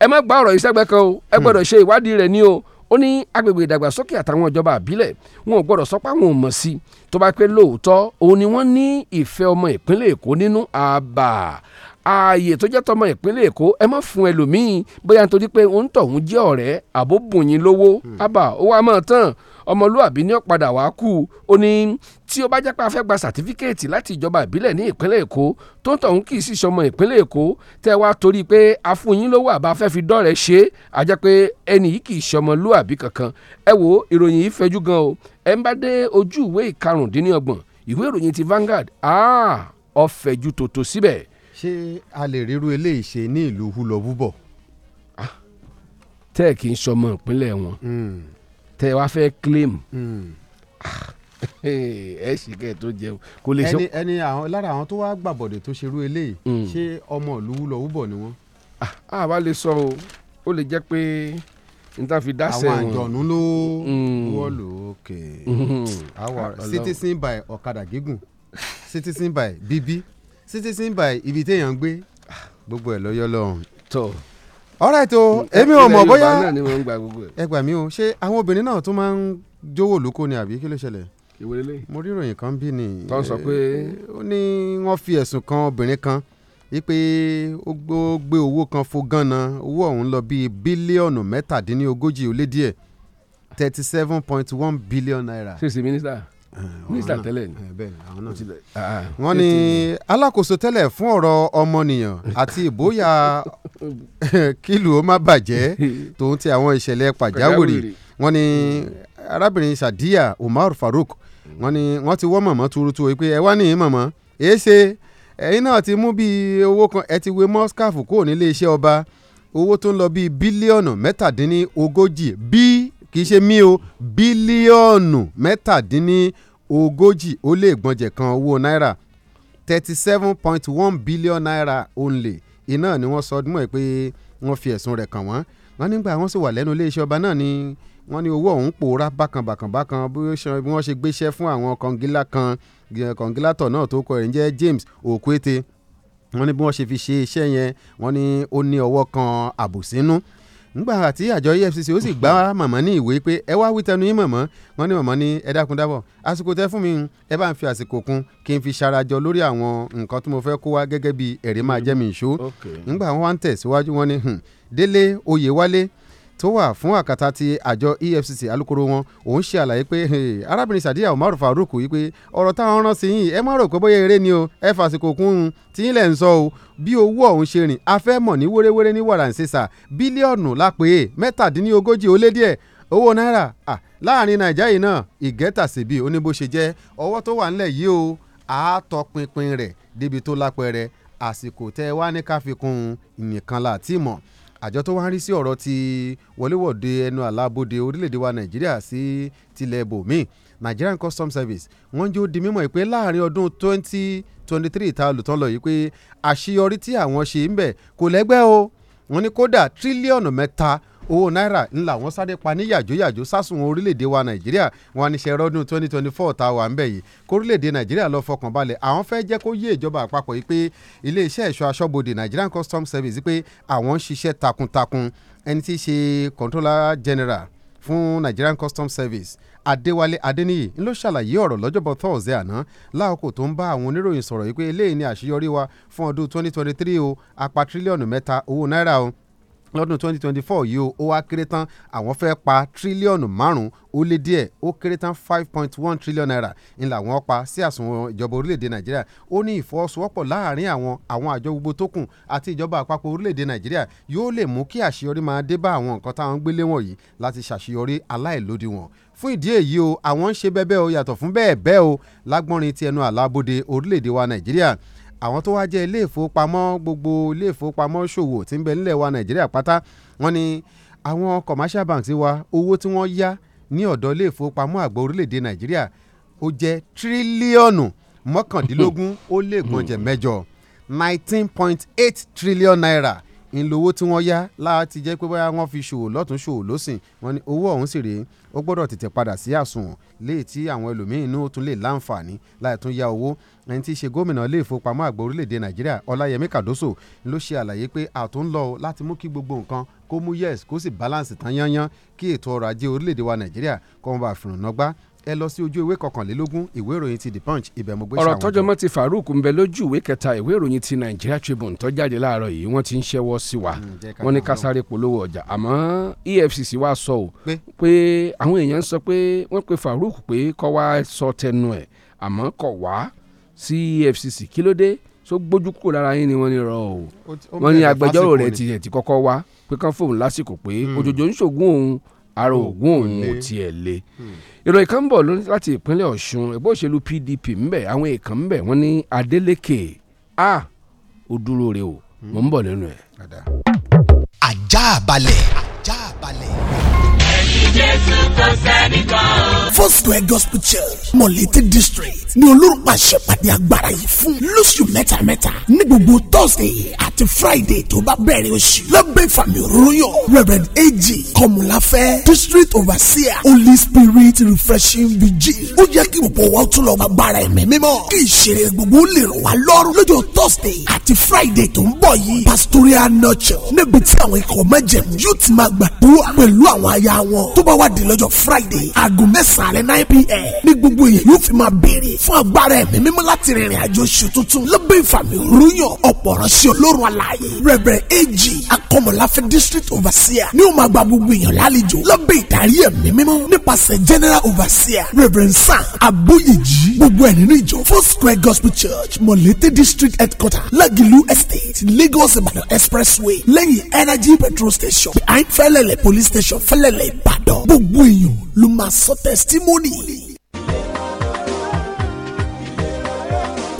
ẹ má gba ọ̀rọ̀ yìí kan o ẹ hmm. gbọ́dọ̀ ṣe ìwádìí rẹ̀ ní o ó ní agbègbè ìdàgbàsókè àtàwọn ìjọba àbílẹ̀ wọn ò gbọ́dọ̀ sọ pé àwọn ò mọ̀ sí tó bá pé lóòótọ́ òun ni wọ́n ní ìfẹ́ ọmọ ìpínlẹ̀ Èkó nínú àbà ààyè tó jẹ́ tọmọ ìpínlẹ̀ Èkó ẹ má fún ẹlòmíín bóyá nítorí pé òun tọ̀hún jẹ́ ọ̀rẹ́ àbóbùnyín lówó hmm. àbà ó wá mọ̀ tán ọmọlúàbí ni ó padà wá kú ó ní tí ó bá jẹ́ pé a fẹ́ gba sàtífíkẹ́ẹ̀tì láti ìjọba ìbílẹ̀ ní ìpínlẹ̀ èkó tó ń tọ̀hún kì í sì sọmọ ìpínlẹ̀ èkó tẹ́ wá torí pé afúnyín lówó àbá fẹ́ fi dọ́rẹ̀ ṣe é a pé ẹni yìí kì í sọmọ kankan ẹ wo ìròyìn yìí fẹjú gan o ẹ ń bá dé ojú ìwé ìkarùndínlọ́gbọ̀n ìwé ìròyìn ti Vanguard ah, ó fẹjú tòótò síbẹ̀. ṣé a lè ríru eléyìí ṣe ní ìlú hulọ̀búbọ̀. Ah, tẹ́ẹ̀ tẹ wá fẹ́ claim hmm. ah, ẹ sì kẹ tó jẹun kò lè sọ. ẹni àwọn lára àwọn tó wá gbàbọ̀dẹ̀ tó ṣerú eléyìí hmm. ṣé ọmọ ìlú wúlọ̀ wúbọ̀ ni wọ́n. Ah, a bá lè sọ o ó lè jẹ́ pé n ta fi dasẹ wọn àwọn àjọ̀nú ló hmm. wọ́ọ̀lù ah, òkè citizen by ọ̀kadà gígùn citizen by BB, citizen by ibi téèyàn ń gbé gbogbo ẹ̀ lọ́yọ́ lọ́hùn. tọ́ alright o mm, èmi ò mọ̀ bóyá ẹ gbà mí o ṣé àwọn obìnrin náà tún máa ń jówó lóko ni àbí kí ló ṣẹlẹ̀ mo rí ìròyìn kan bí ni tó ń sọ pé ó ní wọ́n fi ẹ̀sùn kan obìnrin kan wípé ó gbé owó kan fo ganan owó ọ̀hún lọ bíi bílíọ̀nù mẹ́tàdínlógójì ó lé díẹ̀ thirty seven point one billion naira. ṣèṣì mínísítà mínísítà tẹ́lẹ̀ ni eh, wọ́n ní alákòóso tẹ́lẹ̀ fún ọ̀rọ̀ ọmọnìyàn àti ìbóyà kílù ó má bàjẹ́ tòun ti àwọn ìṣẹ̀lẹ̀ pàjáwìrì wọ́n ní arábìnrin Sadiya Umar Farouk wọ́n ní wọ́n ti wọ́ mọ̀mọ́ tuurutu pé ẹ wá nìyí mọ̀mọ́ èé ṣe ẹ̀yin náà ti mú bíi owó kan ẹ ti wé mọ́skáfù kúrò nílé iṣẹ́ ọba owó tó ń lọ bíi bílíọ̀nù mẹ́tàdínlógójì bíi kì ṣe mí o bílíọ̀nù mẹ́tàdínlógójì ó lé ìgbọ̀njẹ̀ kan owó náírà thirty seven point one billion naira only iná ni wọ́n sọ ọdún mọ́ ẹ pé wọ́n fi ẹ̀sùn rẹ̀ kàn wọ́n wọ́n nígbà wọ́n sì wà lẹ́nu iléeṣẹ́ ọba náà ni wọ́n ní owó ọ̀hún pòórá bákan bákan bákan bí wọ́n ṣe gbéṣẹ́ fún àwọn kọ̀ǹgílá kan kọ̀ǹgílátọ̀ náà tó kọ ẹ̀ ń jẹ́ James Okwete wọ́n ní bí wọ́n ṣe fi ṣe iṣẹ́ yẹn wọ́n ní ó ní ọwọ́ kan àbòsínú nígbà àti àjọ EFCC ó sì gbá màmá ní ìwé pé ẹ wá wí tẹnu yín màmá wọn ní màmá ní ẹ dákun dábọ̀ àsìkò tẹ fún mi ẹ bá ń fi àsìkò kún kí n fi ṣarajọ lórí àwọn nǹkan tí mo fẹ́ kó wá gẹ́gẹ́ bí ẹ̀rí máa jẹ́ mi ìṣó nígbà wọn wá ń tẹ̀síwájú wọn ní Délé Oyèwálé tó wà fún àkàtà ti àjọ EFCC alukoro wọn òun ṣe àlàyé pé arábìnrin Sadiya Umaru Farouk yìí pé ọ̀rọ̀ táwọn rán sí yìí ẹ má rò pé bóyá eré ni o ẹ fàsìkò kún un tí ilẹ̀ ń sọ o bí owó ọ̀hún ṣe rìn a fẹ́ mọ̀ ní wéréwéré ní wàràǹṣeṣà bílíọ̀nù lápè mẹ́tàdínlógójì ó lé díẹ̀ owó náírà láàrin nàìjíríà yìí náà ìgẹ́tàsíbí ó ní bó ṣe jẹ́ ọwọ́ tó wà ńlẹ̀ yìí o àátọpinpin rẹ̀ débi tó lápẹẹrẹ àsìkò tẹ́ wá ní ká nìkan láti mọ̀ àjọ tó wá ń rí sí ọ̀rọ̀ ti wọléwọ̀de ẹnu àlàbòde orílẹ̀-èdè wa nàìjíríà sí tilẹ̀ bòmíì nigerian customs service wọ́n jó di mímọ̀ pé láàrin ọdún twenty twenty three ta lùtọ́ lọ yìí pé àṣeyọrí tí àwọn ṣe ń bẹ̀ kò lẹ́gbẹ́ o wọ́n ní kódà tírílíọ̀nù mẹ́ta owó náírà ńlá wọn sáré pa ní yàjóyàjó sásùn orílẹ̀-èdè wa nàìjíríà wọn ní sẹ́rọ́ ọdún twenty twenty four tá a wà ń bẹ̀ yìí kórílẹ̀-èdè nàìjíríà lọ fọkàn balẹ̀ àwọn fẹ́ jẹ́ kó yé ìjọba àpapọ̀ yìí pé iléeṣẹ́ ẹ̀ṣọ́ aṣọ́bodè nigerian customs service pé àwọn ń ṣiṣẹ́ takuntakun ẹni tí í ṣe controller general fún nigerian customs service adéwálé adéníyì ń ló ṣàlàyé ọ̀rọ̀ lọ́jọ́bọ̀ thursday àná láàkó tó ń bá àwọn oníròyìn sọ̀rọ̀ yìí pé eléyìí ni àṣeyọrí wa fún ọdún 2023 o apá tírílíọ̀nù mẹ́ta owó náírà o lọ́dún 2024 yìí ó wá kéré tán àwọn fẹ́ pa tírílíọ̀nù márùn-ún ó lé díẹ̀ ó kéré tán 5.1 trillion naira ń làwọn pa sí àsùnwọ̀n ìjọba orílẹ̀-èdè nàìjíríà ó ní ìfọwọ́sowọ́pọ̀ láàárín àwọn àwọn àjọ gbogbo tó kù àti ìjọba àpapọ̀ orílẹ̀-èdè nàìjíríà yóò lè mú kí àṣeyọrí máa dé bá àwọn nǹkan táwọn gbélé wọ̀nyí láti ṣàṣeyọrí aláìlódiwọ̀n fún ìdí èyí o àwọn ń ṣe bẹ́ẹ̀ bẹ́ẹ̀ o yàtọ̀ fún bẹ́ẹ̀ bẹ́ẹ̀ o lágbọ́nrin ti ẹnu àlábòde orílẹ̀-èdè wa nàìjíríà àwọn tó wá jẹ́ ilé ìfowópamọ́ gbogbo ilé ìfowópamọ́ ṣòwò tí ń bẹ nílẹ̀ wa nàìjíríà pátá wọ́n ní àwọn commercial banks wa owó tí wọ́n yá ní ọ̀dọ̀ ilé ìfowópamọ́ àgbà orílẹ̀-èdè nàìjíríà ó jẹ́ tírílíọ̀nù mọ́kàndínlógún ó lé gbọ̀njẹ̀ mẹ́jọ nineteen point eight trillion naira ńlówó tí wọ́n yá láti jẹ́ pé bóyá wọ́n fi ṣòwò lọ́tún ṣòwò lọ́sìn wọn ni owó ọ̀hún sì rèé ó gbọ́dọ̀ tètè padà sí àsùnwọ̀n léè tí àwọn ẹlòmíín inú tún lè láǹfààní láì tún yá owó ẹni tí í ṣe gómìnà ilé ìfowópamọ́ àgbà orílẹ̀-èdè nàìjíríà ọláyẹmí kàdóso ló ṣe àlàyé pé àtúnlọ láti mú kí gbogbo nǹkan kó mú yes kó sì balance tán yányán kí ètò ọrọ̀ ajé orílẹ̀-èdè wa nàìjíríà kó wọn bá fìrùnà gbá ẹ lọ sí ojú ìwé kọkànlélógún ìwé ìròyìn ti the punch ibẹ̀ mo gbé sàwọn. ọ̀rọ̀ tọ́jọ́ mọ́ ti Farouk ń bẹ lójú ìwé kẹta ìwé ìròyìn ti Nigeria Tribune tó jáde láàárọ̀ yìí wọ́n ti ń ṣẹ́wọ́ sí wa hmm, wọ́n ní ká polówó ọjà àmọ́ EFCC wa sọ o pé àwọn èèyàn sọ pé wọ́n pe Farouk pé kó wá sọ tẹnu ẹ̀ àmọ́ kò wá sí EFCC kí ló dé tó gbójú kúrò lára yín ni wọ́n ní rọ o wọ́n ní agbẹjọ́rò rẹ̀ ti kọ́kọ́ wá pé kán fóun lásìkò pé òjòjò hmm. ń ṣògùn òun ara hmm. ògùn òun ò tiẹ̀ le hmm. ìròyìn kan ń bọ̀ láti ìpínlẹ̀ ọ̀ṣun ẹgbẹ́ òṣèlú pdp ńbẹ̀ àwọn èèkàn ńbẹ̀ wọ́n ní adeleke a ò dúró re o mò hmm. ń bọ̀ lẹ́nu ẹ̀. ajá balẹ̀ ajá balẹ̀ jésù kò sẹ́nìkan. Foursquare Gospel Church Mọ̀lété District ni olórúkọ àṣepàdé agbára yìí fún lóṣù mẹ́tamẹ́ta ní gbogbo Thursday àti Friday tó bá bẹ̀rẹ̀ oṣù lábẹ́ ìfàmì òróyọ̀ Reverend A.G. Kọmùláfẹ́ District Overseer Holy Spirit Refreshing Vigil. Ó yẹ kí gbogbo wa tún lọ agbára ẹ̀mí mímọ́ kí ìṣeré gbogbo lè rọ̀ wá lọ́rùn lọ́jọ́ Thursday àti Friday tó ń bọ̀ yìí Pastoral Nurture níbi tí àwọn ikọ̀ mẹ́jẹ̀mú yóò ti máa gbàdúrà pẹ̀lú àwọn aya wọn tó tó bá wà di lọ́jọ́ friday aago mẹ́sàn-án rẹ̀ nine pm ní gbogbo èèyàn yóò fi máa béèrè fún agbára ẹ̀mí mímọ́ láti rìnrìn àjò oṣù tuntun lábẹ́ ìfàmì òrùyàn ọ̀pọ̀ ránṣẹ́ ọlọ́run alààyè rẹ̀bẹ̀rẹ̀ ag akọmọláfẹ́ district overseer ní ó máa gba gbogbo èèyàn lálejò lábẹ́ ìdarí ẹ̀mí mímọ́ nípasẹ̀ general overseer Reverend sam aboyeji gbogbo ẹ̀ nínú ìjọ four square gospel church molete district headquarter lagilu estate lagos ibadan expressway lẹ́yìn energy petrol station behind fẹ́lẹ́lẹ̀ police station fẹ́lẹ́lẹ̀ ìbàdàn Ìbàdàn gbogbo èèyàn ló máa sọ tẹsítímọ́nì.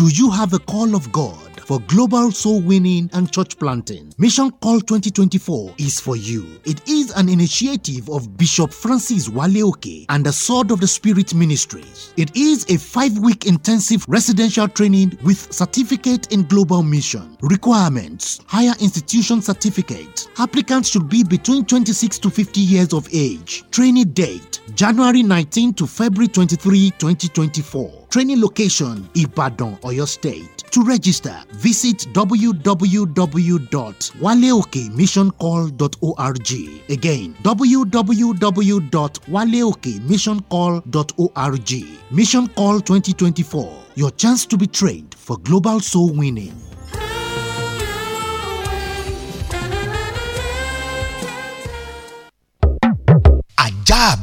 Do you have a call of God? for global soul winning and church planting. Mission Call 2024 is for you. It is an initiative of Bishop Francis Waleoke and the Sword of the Spirit Ministries. It is a five week intensive residential training with certificate in global mission. Requirements Higher institution certificate. Applicants should be between 26 to 50 years of age. Training date January 19 to February 23, 2024. Training location Ibadan, Oyo State. To register, visit www.waleokemissioncall.org. Again, www.waleokemissioncall.org. Mission Call 2024, your chance to be trained for global soul winning. Ajá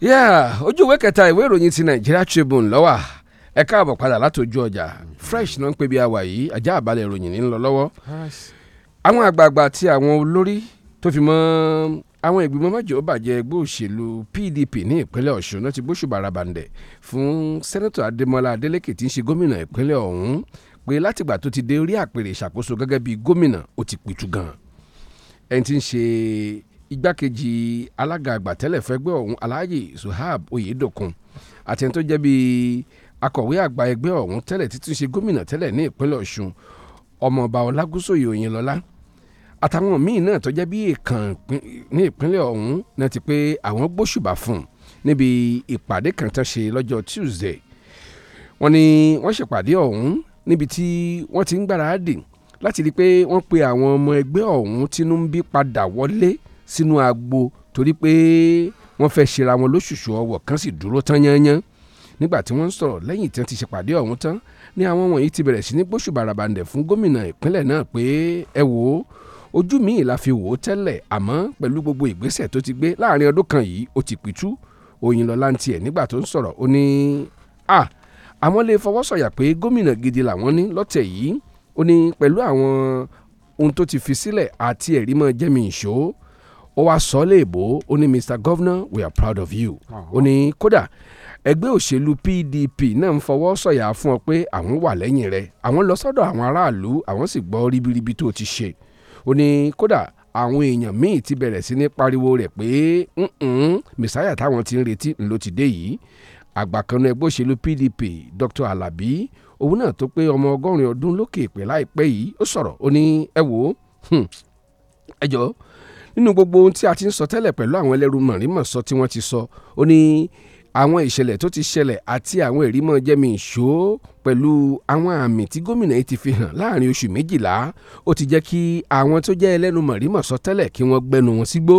yeah ojú ìwé kẹta ìwé ìròyìn ti Nigeria Tribune lọ́wà ẹ káàbọ̀ padà látòjú ọjà fresh náà ń pè bí àwa yìí ajá àbálẹ̀ ìròyìn ní lọ lọ́wọ́ àwọn àgbààgbà àti àwọn olórí tó fi mọ́ àwọn ìgbìmọ̀ mẹ́jọ bàjẹ́ ẹgbẹ́ òṣèlú PDP ní ìpínlẹ̀ Ọ̀ṣun náà ti gbóṣùbà rabandẹ̀ fún sẹ́nẹ́tọ̀ Adémọ́lá Adélékè tí ń ṣe gómìnà ìpínlẹ̀ ọ̀hún pé látìgbà tó ti dé orí àpèrè ìṣàkóso gẹ́gẹ́ bíi gómìnà ó ti pìtù gan-an ẹni tí ń ṣe igbákejì alága àgbà tẹ́lẹ̀ fẹ́gbẹ́ ọ̀hún alhaji suhab oyedokun àti ẹni tó jẹ́ bíi akọ̀wé àgbà ẹgbẹ́ ọ̀hún tẹ́lẹ̀ títún ṣe gómìnà tẹ́lẹ̀ ní ìpínlẹ̀ ọ̀ṣun ọmọọba ọlágúsòyè òyìnlọ́lá àtàwọn míín náà tó jẹ́ bíi èèkàn ní ìpínlẹ̀ ọ̀hún náà ti pé àwọn gbóṣùbà fún níbi ìpàdé kan tán ṣe lọ́jọ́ tuesday wọ́n ní wọ́n ṣèpàdé ọ̀hún níbi tí wọ́n ti ń gbáradì láti rí i pé wọ́n pe àwọn ọmọ ẹgbẹ́ ọ̀hún tínú ń bí padà wọlé sínú agbo torí pé wọ́n fẹ́ ṣera wọn lóṣùṣù ọwọ̀ kan sì dúró tán yányán nígbà tí wọ́n ń sọ̀rọ̀ lẹ́yìn tí wọ́n ti ṣèpàdé ọ̀hún tán ni àwọn wọ̀nyí ti bẹ̀rẹ̀ sí ní gbóṣù bàràbàǹdẹ̀ fún gómìnà ìpínlẹ̀ náà pé ẹ wò ó ojú míì la fi wò ó tẹ́lẹ̀ àmọ́ pẹ̀lú gbogbo ìgbésẹ̀ tó ti gbé láàrin ọdún kan yìí ó ti pitú Òyìnlọ́lá ń tiẹ̀ nígbà tó ń sọ̀rọ̀ ó ní à àwọn lè fọwọ́sọ̀yà pé gómìnà gidi làwọn ní lọ́tẹ̀ yìí ó ní pẹ̀lú àwọn ohun tó ti fi sílẹ̀ àti ẹ̀rí mọ́ jẹ́mi ìṣó ó wá sọ léèbó ó ní mr governor we are proud of you ah. ó ní kódà ẹgbẹ́ òṣèlú pdp náà ń fọwọ́ sọ̀yà fún ọ pé àwọn wà lẹ́yìn rẹ àwọn lọ sọ́dọ̀ àwọn aráàlú àwọn sì gbọ́ ribiribi tó ti ṣe ó ní kódà àwọn èèyàn míì ti bẹ̀rẹ̀ sí ní pariwo rẹ̀ pé mẹ̀sáyà táwọn ti ń retí ló ti dé yìí àgbà ẹgbẹ́ òṣèlú pdp dr alabi òun náà tó pé ọmọ ọgọ́rin ọdún lókè pẹ̀ láìpẹ́ yìí ó sọ̀rọ̀ ó ní ẹ wò ó hmm, ẹ nínú gbogbo ohun tí a ti ń sọ tẹ́lẹ̀ pẹ̀lú àwọn ẹlẹ́rú mọ̀rìnmọ̀sọ tí wọ́n ti sọ ó ní àwọn ìṣẹ̀lẹ̀ tó ti ṣẹlẹ̀ àti àwọn ìrímọ̀ jẹ́mi ìṣó pẹ̀lú àwọn àmì tí gómìnà yìí ti fi hàn láàrin oṣù méjìlá ó ti jẹ́ kí àwọn tó jẹ́ ẹlẹ́nu mọ̀rìmọ̀sọ tẹ́lẹ̀ kí wọ́n gbẹnu wọn sígbó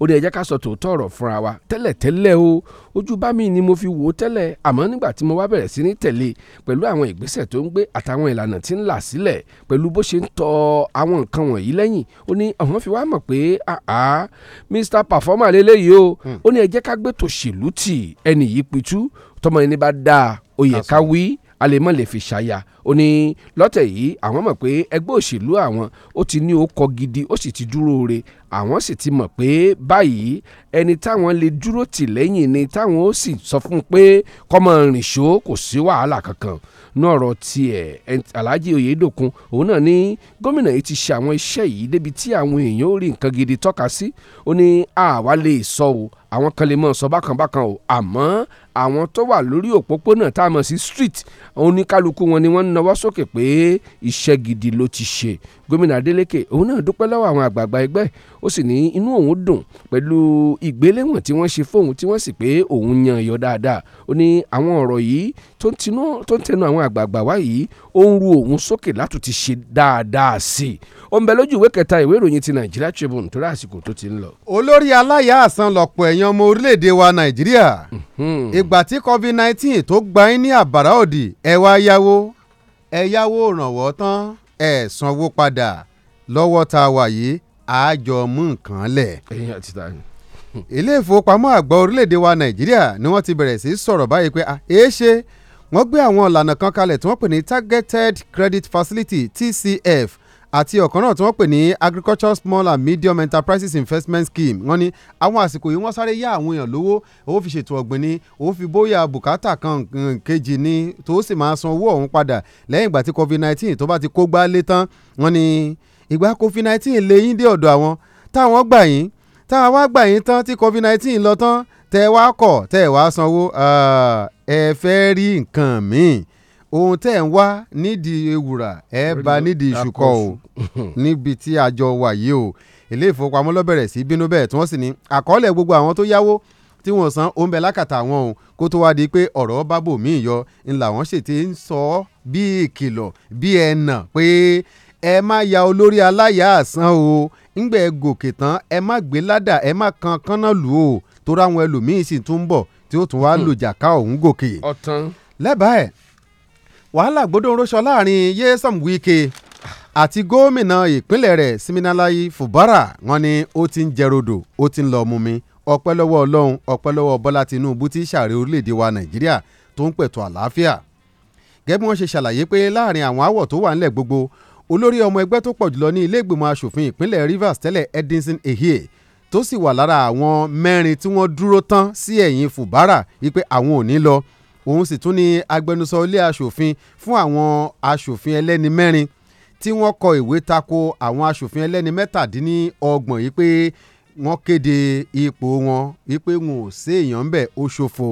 ó dẹ̀ jẹ́ ká sọ tòótọ́ ọ̀rọ̀ fúnra wa tẹ́lẹ̀ tẹ́lẹ̀ o ojú bá mi ni mo fi wò ó tẹ́lẹ̀ àmọ́ nígbà tí mo wá bẹ̀rẹ̀ sí ní tẹ̀lé pẹ̀lú àwọn ìgbésẹ̀ tó ń gbé àtàwọn ìlànà tí ń là sílẹ̀ pẹ̀lú bó ṣe ń tọ àwọn nǹkan wọ̀nyí lẹ́yìn ó ní àwọn fi wá mọ̀ pé àá Mr Performer lélẹ́yìí o hmm. ó ní ẹ ká gbé tòṣèlú tì ẹnì yìí pitú tọmọ ẹni bá dáa ó yẹ ká wí alẹ́mọ̀ lè fi ṣàyà ó ní lọ́tẹ̀ yìí àwọn mọ̀ pé ẹgbẹ́ òṣèlú àwọn ó ti ní ó kọ gidi ó sì ti dúró re àwọn sì ti mọ̀ pé báyìí ẹni táwọn lè dúró tì lẹ́yìn ni táwọn ó sì sọ fún un pé kọ́mọ rìnṣó kò sí wàhálà kankan náà ọ̀rọ̀ tiẹ̀ Alhaji Oyedokun òun náà ní gómìnà yìí ti ṣe àwọn iṣẹ́ yìí débi tí àwọn èèyàn ó rí nǹkan gidi tọ́ka sí ó ní àwa lè sọ o àwọn kan lè mọ̀ sọ bákan bákan o àmọ́ àwọn tó wà lórí òpópónà tá a mọ̀ sí street oníkálukú wọn ni wọ́n ń nawọ́ sókè pé iṣẹ́ gidi ló ti ṣe gómìnà Adeleke òun náà dúpẹ́ lọ́wọ́ àwọn àgbààgbà ẹgbẹ́ ó sì ní inú òun dùn pẹ̀lú ìgbéléwọ̀n tí wọ́n ṣe fóun tí wọ́n sì pé òun yan ẹ̀yọ́ dáadáa ó ní àwọn ọ̀rọ̀ yìí tó ń tẹnu àwọn àgbààgbà wá ó ń ru òun sókè látùtì ṣe dáadáa sí i ó ń bẹ lójú ìwé kẹta ìwé ìròyìn ti Nigeria Tribune torí àsìkò tó ti ń lọ. olórí aláya àsan lọ̀pọ̀ èèyàn ọmọ orílẹ̀-èdè wa nàìjíríà mhm. ìgbà tí covid nineteen tó gba yín ní àbàrá òdì ẹ wá yáwó ẹ yáwó rànwọ́ tán ẹ sanwó padà lọ́wọ́ tá a wà yìí àjọ mú nǹkan lẹ̀. ẹyin àti ta ni. ilé ìfowópamọ́ àgbà orílẹ̀-èdè wa nàìjíríà ni wọ́n ti bẹ̀rẹ̀ sí sọ̀rọ̀ báyìí pé èé ṣe wọ́n gbé àwọn ìlànà kan kalẹ̀ tí wọ́n pè ní targeted credit facility tcf àti ọ̀kan náà tí wọ́n pè ní agricultural small and medium enterprises investment scheme wọ́n ní àwọn àsìkò yìí wọ́n sáré yá àwọn èèyàn lówó ó fi ṣètò ọ̀gbìn ni ó fi bóyá bùkátà kan kejì ni tó sì máa san owó ọ̀hún padà lẹ́yìn ìgbà tí covid nineteen. tó bá ti kó gbá lé tán wọ́n ní ìgbà covid nineteen. lé yín dé ọ̀dọ̀ àwọn táwọn gbà yín táwọn wá gbà yín tán tí covid nineteen lọ tán tẹ́ wá kọ̀ tẹ́ wá sanwó ẹ fẹ́ rí nǹkan míì ohun tẹ́ ẹ̀ ń wá nídìí ewùrà ẹ bá nídìí ìṣùkọ o níbi tí àjọ wà yìí o ilé ìfowópamọ́ ló bẹ̀rẹ̀ sí bínú bẹ́ẹ̀ tí wọ́n sì ní àkọọ́lẹ̀ gbogbo àwọn tó yáwó tí wọ́n san oúnbẹ lákàtà wọn o kó tó wá di pé ọ̀rọ̀ bábò míì yọ ńlá wọn ṣètì ń sọ ọ́ bí ìkìlọ̀ bí ẹ̀nà pé ẹ má ya olórí aláya àsán o ńgbẹ́ gòkè tán ẹ má gbé ládà ẹ má kan kánná lù o tó ráwọn ẹlòmíín sì tún bọ̀ tí ó tún wá hmm. lòjà ká òun gòkè. ọ̀tán lẹ́bàá ẹ̀ wàhálà gbọ́dọ̀ ń rọṣọ láàrin Nyesom Wike àti gómìnà ìpínlẹ̀ rẹ̀ Siminalayi Fubara wọn ni ó ti ń jẹrodò ó ti ń lọ mú mi ọpẹ́ lọ́wọ́ Ọlọ́run ọpẹ́ lọ́wọ́ Bọ́lá Tinubu tí sàrẹ́ orílẹ̀-èdè wa Nàìjíríà tó ń pẹ̀tọ́ àlàáfíà gẹ́gẹ́ bí ṣe ṣàlàyé pé láàrin àwọn aáwọ̀ tó wà ńlẹ̀ gbogbo olórí ọmọ ẹgbẹ́ tó pọ̀ jùlọ ní ilé ìgbìmọ̀ asòfin ìpínlẹ̀ Rivers tẹ́lẹ̀ Edinson Ehie tó sì wà lára àwọn mẹ́rin tí wọ́n dúró tán sí ẹ̀yìn Fubara wípé àwọn ò ní lọ òun sì tún ni agbẹnusọ ilé aṣòfin fún àwọn aṣòfin ẹlẹ́ni mẹ́rin tí wọ́n kọ ìwé tako àwọn aṣòfin ẹlẹ́ni mẹ́tàdínlọ́gbọ̀n yìí pé wọ́n kéde ipò wọn wípé wọn ò séèyàn ńbẹ̀ ó ṣòfò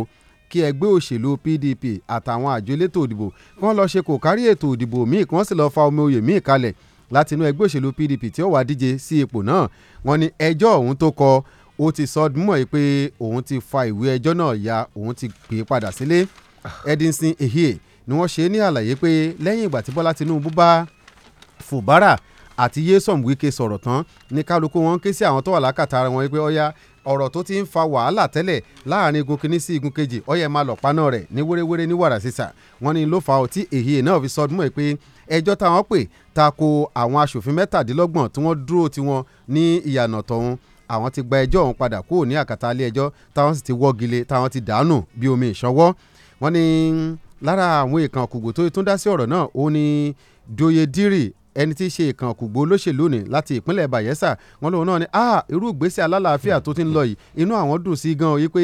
kí ẹgbẹ́ òṣèlú PDP àtàwọn àjọ elétò òdìbò kí wọ́n lọ ṣe kò kárí ètò òdìbò míì kí wọ́n sì lọ́ọ́ fa omi oyè míì kalẹ̀ láti inú ẹgbẹ́ òṣèlú PDP tí ó wà díje sí ipò náà wọ́n ní ẹjọ́ ọ̀hún tó kọ ó ti sọdúnmọ́ yìí pé òun ti fa ìwé ẹjọ́ náà ya òun ti pè é e padà sílé Edinson Ehie ni wọ́n ṣe ní àlàyé pé lẹ́yìn ìgbà tí Bọ́lá Tinubu bá Fubara àti Nyesom Wike sọ̀rọ̀ tán ní kálukú wọn ké sí àwọn tó wà lákàtà wọn pé ọ̀ya ọ̀rọ̀ tó ti ń fa wàhálà tẹ́lẹ̀ láàrin igun kìíní sí igun kejì ọ̀yẹ́ máa lọ paná rẹ̀ ní wéréwéré ní wàrà sísà wọn ni ló fa ọtí èyí náà fi sọdún mọ́ pé ẹjọ́ táwọn pè ta ko àwọn aṣòfin mẹ́tàdínlọ́gbọ̀n tí wọ́n dúró tiwọn ní ìyànà tọ̀hún àwọn ti gba ẹjọ́ ọ̀hún padà kúrò ní àkàtà ilé ẹjọ́ táwọn sì ti wọ́gilé táwọn ti dànù bí omi ìṣanwọ́ wọ́n ní lára àwọn ìkàn kùgbò tó tún dá sí ọ̀rọ̀ náà ó ní doye diri ẹni tí í ṣe ìkàn kùgbò olóṣèlú ni láti ìpínlẹ̀ bayelsa wọn lòun náà ni ah irú ìgbésẹ̀ alálàáfíà tó ti ń lọ yìí inú àwọn dùn sí gan-an yìí pé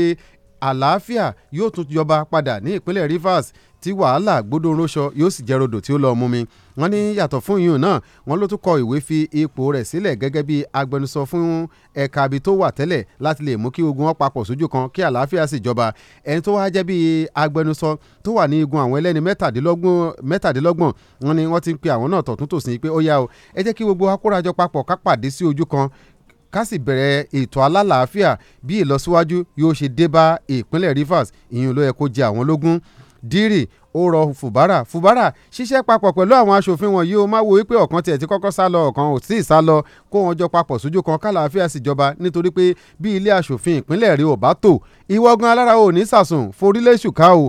àlàáfíà yóò tún jọba padà ní ìpínlẹ̀ Rivers tí wàhálà gbódò ránṣọ yóò sì jẹ́ rodò tí ó lọ mú mi wọ́n ní yàtọ̀ fún ìyún náà wọ́n ló tún kọ ìwé fi ipò rẹ̀ sílẹ̀ gẹ́gẹ́ bí agbẹnusọ fún ẹ̀ka ibi tó wà tẹ́lẹ̀ láti lè mú kí ogun wọn papọ̀ sójú kan kí àlàáfíà sì jọba ẹni tó wáá jẹ́ bí agbẹnusọ tó wà ní igun àwọn ẹlẹ́ni mẹ́tàdínlọ́gbọ̀n mẹ́tàdínlọ́gbọ̀n wọ́n ní ti pe àwọn náà tọ̀tún tòsí pé ó yá o ẹ jẹ́ kí gbogbo akórajọ papọ̀ ká pàdé sí ojú kan ká sì bẹ̀rẹ̀ ètò alálàáfíà bí ìlọsíwájú yóò ṣe dé bá ìpínlẹ̀ Rivers ìyún ló yẹ kó jẹ àwọn lógún dírì ó rọ fùbárà fùbárà ṣiṣẹ́ papọ̀ pẹ̀lú àwọn aṣòfin wọ̀nyí ó máa wo wípé ọ̀kan tiẹ̀ ti kọ́kọ́ sá lọ ọ̀kan ò tí ì sá lọ kó wọn jọ papọ̀ sójú kan kálàáfíà síjọba nítorí pé bí ilé aṣòfin ìpínlẹ̀ rí ò bá tò ìwọ́gun alára ò ní sàsùn forílẹ̀ ṣùkà o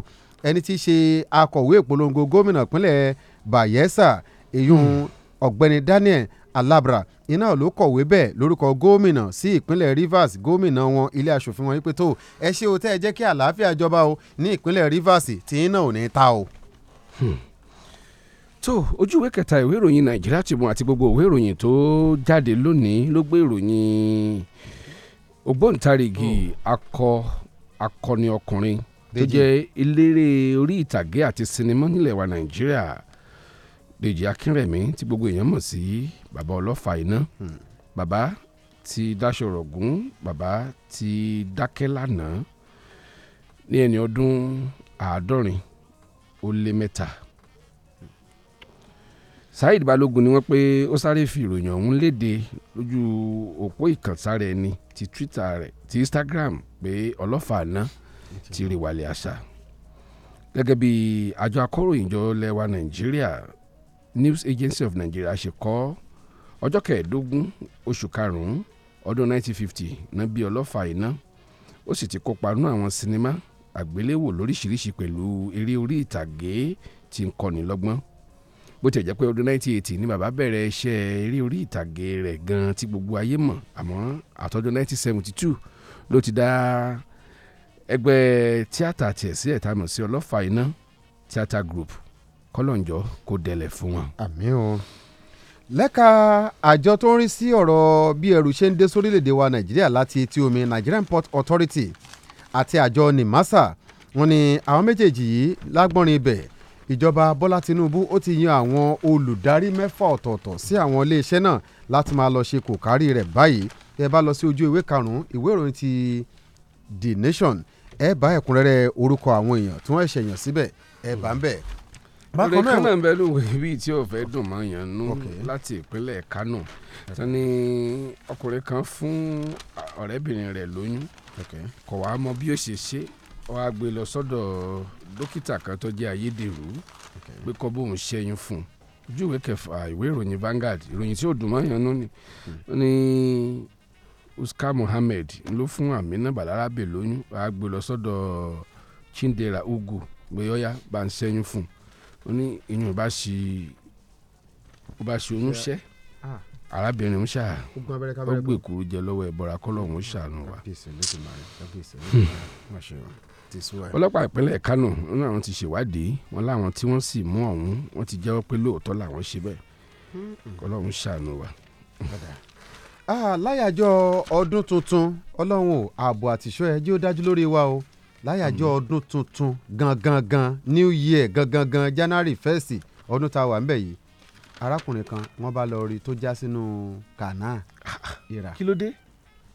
ẹni tí í ṣe akọ̀wé ìpolongo gómìnà ìpínlẹ̀ Bayelsa èyún hmm. ọ̀gbẹ́ni Daniel Alabra iná ló kọ̀wé bẹ́ẹ̀ lórúkọ gómìnà sí ìpínlẹ̀ Rivers gómìnà wọn ilé aṣòfin wọn wípé tó ẹ ṣe o tẹ́ ẹ jẹ́ kí àlàáfíà jọba o ní ìpínlẹ̀ Rivers tí iná ò ní ta o. Hmm. tó ojú ìwé kẹta ìwé ìròyìn Nàìjíríà ti mú àti gbogbo ìwé ìròyìn tó jáde lónìí ló gbé ìròyìn ògbóǹtarìgì hmm. akọ akọni ọkùnrin tó jẹ́ eléré orí ìtàgé àti sinimá nílẹ̀ wa Nàìjíríà Dèjì Akínrẹ̀mí tí gbogbo èèyàn mọ̀ sí bàbá ọlọ́fà iná hmm. bàbá ti dáṣọ̀rọ̀ gún bàbá ti dákẹ́ lánàá ní ẹni ọdún àádọ́rin ó lé mẹ́ta Saheed Balógun ni wọ́n pé ó sáré fi ìròyìn ọ̀hún léde lójú òpó ìkànsára ẹni ti Twitter rẹ̀ ti Instagram pé ọlọ́fà iná ti rèwàlẹ̀ àṣà gẹ́gẹ́ bí àjọ akọ̀ròyìnjọ lẹ́wà Nàìjíríà News Agency of Nigeria ṣe kọ ọjọ́ kẹẹ̀ẹ́dógún oṣù karùn-ún ọdún 1950 náà bí ọlọ́fà iná ó sì ti kópa nínú àwọn sinimá àgbéléwò lóríṣiríṣi pẹ̀lú eré orí ìtàgé tí ń kọ́ni lọ́gbọ́n bó ti jẹ́ pé ọdún 1980 ni bàbá bẹ̀rẹ̀ iṣẹ́ eré orí ìtàgé rẹ̀ gan tí gbogbo ayé mọ̀ àmọ́ àtọ́jọ́ 1972 ló ti dá ẹgbẹ́ tíátà tiẹ̀ sílẹ̀ tá mọ̀ sí ọlọ́fà iná tíátà group kọ́lọ́njọ́ kó dẹlẹ̀ fún wọn. àmín o lẹ́ka àjọ tó ń rí sí ọ̀rọ̀ bí ẹrù ṣe ń dé sórílẹ̀‐èdè wa nàìjíríà láti etí omi Nigerian Port Authority àti àjọ NIMASA wọ́n ní àwọn méjèèjì yìí lágbọ́nrin ibẹ̀ ìjọba Bọ́lá Tinubu ó ti yan àwọn olùdarí mẹ́fà ọ̀tọ̀ọ̀tọ̀ sí àwọn iléeṣẹ́ náà láti máa lọ ṣe kò rẹ̀ báyìí ẹ bá lọ sí ojú ìwé karùn-ún ìwé ìròyìn ti The Nation ẹ bá ẹ̀kúnrẹ́rẹ́ orúkọ àwọn èèyàn tí wọ́n ṣẹ̀yàn síbẹ̀ ẹ bá ń bẹ̀ bákan náà lẹ́kànnà bẹ́ẹ̀ ló wé bíi tí ó fẹ́ dùn mọ́ yẹn nú láti ìpínlẹ̀ Kánò tán ni ọkùnrin kan fún ọ̀rẹ́bìnrin rẹ̀ lóyún kò wá mọ bí ó ṣe ṣe ó gbé lọ sọ́dọ̀ dókítà kan tó ayédèrú pé fún un kẹfà ìwé ìròyìn ìròyìn tí ó ni hmm. ni Uska ló Amina Balarabe lóyún gbé lọ Chindera Ugu fún ó ní inú bá ṣe ó bá ṣe oyún ṣẹ́ ah. arábìnrin ń ṣà ó gbé kúrú jẹ lọ́wọ́ ẹ̀bọ̀ra kọ́ lọ́hún ṣàánú wa. Hmm. ọlọ́pàá ìpínlẹ̀ Kánò wọn làwọn ti ṣèwádìí wọn làwọn tí wọ́n sì mú ọ̀hún wọ́n ti jẹ́wọ́ pé lóòótọ́ làwọn ṣe bẹ́ẹ̀ hmm. kọ́ lọ́hún ṣàánú wa. Ah, láyàjọ ọdún tuntun ọlọ́run ààbò àtìṣọ́ ẹ jẹ́ ó dájú lórí wa o láyàjọ́ ọdún tuntun gangan new year gangan january first ọdún tá a wà ńbẹ̀ yìí arákùnrin kan wọ́n bá lọ rí tó já sínú kànáà ìrà kí ló dé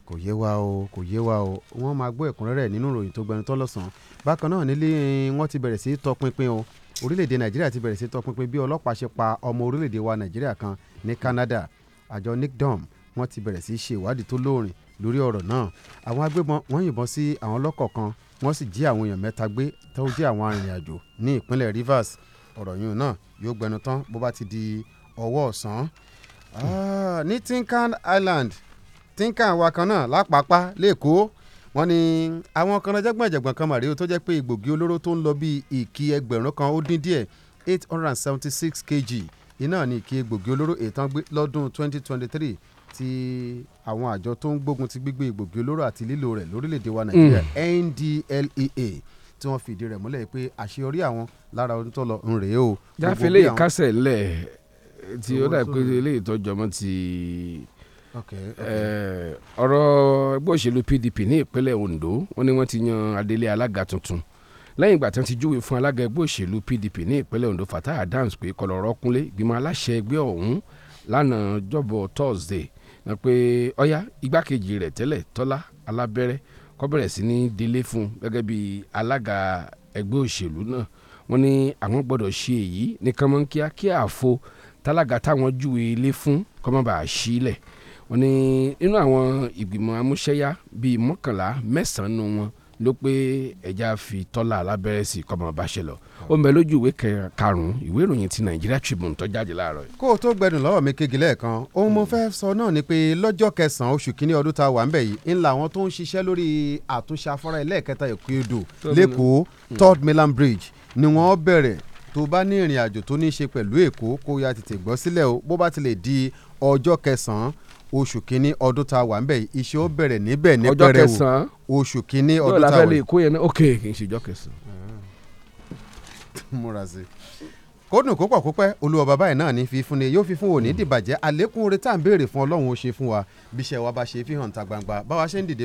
kò yé wa o kò yé wa o wọ́n máa gbọ́ ẹ̀kúnrẹ́rẹ́ nínú ìròyìn tó gbẹnu tọlọsàn bákan náà nílé wọ́n ti bẹ̀rẹ̀ sí í tọpinpin o orílẹ̀-èdè nàìjíríà ti bẹ̀rẹ̀ sí í tọpinpin bí ọlọ́pàá ṣe pa ọmọ orílẹ̀-èdè wa nàìjíríà kan ní canada àjọ NICDOM wọ́n ti bẹ̀rẹ̀ sí í ṣe ìwádìí tó lóòrìn lórí ọ̀rọ̀ náà àwọn agbébọn wọ́n yìnbọn sí àwọn lọ́kọ̀ọ̀kan wọ́n sì jí àwọn èèyàn mẹ́ta gbé tó jẹ́ àwọn arìnrìn-àjò ní ìpínlẹ̀ Rivers ọ̀rọ̀ yìí náà yóò gbẹnu tán bó bá ti di ọwọ́ ọ̀sán. Ah, ní Tinkan Island Tinkan wa kan náà lápapá lẹ́kọ̀ọ́ wọ́n ní àwọn kan jẹ́gbọ́n ẹ̀jẹ̀gbọ́n kan màrí o tó jẹ́ pé egbògi olóró tó ń lọ bíi ìkí ẹgbẹ̀rún kan ó dín díẹ̀ eight hundred and seventy six kg iná ní ìkí egbògi olóró ètò lọ́dún twenty twenty three ti àwọn àjọ tó ń gbógun ti gbígbé egbògi olóró àti lílò rẹ̀ lórílẹ̀‐èdè wa nàìjíríà mm. NDLEA tí wọ́n fìdí rẹ̀ múlẹ̀ pé àṣeyọrí àwọn lára ohun tó lọ ń rèé o. jáfẹ́ lè kásẹ̀ lẹ̀ tí ó dà pé ilé ìtọ́jú ọmọ ti ọ̀rọ̀ ẹgbẹ́ òṣèlú PDP ní ìpínlẹ̀ Ondo wọ́n ní wọ́n ti yan adelé alága tuntun lẹ́yìn ìgbà tí wọ́n ti júwe fún alága ẹgbẹ́ òṣèlú PDP ní ìpínlẹ̀ Ondo Fatai Adams pé kọlọ̀rọ̀ kúnlé ìgbìmọ̀ aláṣẹ ẹgbẹ́ ọ̀hún lánàá jọ́bọ̀ Thursday na pé ọ̀yá igbákejì rẹ̀ tẹ́lẹ̀ tọ́lá alábẹ́rẹ́ kó bẹ̀rẹ̀ sí ní délé fún gẹ́gẹ́ bí alága ẹgbẹ́ òṣèlú náà wọ́n ní àwọn gbọ́dọ̀ ṣe èyí ní kánmọ́ kíákíá àfo tálága táwọn júwe ilé fún kó má bàa sílẹ̀ ní nínú àwọn ìgbìmọ̀ amúṣẹ́yá bíi mọ́kànlá mẹ́sàn-án nu ló pé ẹja fi tọ́lá alábẹ́rẹ́ sí kọ́mọ báṣẹ lọ ó ń bẹ lójú ìwé karùn-ún ìwé ìròyìn ti Nigeria Tribune tó jáde láàárọ̀ yìí. kó o tó gbẹdùn lọ́wọ́ mi kegi lẹ́ẹ̀kan ohun mo hmm. fẹ́ sọ náà ni pé lọ́jọ́ kẹsàn-án oṣù kínní ọdún tá a wà ń bẹ̀ yìí ńlá àwọn tó ń ṣiṣẹ́ lórí àtúnṣe afárá ẹlẹ́ẹ̀kẹta èkó odò lẹ́kọ̀ọ́ Third Milan Bridge ni wọ́n bẹ̀rẹ̀ tó bá ní ìrìn àjò tó ní ya tètè gbọ́ sílẹ̀ o bó bá ti lè di ọjọ́ oṣù kínní ọdún tá a wà nbẹ iṣẹ́ ó bẹ̀rẹ̀ níbẹ̀ ní pẹrẹwu oṣù kínní ọdún tá a wà. yóò lábẹ́lẹ̀ ìkó yẹn náà ok kì í ṣèjọ́ kẹsàn-án. múra sí i kódùn kó pọ̀ kópẹ́ olúwa bàbá ẹ̀ náà ní fífún yóò fífún òní hmm. dìbàjẹ́ àlékún oore ń béèrè fún ọlọ́run ó ṣe fún wa bí wa bá ṣe fi hàn ta gbangba báwa ṣe ń dìde